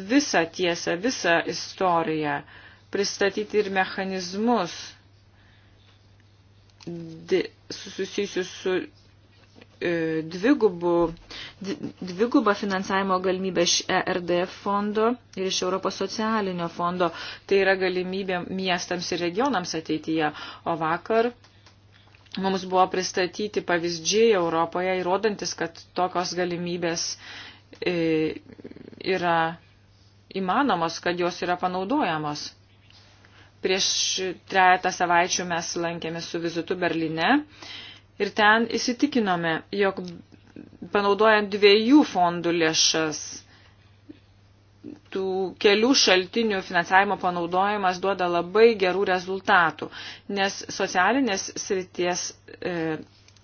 [SPEAKER 2] visą tiesą, visą istoriją, pristatyti ir mechanizmus susijusius su e, dvigubu e, dvigubą finansavimo galimybę iš ERDF fondo ir iš Europos socialinio fondo. Tai yra galimybė miestams ir regionams ateityje. O vakar mums buvo pristatyti pavyzdžiai Europoje, įrodantis, kad tokios galimybės e, yra įmanomos, kad jos yra panaudojamos. Prieš trejata savaičių mes lankėmės su vizitu Berline ir ten įsitikinome, jog panaudojant dviejų fondų lėšas. Tų kelių šaltinių finansavimo panaudojimas duoda labai gerų rezultatų, nes socialinės srities e,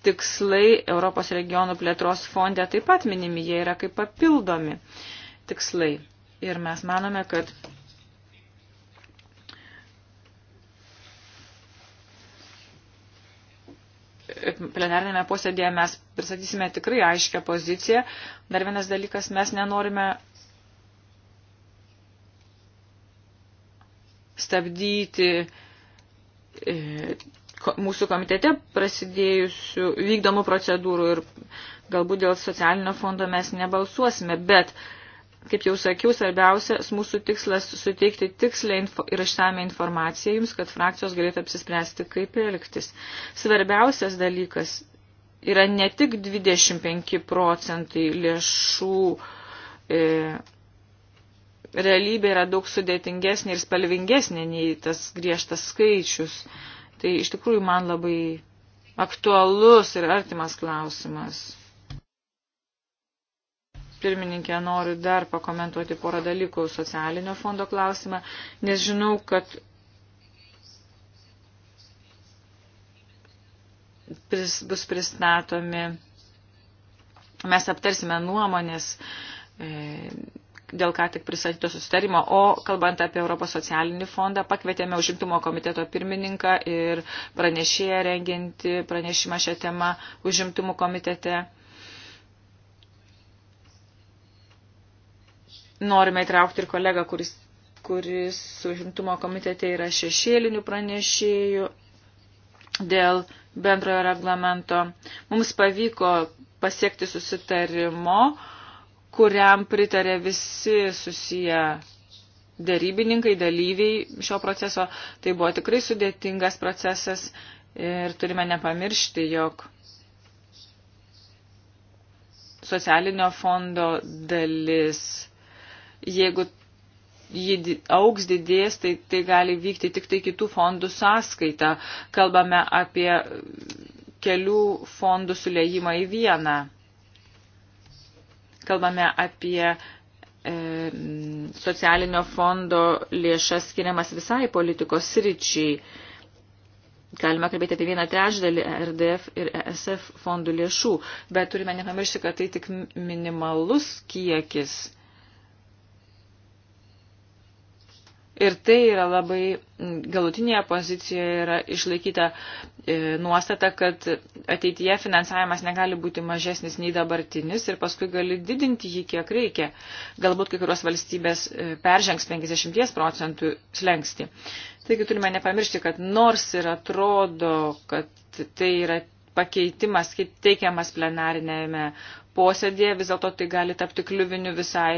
[SPEAKER 2] tikslai Europos regionų plėtros fonde taip pat minimi, jie yra kaip papildomi tikslai. Ir mes manome, kad plenarinėme posėdėje mes pristatysime tikrai aiškę poziciją. Dar vienas dalykas, mes nenorime stabdyti e, mūsų komitete prasidėjusių vykdomų procedūrų ir galbūt dėl socialinio fondo mes nebalsuosime, bet uh, Kaip jau sakiau, svarbiausias mūsų tikslas suteikti tikslę info ir išsame informaciją jums, kad frakcijos galėtų apsispręsti, kaip elgtis. Svarbiausias dalykas yra ne tik 25 procentai lėšų. E, realybė yra daug sudėtingesnė ir spalvingesnė nei tas griežtas skaičius. Tai iš tikrųjų man labai aktualus ir artimas klausimas pirmininkė, noriu dar pakomentuoti porą dalykų socialinio fondo klausimą, nes žinau, kad pris, bus pristatomi, mes aptarsime nuomonės e, dėl ką tik pristatyto susitarimo, o kalbant apie Europos socialinį fondą, pakvietėme užimtumo komiteto pirmininką ir pranešėją renginti pranešimą šią temą užimtumo komitete. norime įtraukti ir kolegą, kuris, kuris užimtumo komitete yra šešėlinių pranešėjų dėl bendrojo reglamento. Mums pavyko pasiekti susitarimo, kuriam pritarė visi susiję dėrybininkai, dalyviai šio proceso. Tai buvo tikrai sudėtingas procesas ir turime nepamiršti, jog socialinio fondo dalis jeigu jį auks didės, tai tai gali vykti tik tai kitų fondų sąskaita. Kalbame apie kelių fondų sulėjimą į vieną. Kalbame apie e, socialinio fondo lėšas skiriamas visai politikos sričiai. Galime kalbėti apie vieną trečdalį RDF ir ESF fondų lėšų, bet turime nepamiršti, kad tai tik minimalus kiekis Ir tai yra labai galutinėje pozicijoje yra išlaikyta e, nuostata, kad ateityje finansavimas negali būti mažesnis nei dabartinis ir paskui gali didinti jį kiek reikia. Galbūt kai kurios valstybės e, peržengs 50 procentų slengsti. Taigi turime nepamiršti, kad nors ir atrodo, kad tai yra pakeitimas teikiamas plenarinėme posėdėje, vis dėlto tai gali tapti kliuviniu visai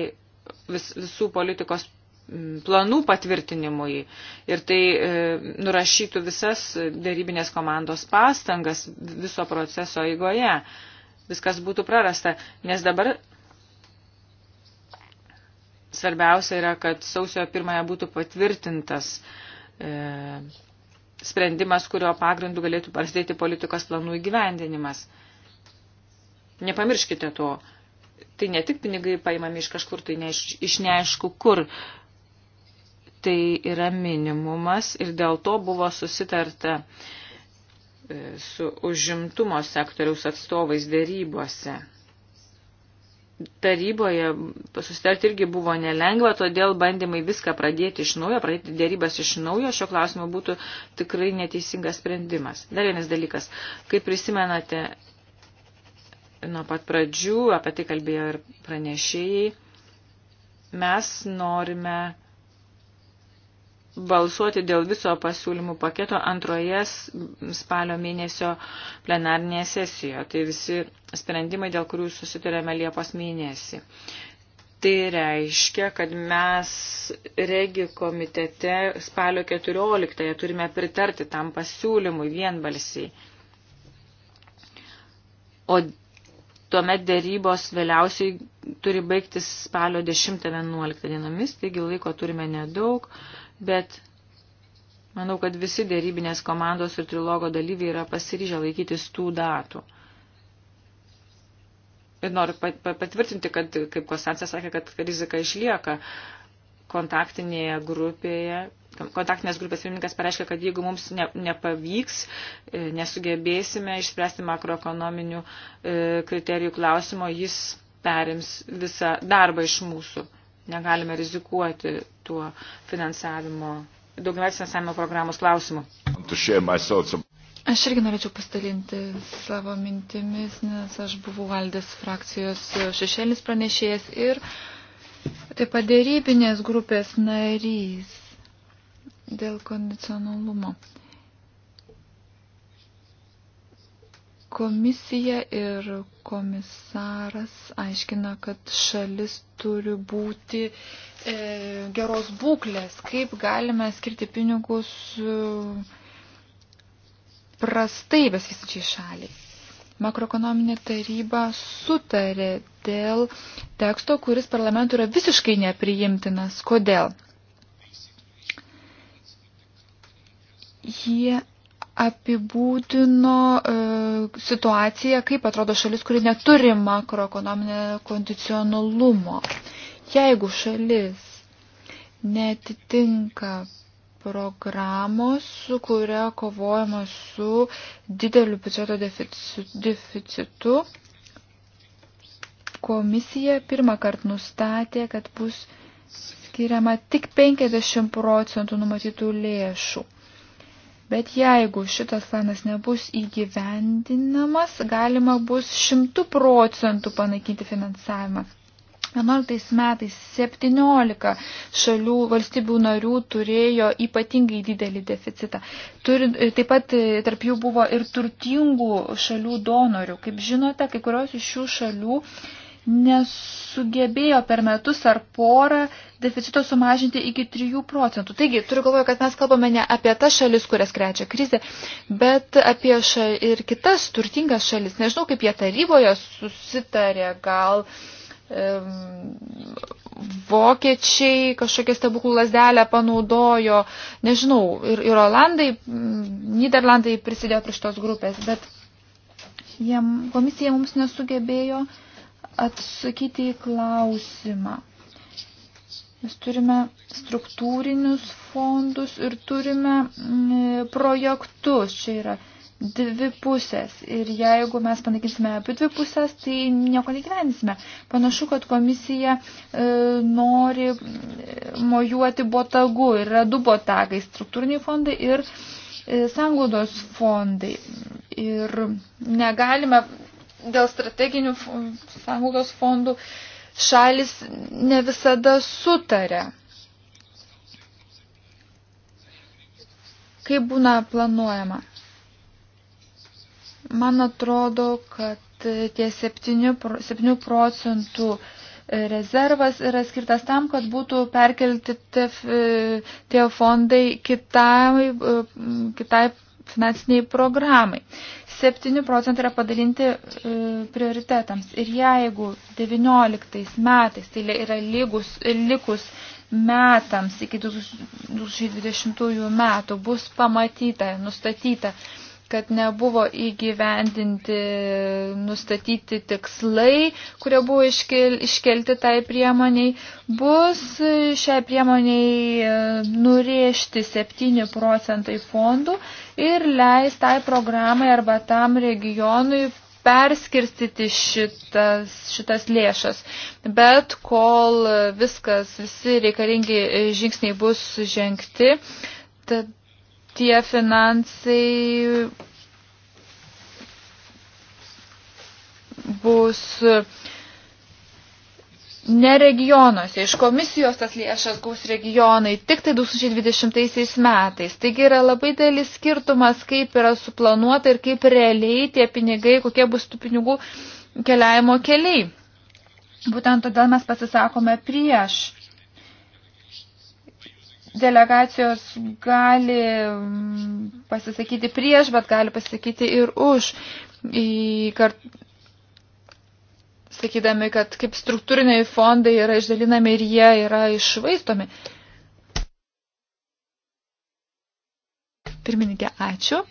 [SPEAKER 2] vis, visų politikos planų patvirtinimui ir tai e, nurašytų visas darybinės komandos pastangas viso proceso eigoje. Viskas būtų prarasta, nes dabar svarbiausia yra, kad sausio pirmąją būtų patvirtintas e, sprendimas, kurio pagrindu galėtų prasidėti politikos planų įgyvendinimas. Nepamirškite to. Tai ne tik pinigai paimami iš kažkur, tai ne, iš neaišku kur. E, tai yra minimumas ir dėl to buvo susitarta e, su užimtumo sektoriaus atstovais dėrybose. Taryboje susitarti irgi buvo nelengva, todėl bandymai viską pradėti iš naujo, pradėti dėrybas iš naujo, šio klausimo būtų tikrai neteisingas sprendimas. Dar vienas dalykas, kaip prisimenate, nuo pat pradžių, apie tai kalbėjo ir pranešėjai, mes norime balsuoti dėl viso pasiūlymų paketo antroje spalio mėnesio plenarnėje sesijoje. Tai visi sprendimai, dėl kurių susitarėme Liepos mėnesį. Tai reiškia, kad mes regi komitete spalio 14 turime pritarti tam pasiūlymui vienbalsiai. O tuomet dėrybos vėliausiai turi baigtis spalio 10-11 dienomis, taigi laiko turime nedaug. Uh, bet manau, kad visi dėrybinės komandos ir trilogo dalyviai yra pasiryžę laikytis tų datų. Ir noriu patvirtinti, kad, kaip Konstancija sakė, kad rizika išlieka kontaktinėje grupėje. Kontaktinės grupės pirmininkas pareiškia, kad jeigu mums ne, nepavyks, e, nesugebėsime išspręsti makroekonominių e, kriterijų klausimo, jis perims visą darbą iš mūsų. Negalime rizikuoti tuo finansavimo, daugiausiai finansavimo programos klausimu.
[SPEAKER 3] Aš irgi norėčiau pasidalinti savo mintimis, nes aš buvau valdės frakcijos šešėlis pranešėjas ir taip pat dėrybinės grupės narys dėl kondicionalumo. komisija ir komisaras aiškina, kad šalis turi būti E, geros būklės, kaip galime skirti pinigus e, prastai besivystančiai šaliai. Makroekonominė taryba sutarė dėl teksto, kuris parlamentui yra visiškai nepriimtinas. Kodėl? Jie apibūdino e, situaciją, kaip atrodo šalis, kuri neturi makroekonominio kondicionalumo. E, Jeigu šalis netitinka programos, su kuria kovojama su dideliu biudžeto deficitu, komisija pirmą kartą nustatė, kad bus skiriama tik 50 procentų numatytų lėšų. Bet jeigu šitas planas nebus įgyvendinamas, galima bus 100 procentų panaikinti finansavimą. 11 metais 17 šalių valstybių narių turėjo ypatingai didelį deficitą. Turi, taip pat e, tarp jų buvo ir turtingų šalių donorių. Kaip žinote, kai kurios iš šių šalių nesugebėjo per metus ar porą deficito sumažinti iki 3 procentų. Taigi, turiu galvoje, kad mes kalbame ne apie tas šalis, kurias krečia krizė, bet apie šal ir kitas turtingas šalis. Nežinau, kaip jie taryboje susitarė, gal uh, vokiečiai kažkokią stebuklų lasdelę panaudojo, nežinau, ir, ir Olandai, Niderlandai prisidėjo prie šitos grupės, bet jiem, komisija mums nesugebėjo atsakyti į klausimą. Mes turime struktūrinius fondus ir turime projektus. Čia yra dvi pusės. Ir jeigu mes panaikinsime apie dvi pusės, tai nieko negyvensime. Panašu, kad komisija e, nori e, mojuoti botagu. Yra du botagai - struktūriniai fondai ir e, sanglaudos fondai. Ir negalime dėl strateginių sanglaudos fondų šalis ne visada sutarė. Kaip būna planuojama? Man atrodo, kad tie 7 procentų rezervas yra skirtas tam, kad būtų perkelti tie, e, tie fondai kitai, e, kitai finansiniai programai. 7 procentai yra padalinti e, prioritetams. Ir jeigu 19 metais, tai yra lygus, likus metams iki 2020 metų, bus pamatyta, nustatyta, kad nebuvo įgyvendinti nustatyti tikslai, kurie buvo iškel, iškelti tai priemoniai, bus šiai priemoniai e, nurėžti 7 procentai fondų ir leis tai programai arba tam regionui perskirstyti šitas, šitas lėšas. Bet kol viskas, visi reikalingi žingsniai bus žengti, tad tie finansai bus ne regionuose. Iš komisijos tas lėšas gaus regionai tik tai 2020 metais. Taigi yra labai dėlis skirtumas, kaip yra suplanuota ir kaip realiai tie pinigai, kokie bus tų pinigų keliavimo keliai. Būtent todėl mes pasisakome prieš delegacijos gali mm, pasisakyti prieš, bet gali pasisakyti ir už. Į kart... Sakydami, kad kaip struktūriniai fondai yra išdalinami ir jie yra išvaistomi. Pirmininkė, ačiū.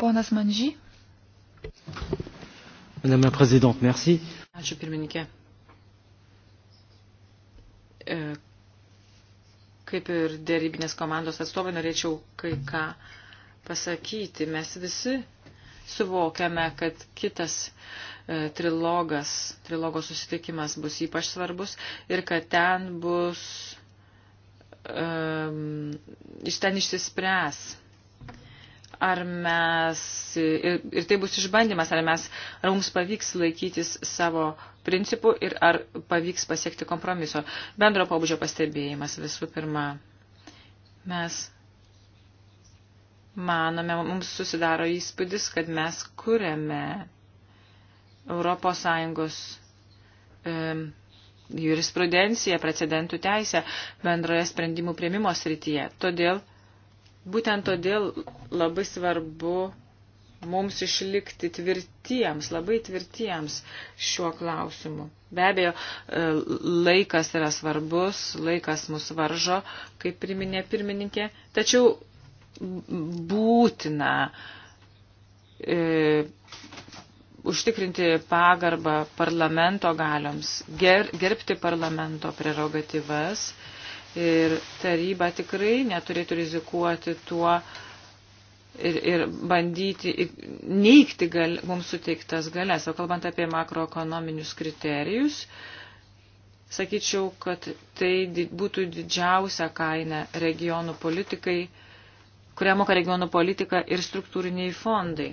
[SPEAKER 3] Ponas Manžy.
[SPEAKER 2] Madame la Présidente, merci.
[SPEAKER 3] Ačiū pirmininkė e,
[SPEAKER 2] kaip ir dėrybinės komandos atstovai, norėčiau kai ką pasakyti. Mes visi suvokiame, kad kitas e, trilogas, trilogo susitikimas bus ypač svarbus ir kad ten bus, um, iš ten išsispręs ar mes, ir, ir tai bus išbandymas, ar mes, ar mums pavyks laikytis savo principų ir ar pavyks pasiekti kompromiso. Bendro pobūdžio pastebėjimas visų pirma. Mes manome, mums susidaro įspūdis, kad mes kuriame Europos Sąjungos e, jurisprudenciją, precedentų teisę bendroje sprendimų prieimimo srityje. Todėl Būtent todėl labai svarbu mums išlikti tvirtiems, labai tvirtiems šiuo klausimu. Be abejo, e, laikas yra svarbus, laikas mus varžo, kaip priminė pirmininkė, tačiau būtina e, užtikrinti pagarbą parlamento galioms, ger, gerbti parlamento prerogatyvas. E, Ir taryba tikrai neturėtų rizikuoti tuo ir, ir bandyti neikti gal, mums suteiktas galės. O kalbant apie makroekonominius kriterijus, sakyčiau, kad tai būtų didžiausia kaina regionų politikai, kurią moka regionų politika ir struktūriniai fondai.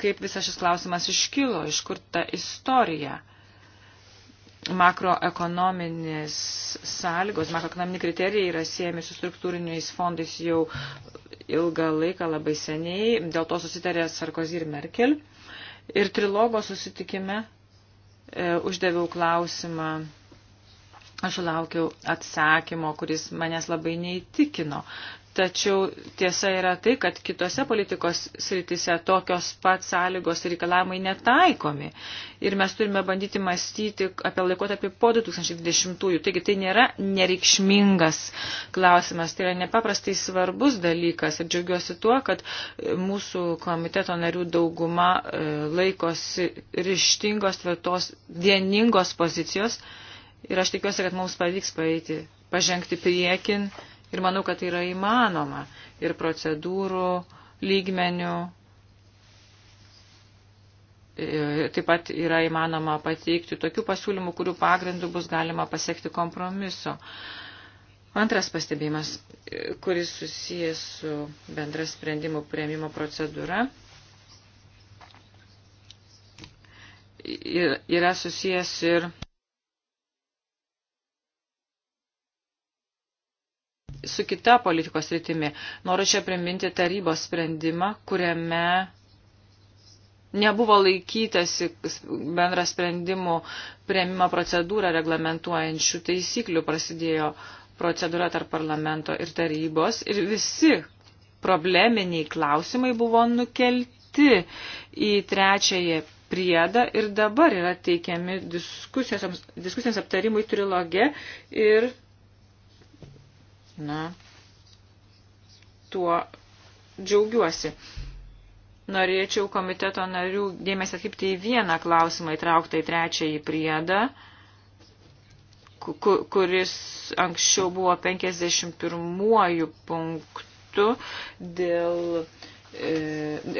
[SPEAKER 2] Kaip visas šis klausimas iškilo, iš kur ta istorija? makroekonominės sąlygos, makroekonominiai kriterijai yra siejami su struktūriniais fondais jau ilgą laiką, labai seniai. Dėl to susitarė Sarkozy ir Merkel. Ir trilogo susitikime e, uždaviau klausimą, aš laukiau atsakymo, kuris manęs labai neįtikino. Tačiau tiesa yra tai, kad kitose politikos sritise tokios pat sąlygos ir reikalavimai netaikomi. Ir mes turime bandyti mąstyti apie laikotarpį po 2020-ųjų. Taigi tai nėra nereikšmingas klausimas, tai yra nepaprastai svarbus dalykas. Ir džiaugiuosi tuo, kad mūsų komiteto narių dauguma e, laikosi ryštingos, tvirtos, vieningos pozicijos. Ir aš tikiuosi, kad mums pavyks paeiti, pažengti priekin Ir manau, kad tai yra įmanoma ir procedūrų lygmenių. Taip pat yra įmanoma pateikti tokių pasiūlymų, kurių pagrindų bus galima pasiekti kompromiso. Antras pastebėjimas, kuris susijęs su bendra sprendimų prieimimo procedūra, yra susijęs ir su kita politikos rytimi. Noriu čia priminti tarybos sprendimą, kuriame nebuvo laikytasi bendrą sprendimų prieimimo procedūrą reglamentuojančių taisyklių. Prasidėjo procedūra tarp parlamento ir tarybos ir visi probleminiai klausimai buvo nukelti į trečiąją priedą ir dabar yra teikiami diskusijoms aptarimui trilogė ir Na, tuo džiaugiuosi. Norėčiau komiteto narių dėmesį atkreipti į vieną klausimą įtrauktą į trečiąjį priedą, kuris anksčiau buvo 51 punktu dėl e,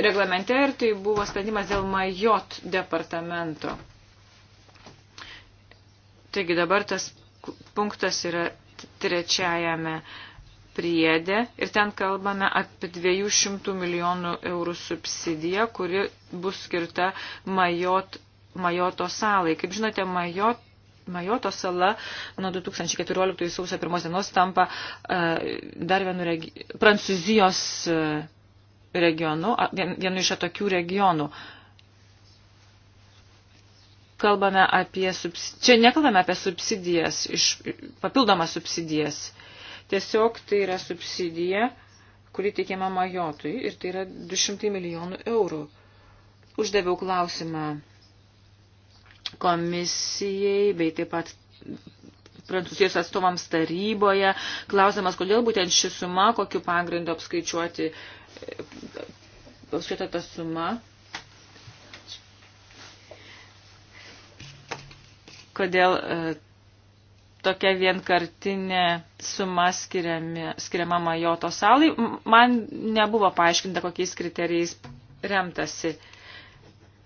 [SPEAKER 2] reglamente ir tai buvo sprendimas dėl Majot departamento. Taigi dabar tas punktas yra trečiajame priedė ir ten kalbame apie 200 milijonų eurų subsidiją, kuri bus skirta Majot, Majoto salai. Kaip žinote, Majot, Majoto sala nuo 2014 sausio pirmos dienos tampa e, dar vienu regi Prancūzijos e, regionu, vienu iš tokių regionų. Uh, kalbame apie, čia nekalbame apie subsidijas, iš, papildomas subsidijas. Tiesiog tai yra subsidija, kuri teikiama Majotui ir tai yra 200 milijonų eurų. Uždaviau klausimą komisijai bei taip pat Prancūzijos atstovams taryboje, klausimas, kodėl būtent ši suma, kokiu pagrindu apskaičiuoti apskaičiuota ta suma. kodėl e, tokia vienkartinė suma skiriami, skiriama Majoto salai. Man nebuvo paaiškinta, kokiais kriterijais remtasi.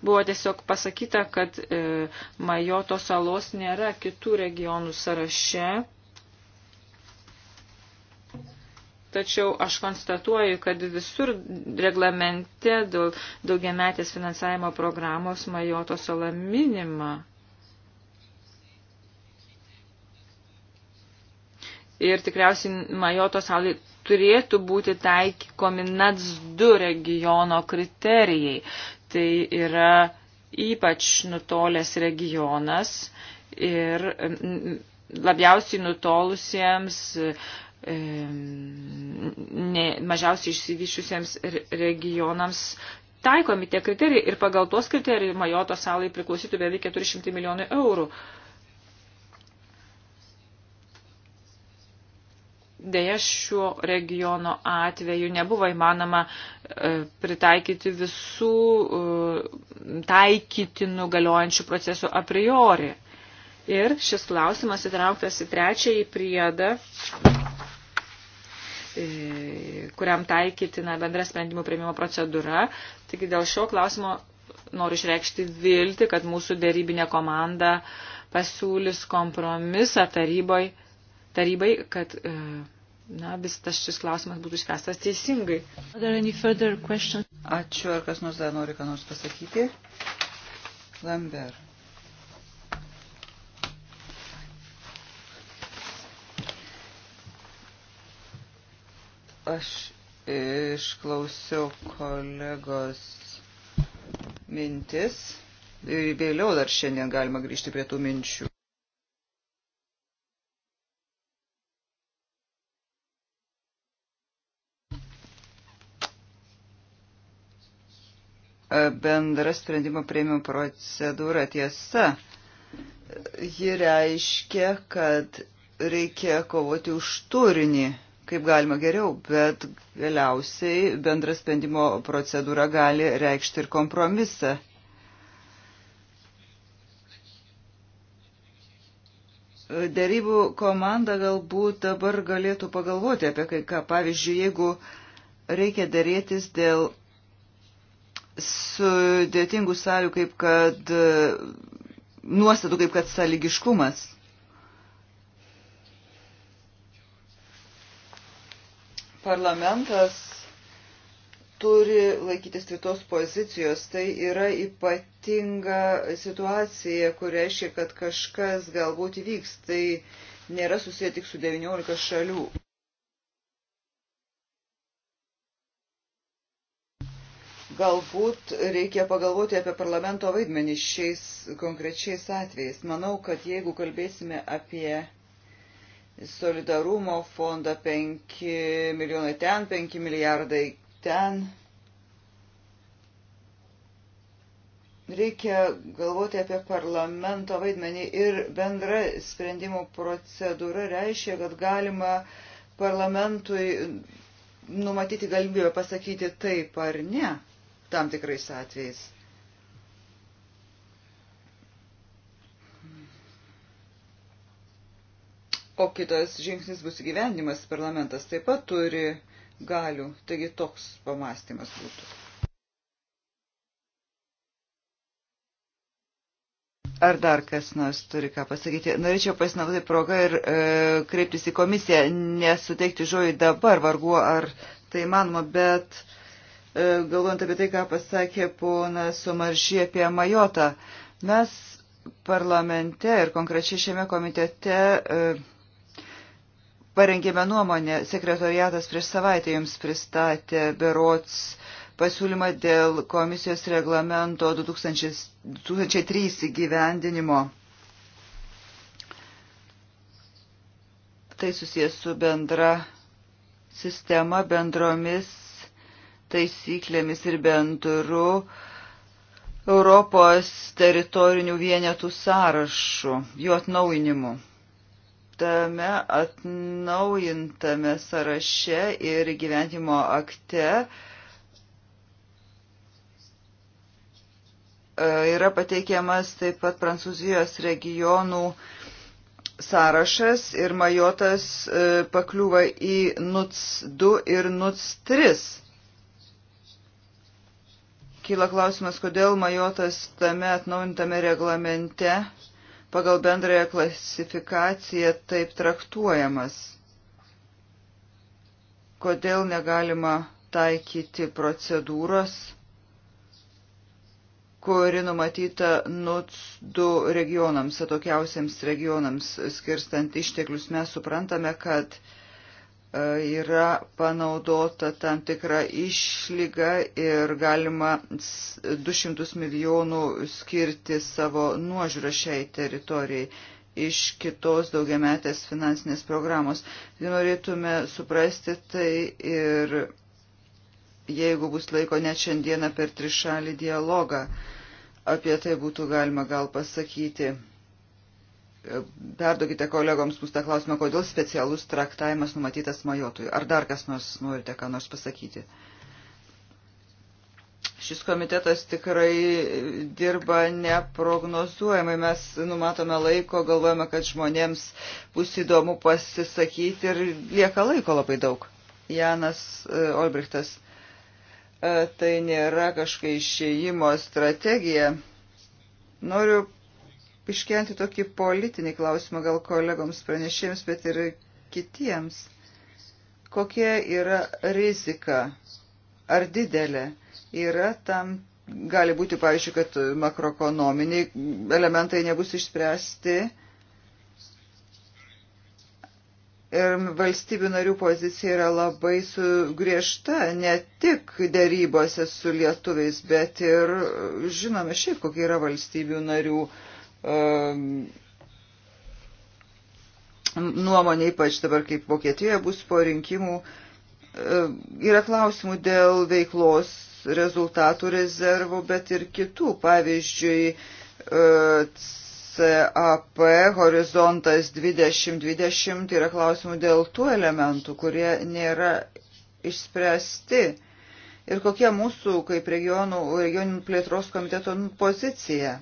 [SPEAKER 2] Buvo tiesiog pasakyta, kad e, Majoto salos nėra kitų regionų sąraše. Tačiau aš konstatuoju, kad visur reglamente daugiametės finansavimo programos Majoto sala minima. ir tikriausiai Majoto salai turėtų būti taikomi NATS 2 regiono kriterijai. Tai yra ypač nutolęs regionas ir labiausiai nutolusiems, ne, mažiausiai išsivyščiusiems regionams taikomi tie kriterijai ir pagal tuos kriterijus Majoto salai priklausytų beveik 400 milijonų eurų. Deja, šiuo regiono atveju nebuvo įmanoma e, pritaikyti visų e, taikytinų galiojančių procesų a priori. Ir šis klausimas įtrauktas į trečiąjį priedą, e, kuriam taikytina bendra sprendimų prieimimo procedūra. Taigi dėl šio klausimo noriu išreikšti vilti, kad mūsų dėrybinė komanda pasiūlys kompromisą taryboj, tarybai, kad e, na, vis tas šis klausimas būtų išspręstas teisingai.
[SPEAKER 1] Ačiū, ar kas nors dar nori ką nors pasakyti? Lambert. Aš išklausiau kolegos mintis ir vėliau dar šiandien galima grįžti prie tų minčių. bendra sprendimo prieimimo procedūra tiesa. Ji reiškia, kad reikia kovoti už turinį, kaip galima geriau, bet galiausiai bendra sprendimo procedūra gali reikšti ir kompromisą. Dėrybų komanda galbūt dabar galėtų pagalvoti apie kai ką. Pavyzdžiui, jeigu reikia dėrėtis dėl sudėtingų sąlygų, kaip kad nuostatų, kaip kad sąlygiškumas. Parlamentas turi laikytis tvirtos pozicijos. Tai yra ypatinga situacija, kur reiškia, kad kažkas galbūt įvyks. Tai nėra susiję tik su 19 šalių. Galbūt reikia pagalvoti apie parlamento vaidmenį šiais konkrečiais atvejais. Manau, kad jeigu kalbėsime apie solidarumo fondą 5 milijonai ten, 5 milijardai ten, reikia galvoti apie parlamento vaidmenį ir bendra sprendimų procedūra reiškia, kad galima parlamentui numatyti galimybę pasakyti taip ar ne tam tikrais atvejais. O kitas žingsnis bus įgyvendimas, parlamentas taip pat turi galių, taigi toks pamastymas būtų. Ar dar kas nors turi ką pasakyti? Norėčiau pasinaudoti progą ir e, kreiptis į komisiją, nesuteikti žodį dabar, vargu ar tai manoma, bet e, E, galvojant apie tai, ką pasakė ponas Sumaršy apie Majotą. Mes parlamente ir konkrečiai šiame komitete e, parengėme nuomonę. Sekretoriatas prieš savaitę jums pristatė berots pasiūlymą dėl komisijos reglamento 2003 įgyvendinimo. Tai susijęs su bendra sistema, bendromis taisyklėmis ir bendru Europos teritorinių vienetų sąrašu, jų atnauinimu. Tame atnaujintame sąraše ir gyventimo akte e, yra pateikiamas taip pat Prancūzijos regionų sąrašas ir majotas e, pakliūva į NUTS 2 ir NUTS 3 kyla klausimas, kodėl Majotas tame atnaujintame reglamente pagal bendrąją klasifikaciją taip traktuojamas. Kodėl negalima taikyti procedūros, kuri numatyta NUTS 2 regionams, atokiausiams regionams skirstant išteklius. Mes suprantame, kad uh, yra panaudota tam tikra išlyga ir galima 200 milijonų skirti savo nuožiūrą šiai teritorijai iš kitos daugiametės finansinės programos. Norėtume suprasti tai ir jeigu bus laiko net šiandieną per trišalį dialogą, apie tai būtų galima gal pasakyti. Perduokite kolegoms pustą klausimą, kodėl specialus traktavimas numatytas majotui. Ar dar kas nors norite ką nors pasakyti? Šis komitetas tikrai dirba neprognozuojamai. Mes numatome laiko, galvojame, kad žmonėms bus įdomu pasisakyti ir lieka laiko labai daug. Janas e, Olbrichtas. E, tai nėra kažkaip išėjimo strategija. Noriu iškelti tokį politinį klausimą gal kolegoms pranešėjams, bet ir kitiems. Kokia yra rizika? Ar didelė? Yra tam, gali būti, pavyzdžiui, kad makroekonominiai elementai nebus išspręsti ir valstybių narių pozicija yra labai sugriežta, ne tik dėrybose su lietuviais, bet ir žinome šiaip, kokia yra valstybių narių uh, Ehm, nuomonė, ypač dabar kaip Vokietijoje bus po rinkimų, ehm, yra klausimų dėl veiklos rezultatų rezervų, bet ir kitų. Pavyzdžiui, ehm, CAP horizontas 2020 yra klausimų dėl tų elementų, kurie nėra išspręsti. Ir kokia mūsų kaip regionų, regionų plėtros komiteto pozicija?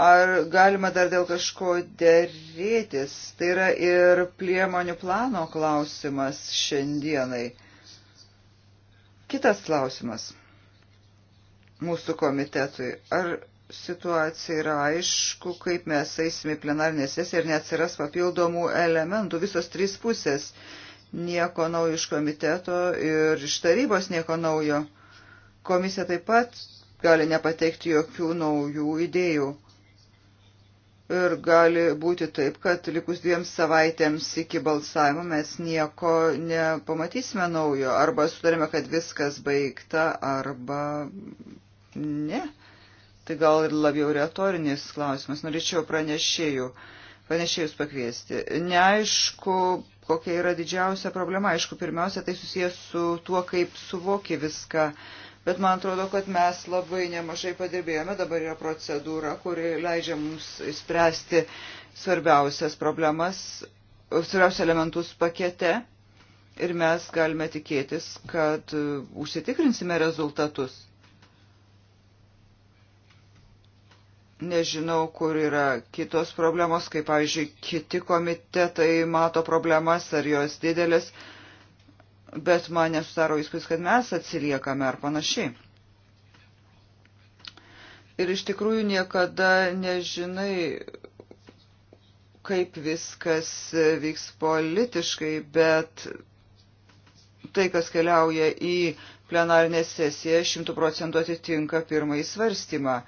[SPEAKER 1] Ar galima dar dėl kažko dėrėtis? Tai yra ir priemonių plano klausimas šiandienai. Kitas klausimas mūsų komitetui. Ar situacija yra aišku, kaip mes eisime į plenarinę sesiją ir neatsiras papildomų elementų, visos trys pusės, nieko naujo iš komiteto ir iš tarybos nieko naujo. Komisija taip pat gali nepateikti jokių naujų idėjų ir gali būti taip, kad likus dviem savaitėms iki balsavimo mes nieko nepamatysime naujo. Arba sutarėme, kad viskas baigta, arba ne. Tai gal ir labiau retorinis klausimas. Norėčiau pranešėjų, pranešėjus pakviesti. Neaišku, kokia yra didžiausia problema. Aišku, pirmiausia, tai susijęs su tuo, kaip suvoki viską Bet man atrodo, kad mes labai nemažai padirbėjome, dabar yra procedūra, kuri leidžia mums spręsti svarbiausias problemas, svarbiausias elementus pakete ir mes galime tikėtis, kad e, užsitikrinsime rezultatus. Nežinau, kur yra kitos problemos, kaip, pavyzdžiui, kiti komitetai mato problemas, ar jos didelis bet man nesudaro įspūdis, kad mes atsiliekame ar panašiai. Ir iš tikrųjų niekada nežinai, kaip viskas vyks politiškai, bet tai, kas keliauja į plenarinę sesiją, šimtų procentų atitinka pirmąjį svarstymą.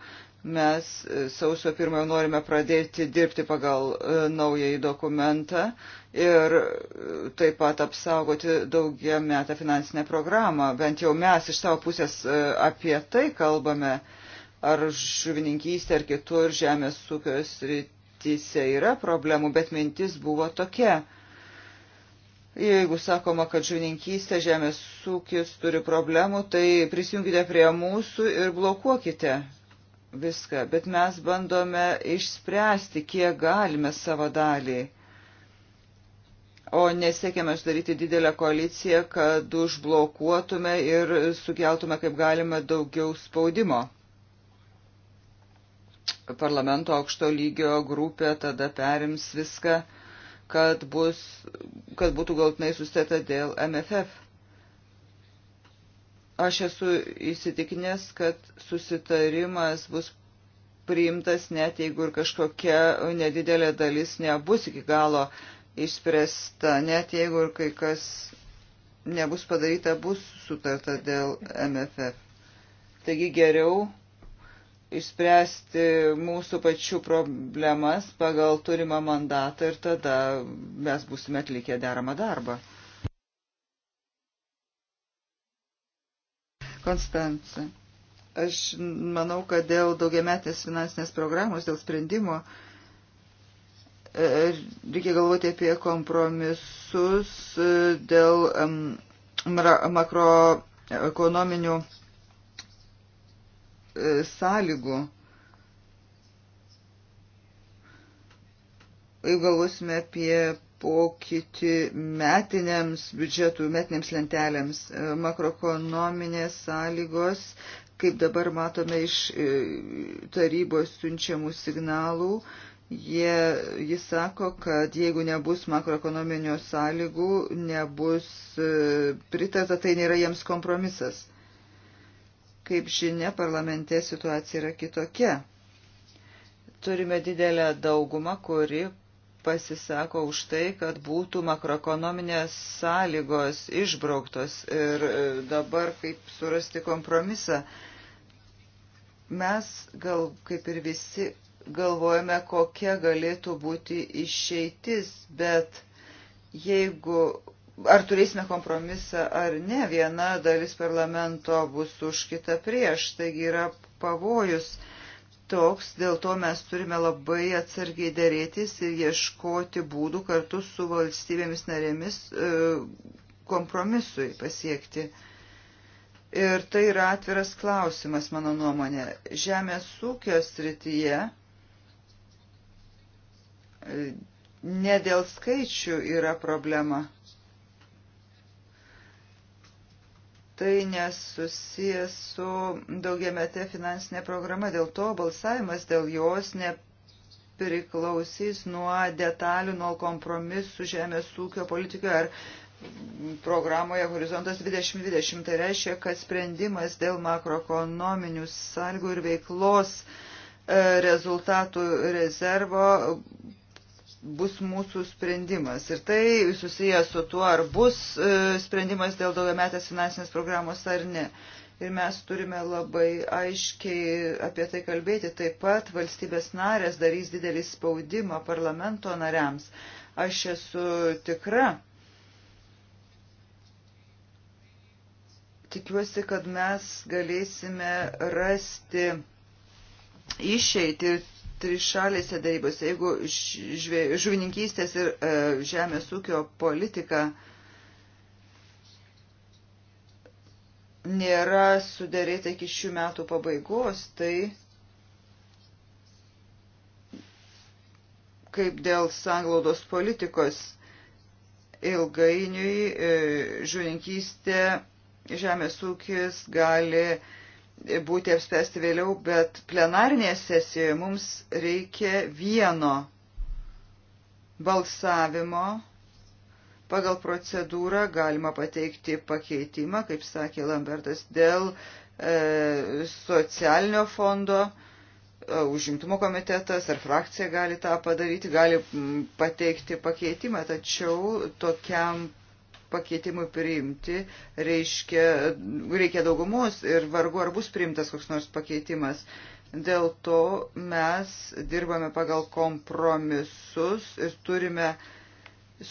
[SPEAKER 1] Mes e, sausio pirmąją norime pradėti dirbti pagal e, naująjį dokumentą ir e, taip pat apsaugoti daugia metą finansinę programą. Bent jau mes iš savo pusės apie tai kalbame, ar žuvininkystė, ar kitur žemės ūkio srityse yra problemų, bet mintis buvo tokia. Jeigu sakoma, kad žuvininkystė, žemės ūkis turi problemų, tai prisijungite prie mūsų ir blokuokite viską, bet mes bandome išspręsti, kiek galime savo dalį. O nesiekėme sudaryti didelę koaliciją, kad užblokuotume ir sukeltume kaip galima daugiau spaudimo parlamento aukšto lygio grupė tada perims viską, kad, bus, kad būtų galtinai sustėta dėl MFF. Aš esu įsitikinęs, kad susitarimas bus priimtas net jeigu ir kažkokia nedidelė dalis nebus iki galo išspręsta, net jeigu ir kai kas nebus padaryta, bus sutarta dėl MFF. Taigi geriau išspręsti mūsų pačių problemas pagal turimą mandatą ir tada mes būsime atlikę deramą darbą. Konstancija. Aš manau, kad dėl daugiametės finansinės programos, dėl sprendimo e, reikia galvoti apie kompromisus e, dėl makroekonominių e, sąlygų. Jeigu galvosime apie pokytį metiniams biudžetų, metiniams lentelėms, e, makroekonominės sąlygos, kaip dabar matome iš e, tarybos siunčiamų signalų, jie, jis sako, kad jeigu nebus makroekonominio sąlygų, nebus e, pritarta, tai nėra jiems kompromisas. Kaip žinia, parlamente situacija yra kitokia turime didelę daugumą, kuri pasisako už tai, kad būtų makroekonominės sąlygos išbrauktos ir e, dabar kaip surasti kompromisą. Mes gal kaip ir visi galvojame, kokia galėtų būti išeitis, bet jeigu ar turėsime kompromisą ar ne, viena dalis parlamento bus už kitą prieš, taigi yra pavojus. Uh, toks, dėl to mes turime labai atsargiai dėrėtis ir ieškoti būdų kartu su valstybėmis narėmis e, kompromisui pasiekti. Ir tai yra atviras klausimas, mano nuomonė. Žemės ūkio srityje e, ne dėl skaičių yra problema. tai nesusijęs su daugiamete finansinė programa. Dėl to balsavimas dėl jos nepriklausys nuo detalių, nuo kompromisų žemės ūkio politikoje ar programoje Horizontas 2020. Tai reiškia, kad sprendimas dėl makroekonominių sąlygų ir veiklos e, rezultatų rezervo bus mūsų sprendimas. Ir tai susijęs su tuo, ar bus e, sprendimas dėl daugiametės finansinės programos ar ne. Ir mes turime labai aiškiai apie tai kalbėti. Taip pat valstybės narės darys didelį spaudimą parlamento nariams. Aš esu tikra. Tikiuosi, kad mes galėsime rasti išeitį ir trišalėse darybose, jeigu žuvininkystės ir e, žemės ūkio politika nėra sudarėta iki šių metų pabaigos, tai kaip dėl sanglaudos politikos ilgainiui e, žuvininkystė, žemės ūkis gali būti apspręsti vėliau, bet plenarinėje sesijoje mums reikia vieno balsavimo. Pagal procedūrą galima pateikti pakeitimą, kaip sakė Lambertas, dėl e, socialinio fondo. E, užimtumo komitetas ar frakcija gali tą padaryti, gali pateikti pakeitimą, tačiau tokiam pakeitimui priimti, reiškia, reikia daugumos ir vargu ar bus priimtas koks nors pakeitimas. Dėl to mes dirbame pagal kompromisus ir turime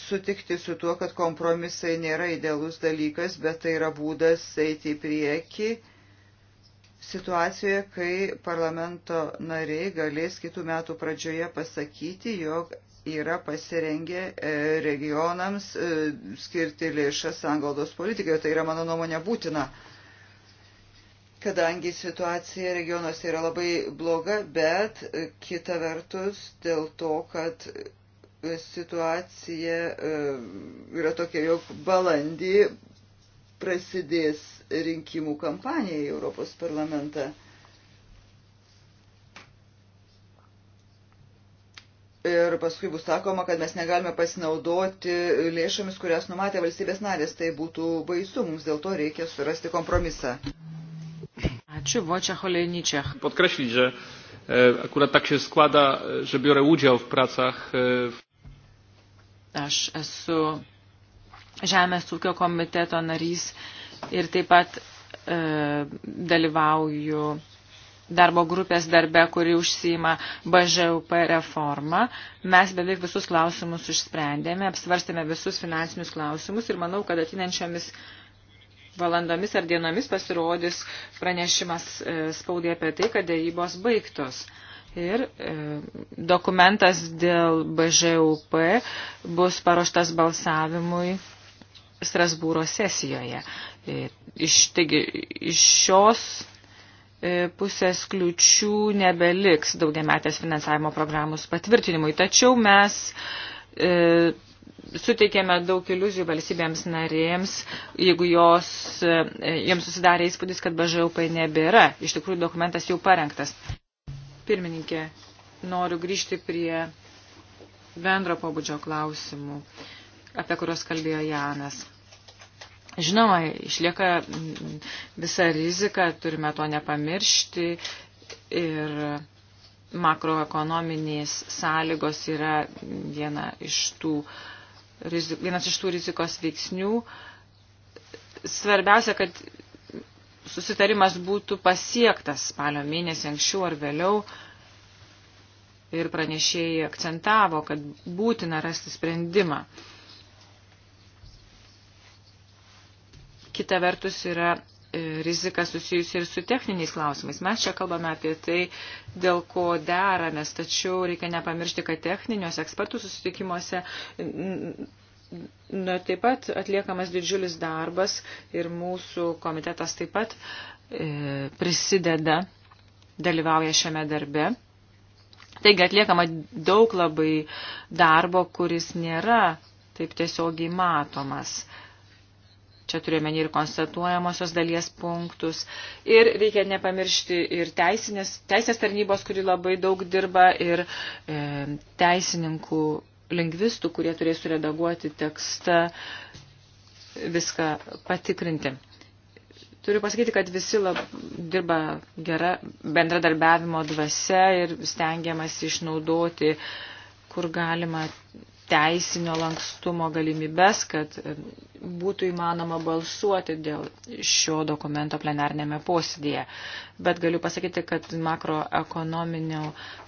[SPEAKER 1] sutikti su tuo, kad kompromisai nėra idealus dalykas, bet tai yra būdas eiti į priekį situacijoje, kai parlamento nariai galės kitų metų pradžioje pasakyti, jog yra pasirengę e, regionams e, skirti lėšas anglodos politikai. Tai yra, mano nuomonė, būtina, kadangi situacija regionuose yra labai bloga, bet e, kita vertus dėl to, kad situacija yra tokia, jog balandį prasidės rinkimų kampanija į Europos parlamentą. ir paskui bus sakoma, kad mes negalime pasinaudoti lėšomis, kurias numatė valstybės narės. Tai būtų baisu, mums dėl to reikia surasti kompromisą. Ačiū, Vočia Holejničia.
[SPEAKER 3] Podkreślić, że e, akurat tak się składa, że biorę udział w pracach. E,
[SPEAKER 2] Aš esu Žemės ūkio komiteto narys ir taip pat e, dalyvauju darbo grupės darbe, kuri užsima BŽUP reformą. Mes beveik visus klausimus išsprendėme, apsvarstėme visus finansinius klausimus ir manau, kad atinančiomis valandomis ar dienomis pasirodys pranešimas e, spaudė apie tai, kad dėrybos baigtos. Ir e, dokumentas dėl BŽUP bus paruoštas balsavimui Strasbūro sesijoje. E, iš, taigi, iš šios E, pusės kliučių nebeliks daugiametės finansavimo programos patvirtinimui. Tačiau mes e, suteikėme daug iliuzijų valstybėms narėms, jeigu jos, e, jiems susidarė įspūdis, kad BŽUP nebėra. Iš tikrųjų, dokumentas jau parengtas. Pirmininkė, noriu grįžti prie bendro pobūdžio klausimų, apie kuriuos kalbėjo Janas. Žinoma, išlieka mm, visa rizika, turime to nepamiršti ir makroekonominės sąlygos yra viena iš tų, vienas iš tų rizikos veiksnių. Svarbiausia, kad susitarimas būtų pasiektas spalio mėnesį anksčiau ar vėliau ir pranešėjai akcentavo, kad būtina rasti sprendimą. kita vertus yra e, rizika susijusi ir su techniniais klausimais. Mes čia kalbame apie tai, dėl ko deramės, tačiau reikia nepamiršti, kad techniniuose ekspertų susitikimuose na, taip pat atliekamas didžiulis darbas ir mūsų komitetas taip pat e, prisideda, dalyvauja šiame darbe. Taigi atliekama daug labai darbo, kuris nėra taip tiesiogiai matomas. Čia turime ir konstatuojamosios dalies punktus. Ir reikia nepamiršti ir teisinės, teisės tarnybos, kuri labai daug dirba, ir e, teisininkų, lingvistų, kurie turės suredaguoti tekstą, viską patikrinti. Turiu pasakyti, kad visi lab, dirba gera bendradarbiavimo dvasia ir stengiamas išnaudoti, kur galima teisinio lankstumo galimybės, kad būtų įmanoma balsuoti dėl šio dokumento plenarnėme posėdėje. Bet galiu pasakyti, kad makroekonominių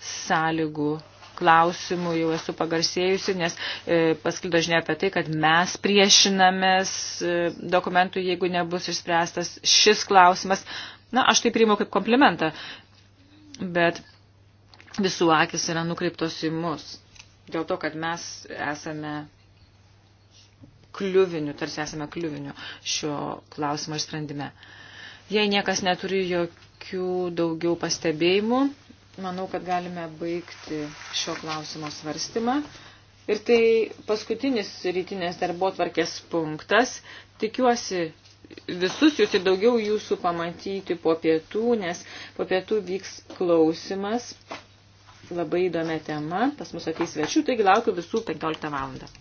[SPEAKER 2] sąlygų klausimų jau esu pagarsėjusi, nes e, pasklido žinia apie tai, kad mes priešinamės e, dokumentui, jeigu nebus išspręstas šis klausimas. Na, aš tai priimu kaip komplimentą, bet visų akis yra nukreiptos į mus dėl to, kad mes esame kliuviniu, tarsi esame kliuviniu šio klausimo išsprendime. Jei niekas neturi jokių daugiau pastebėjimų, manau, kad galime baigti šio klausimo svarstymą. Ir tai paskutinis rytinės darbo tvarkės punktas. Tikiuosi visus jūs ir daugiau jūsų pamatyti po pietų, nes po pietų vyks klausimas labai įdomia tema. Pas mus ateis svečių, taigi laukiu visų 15 valandą.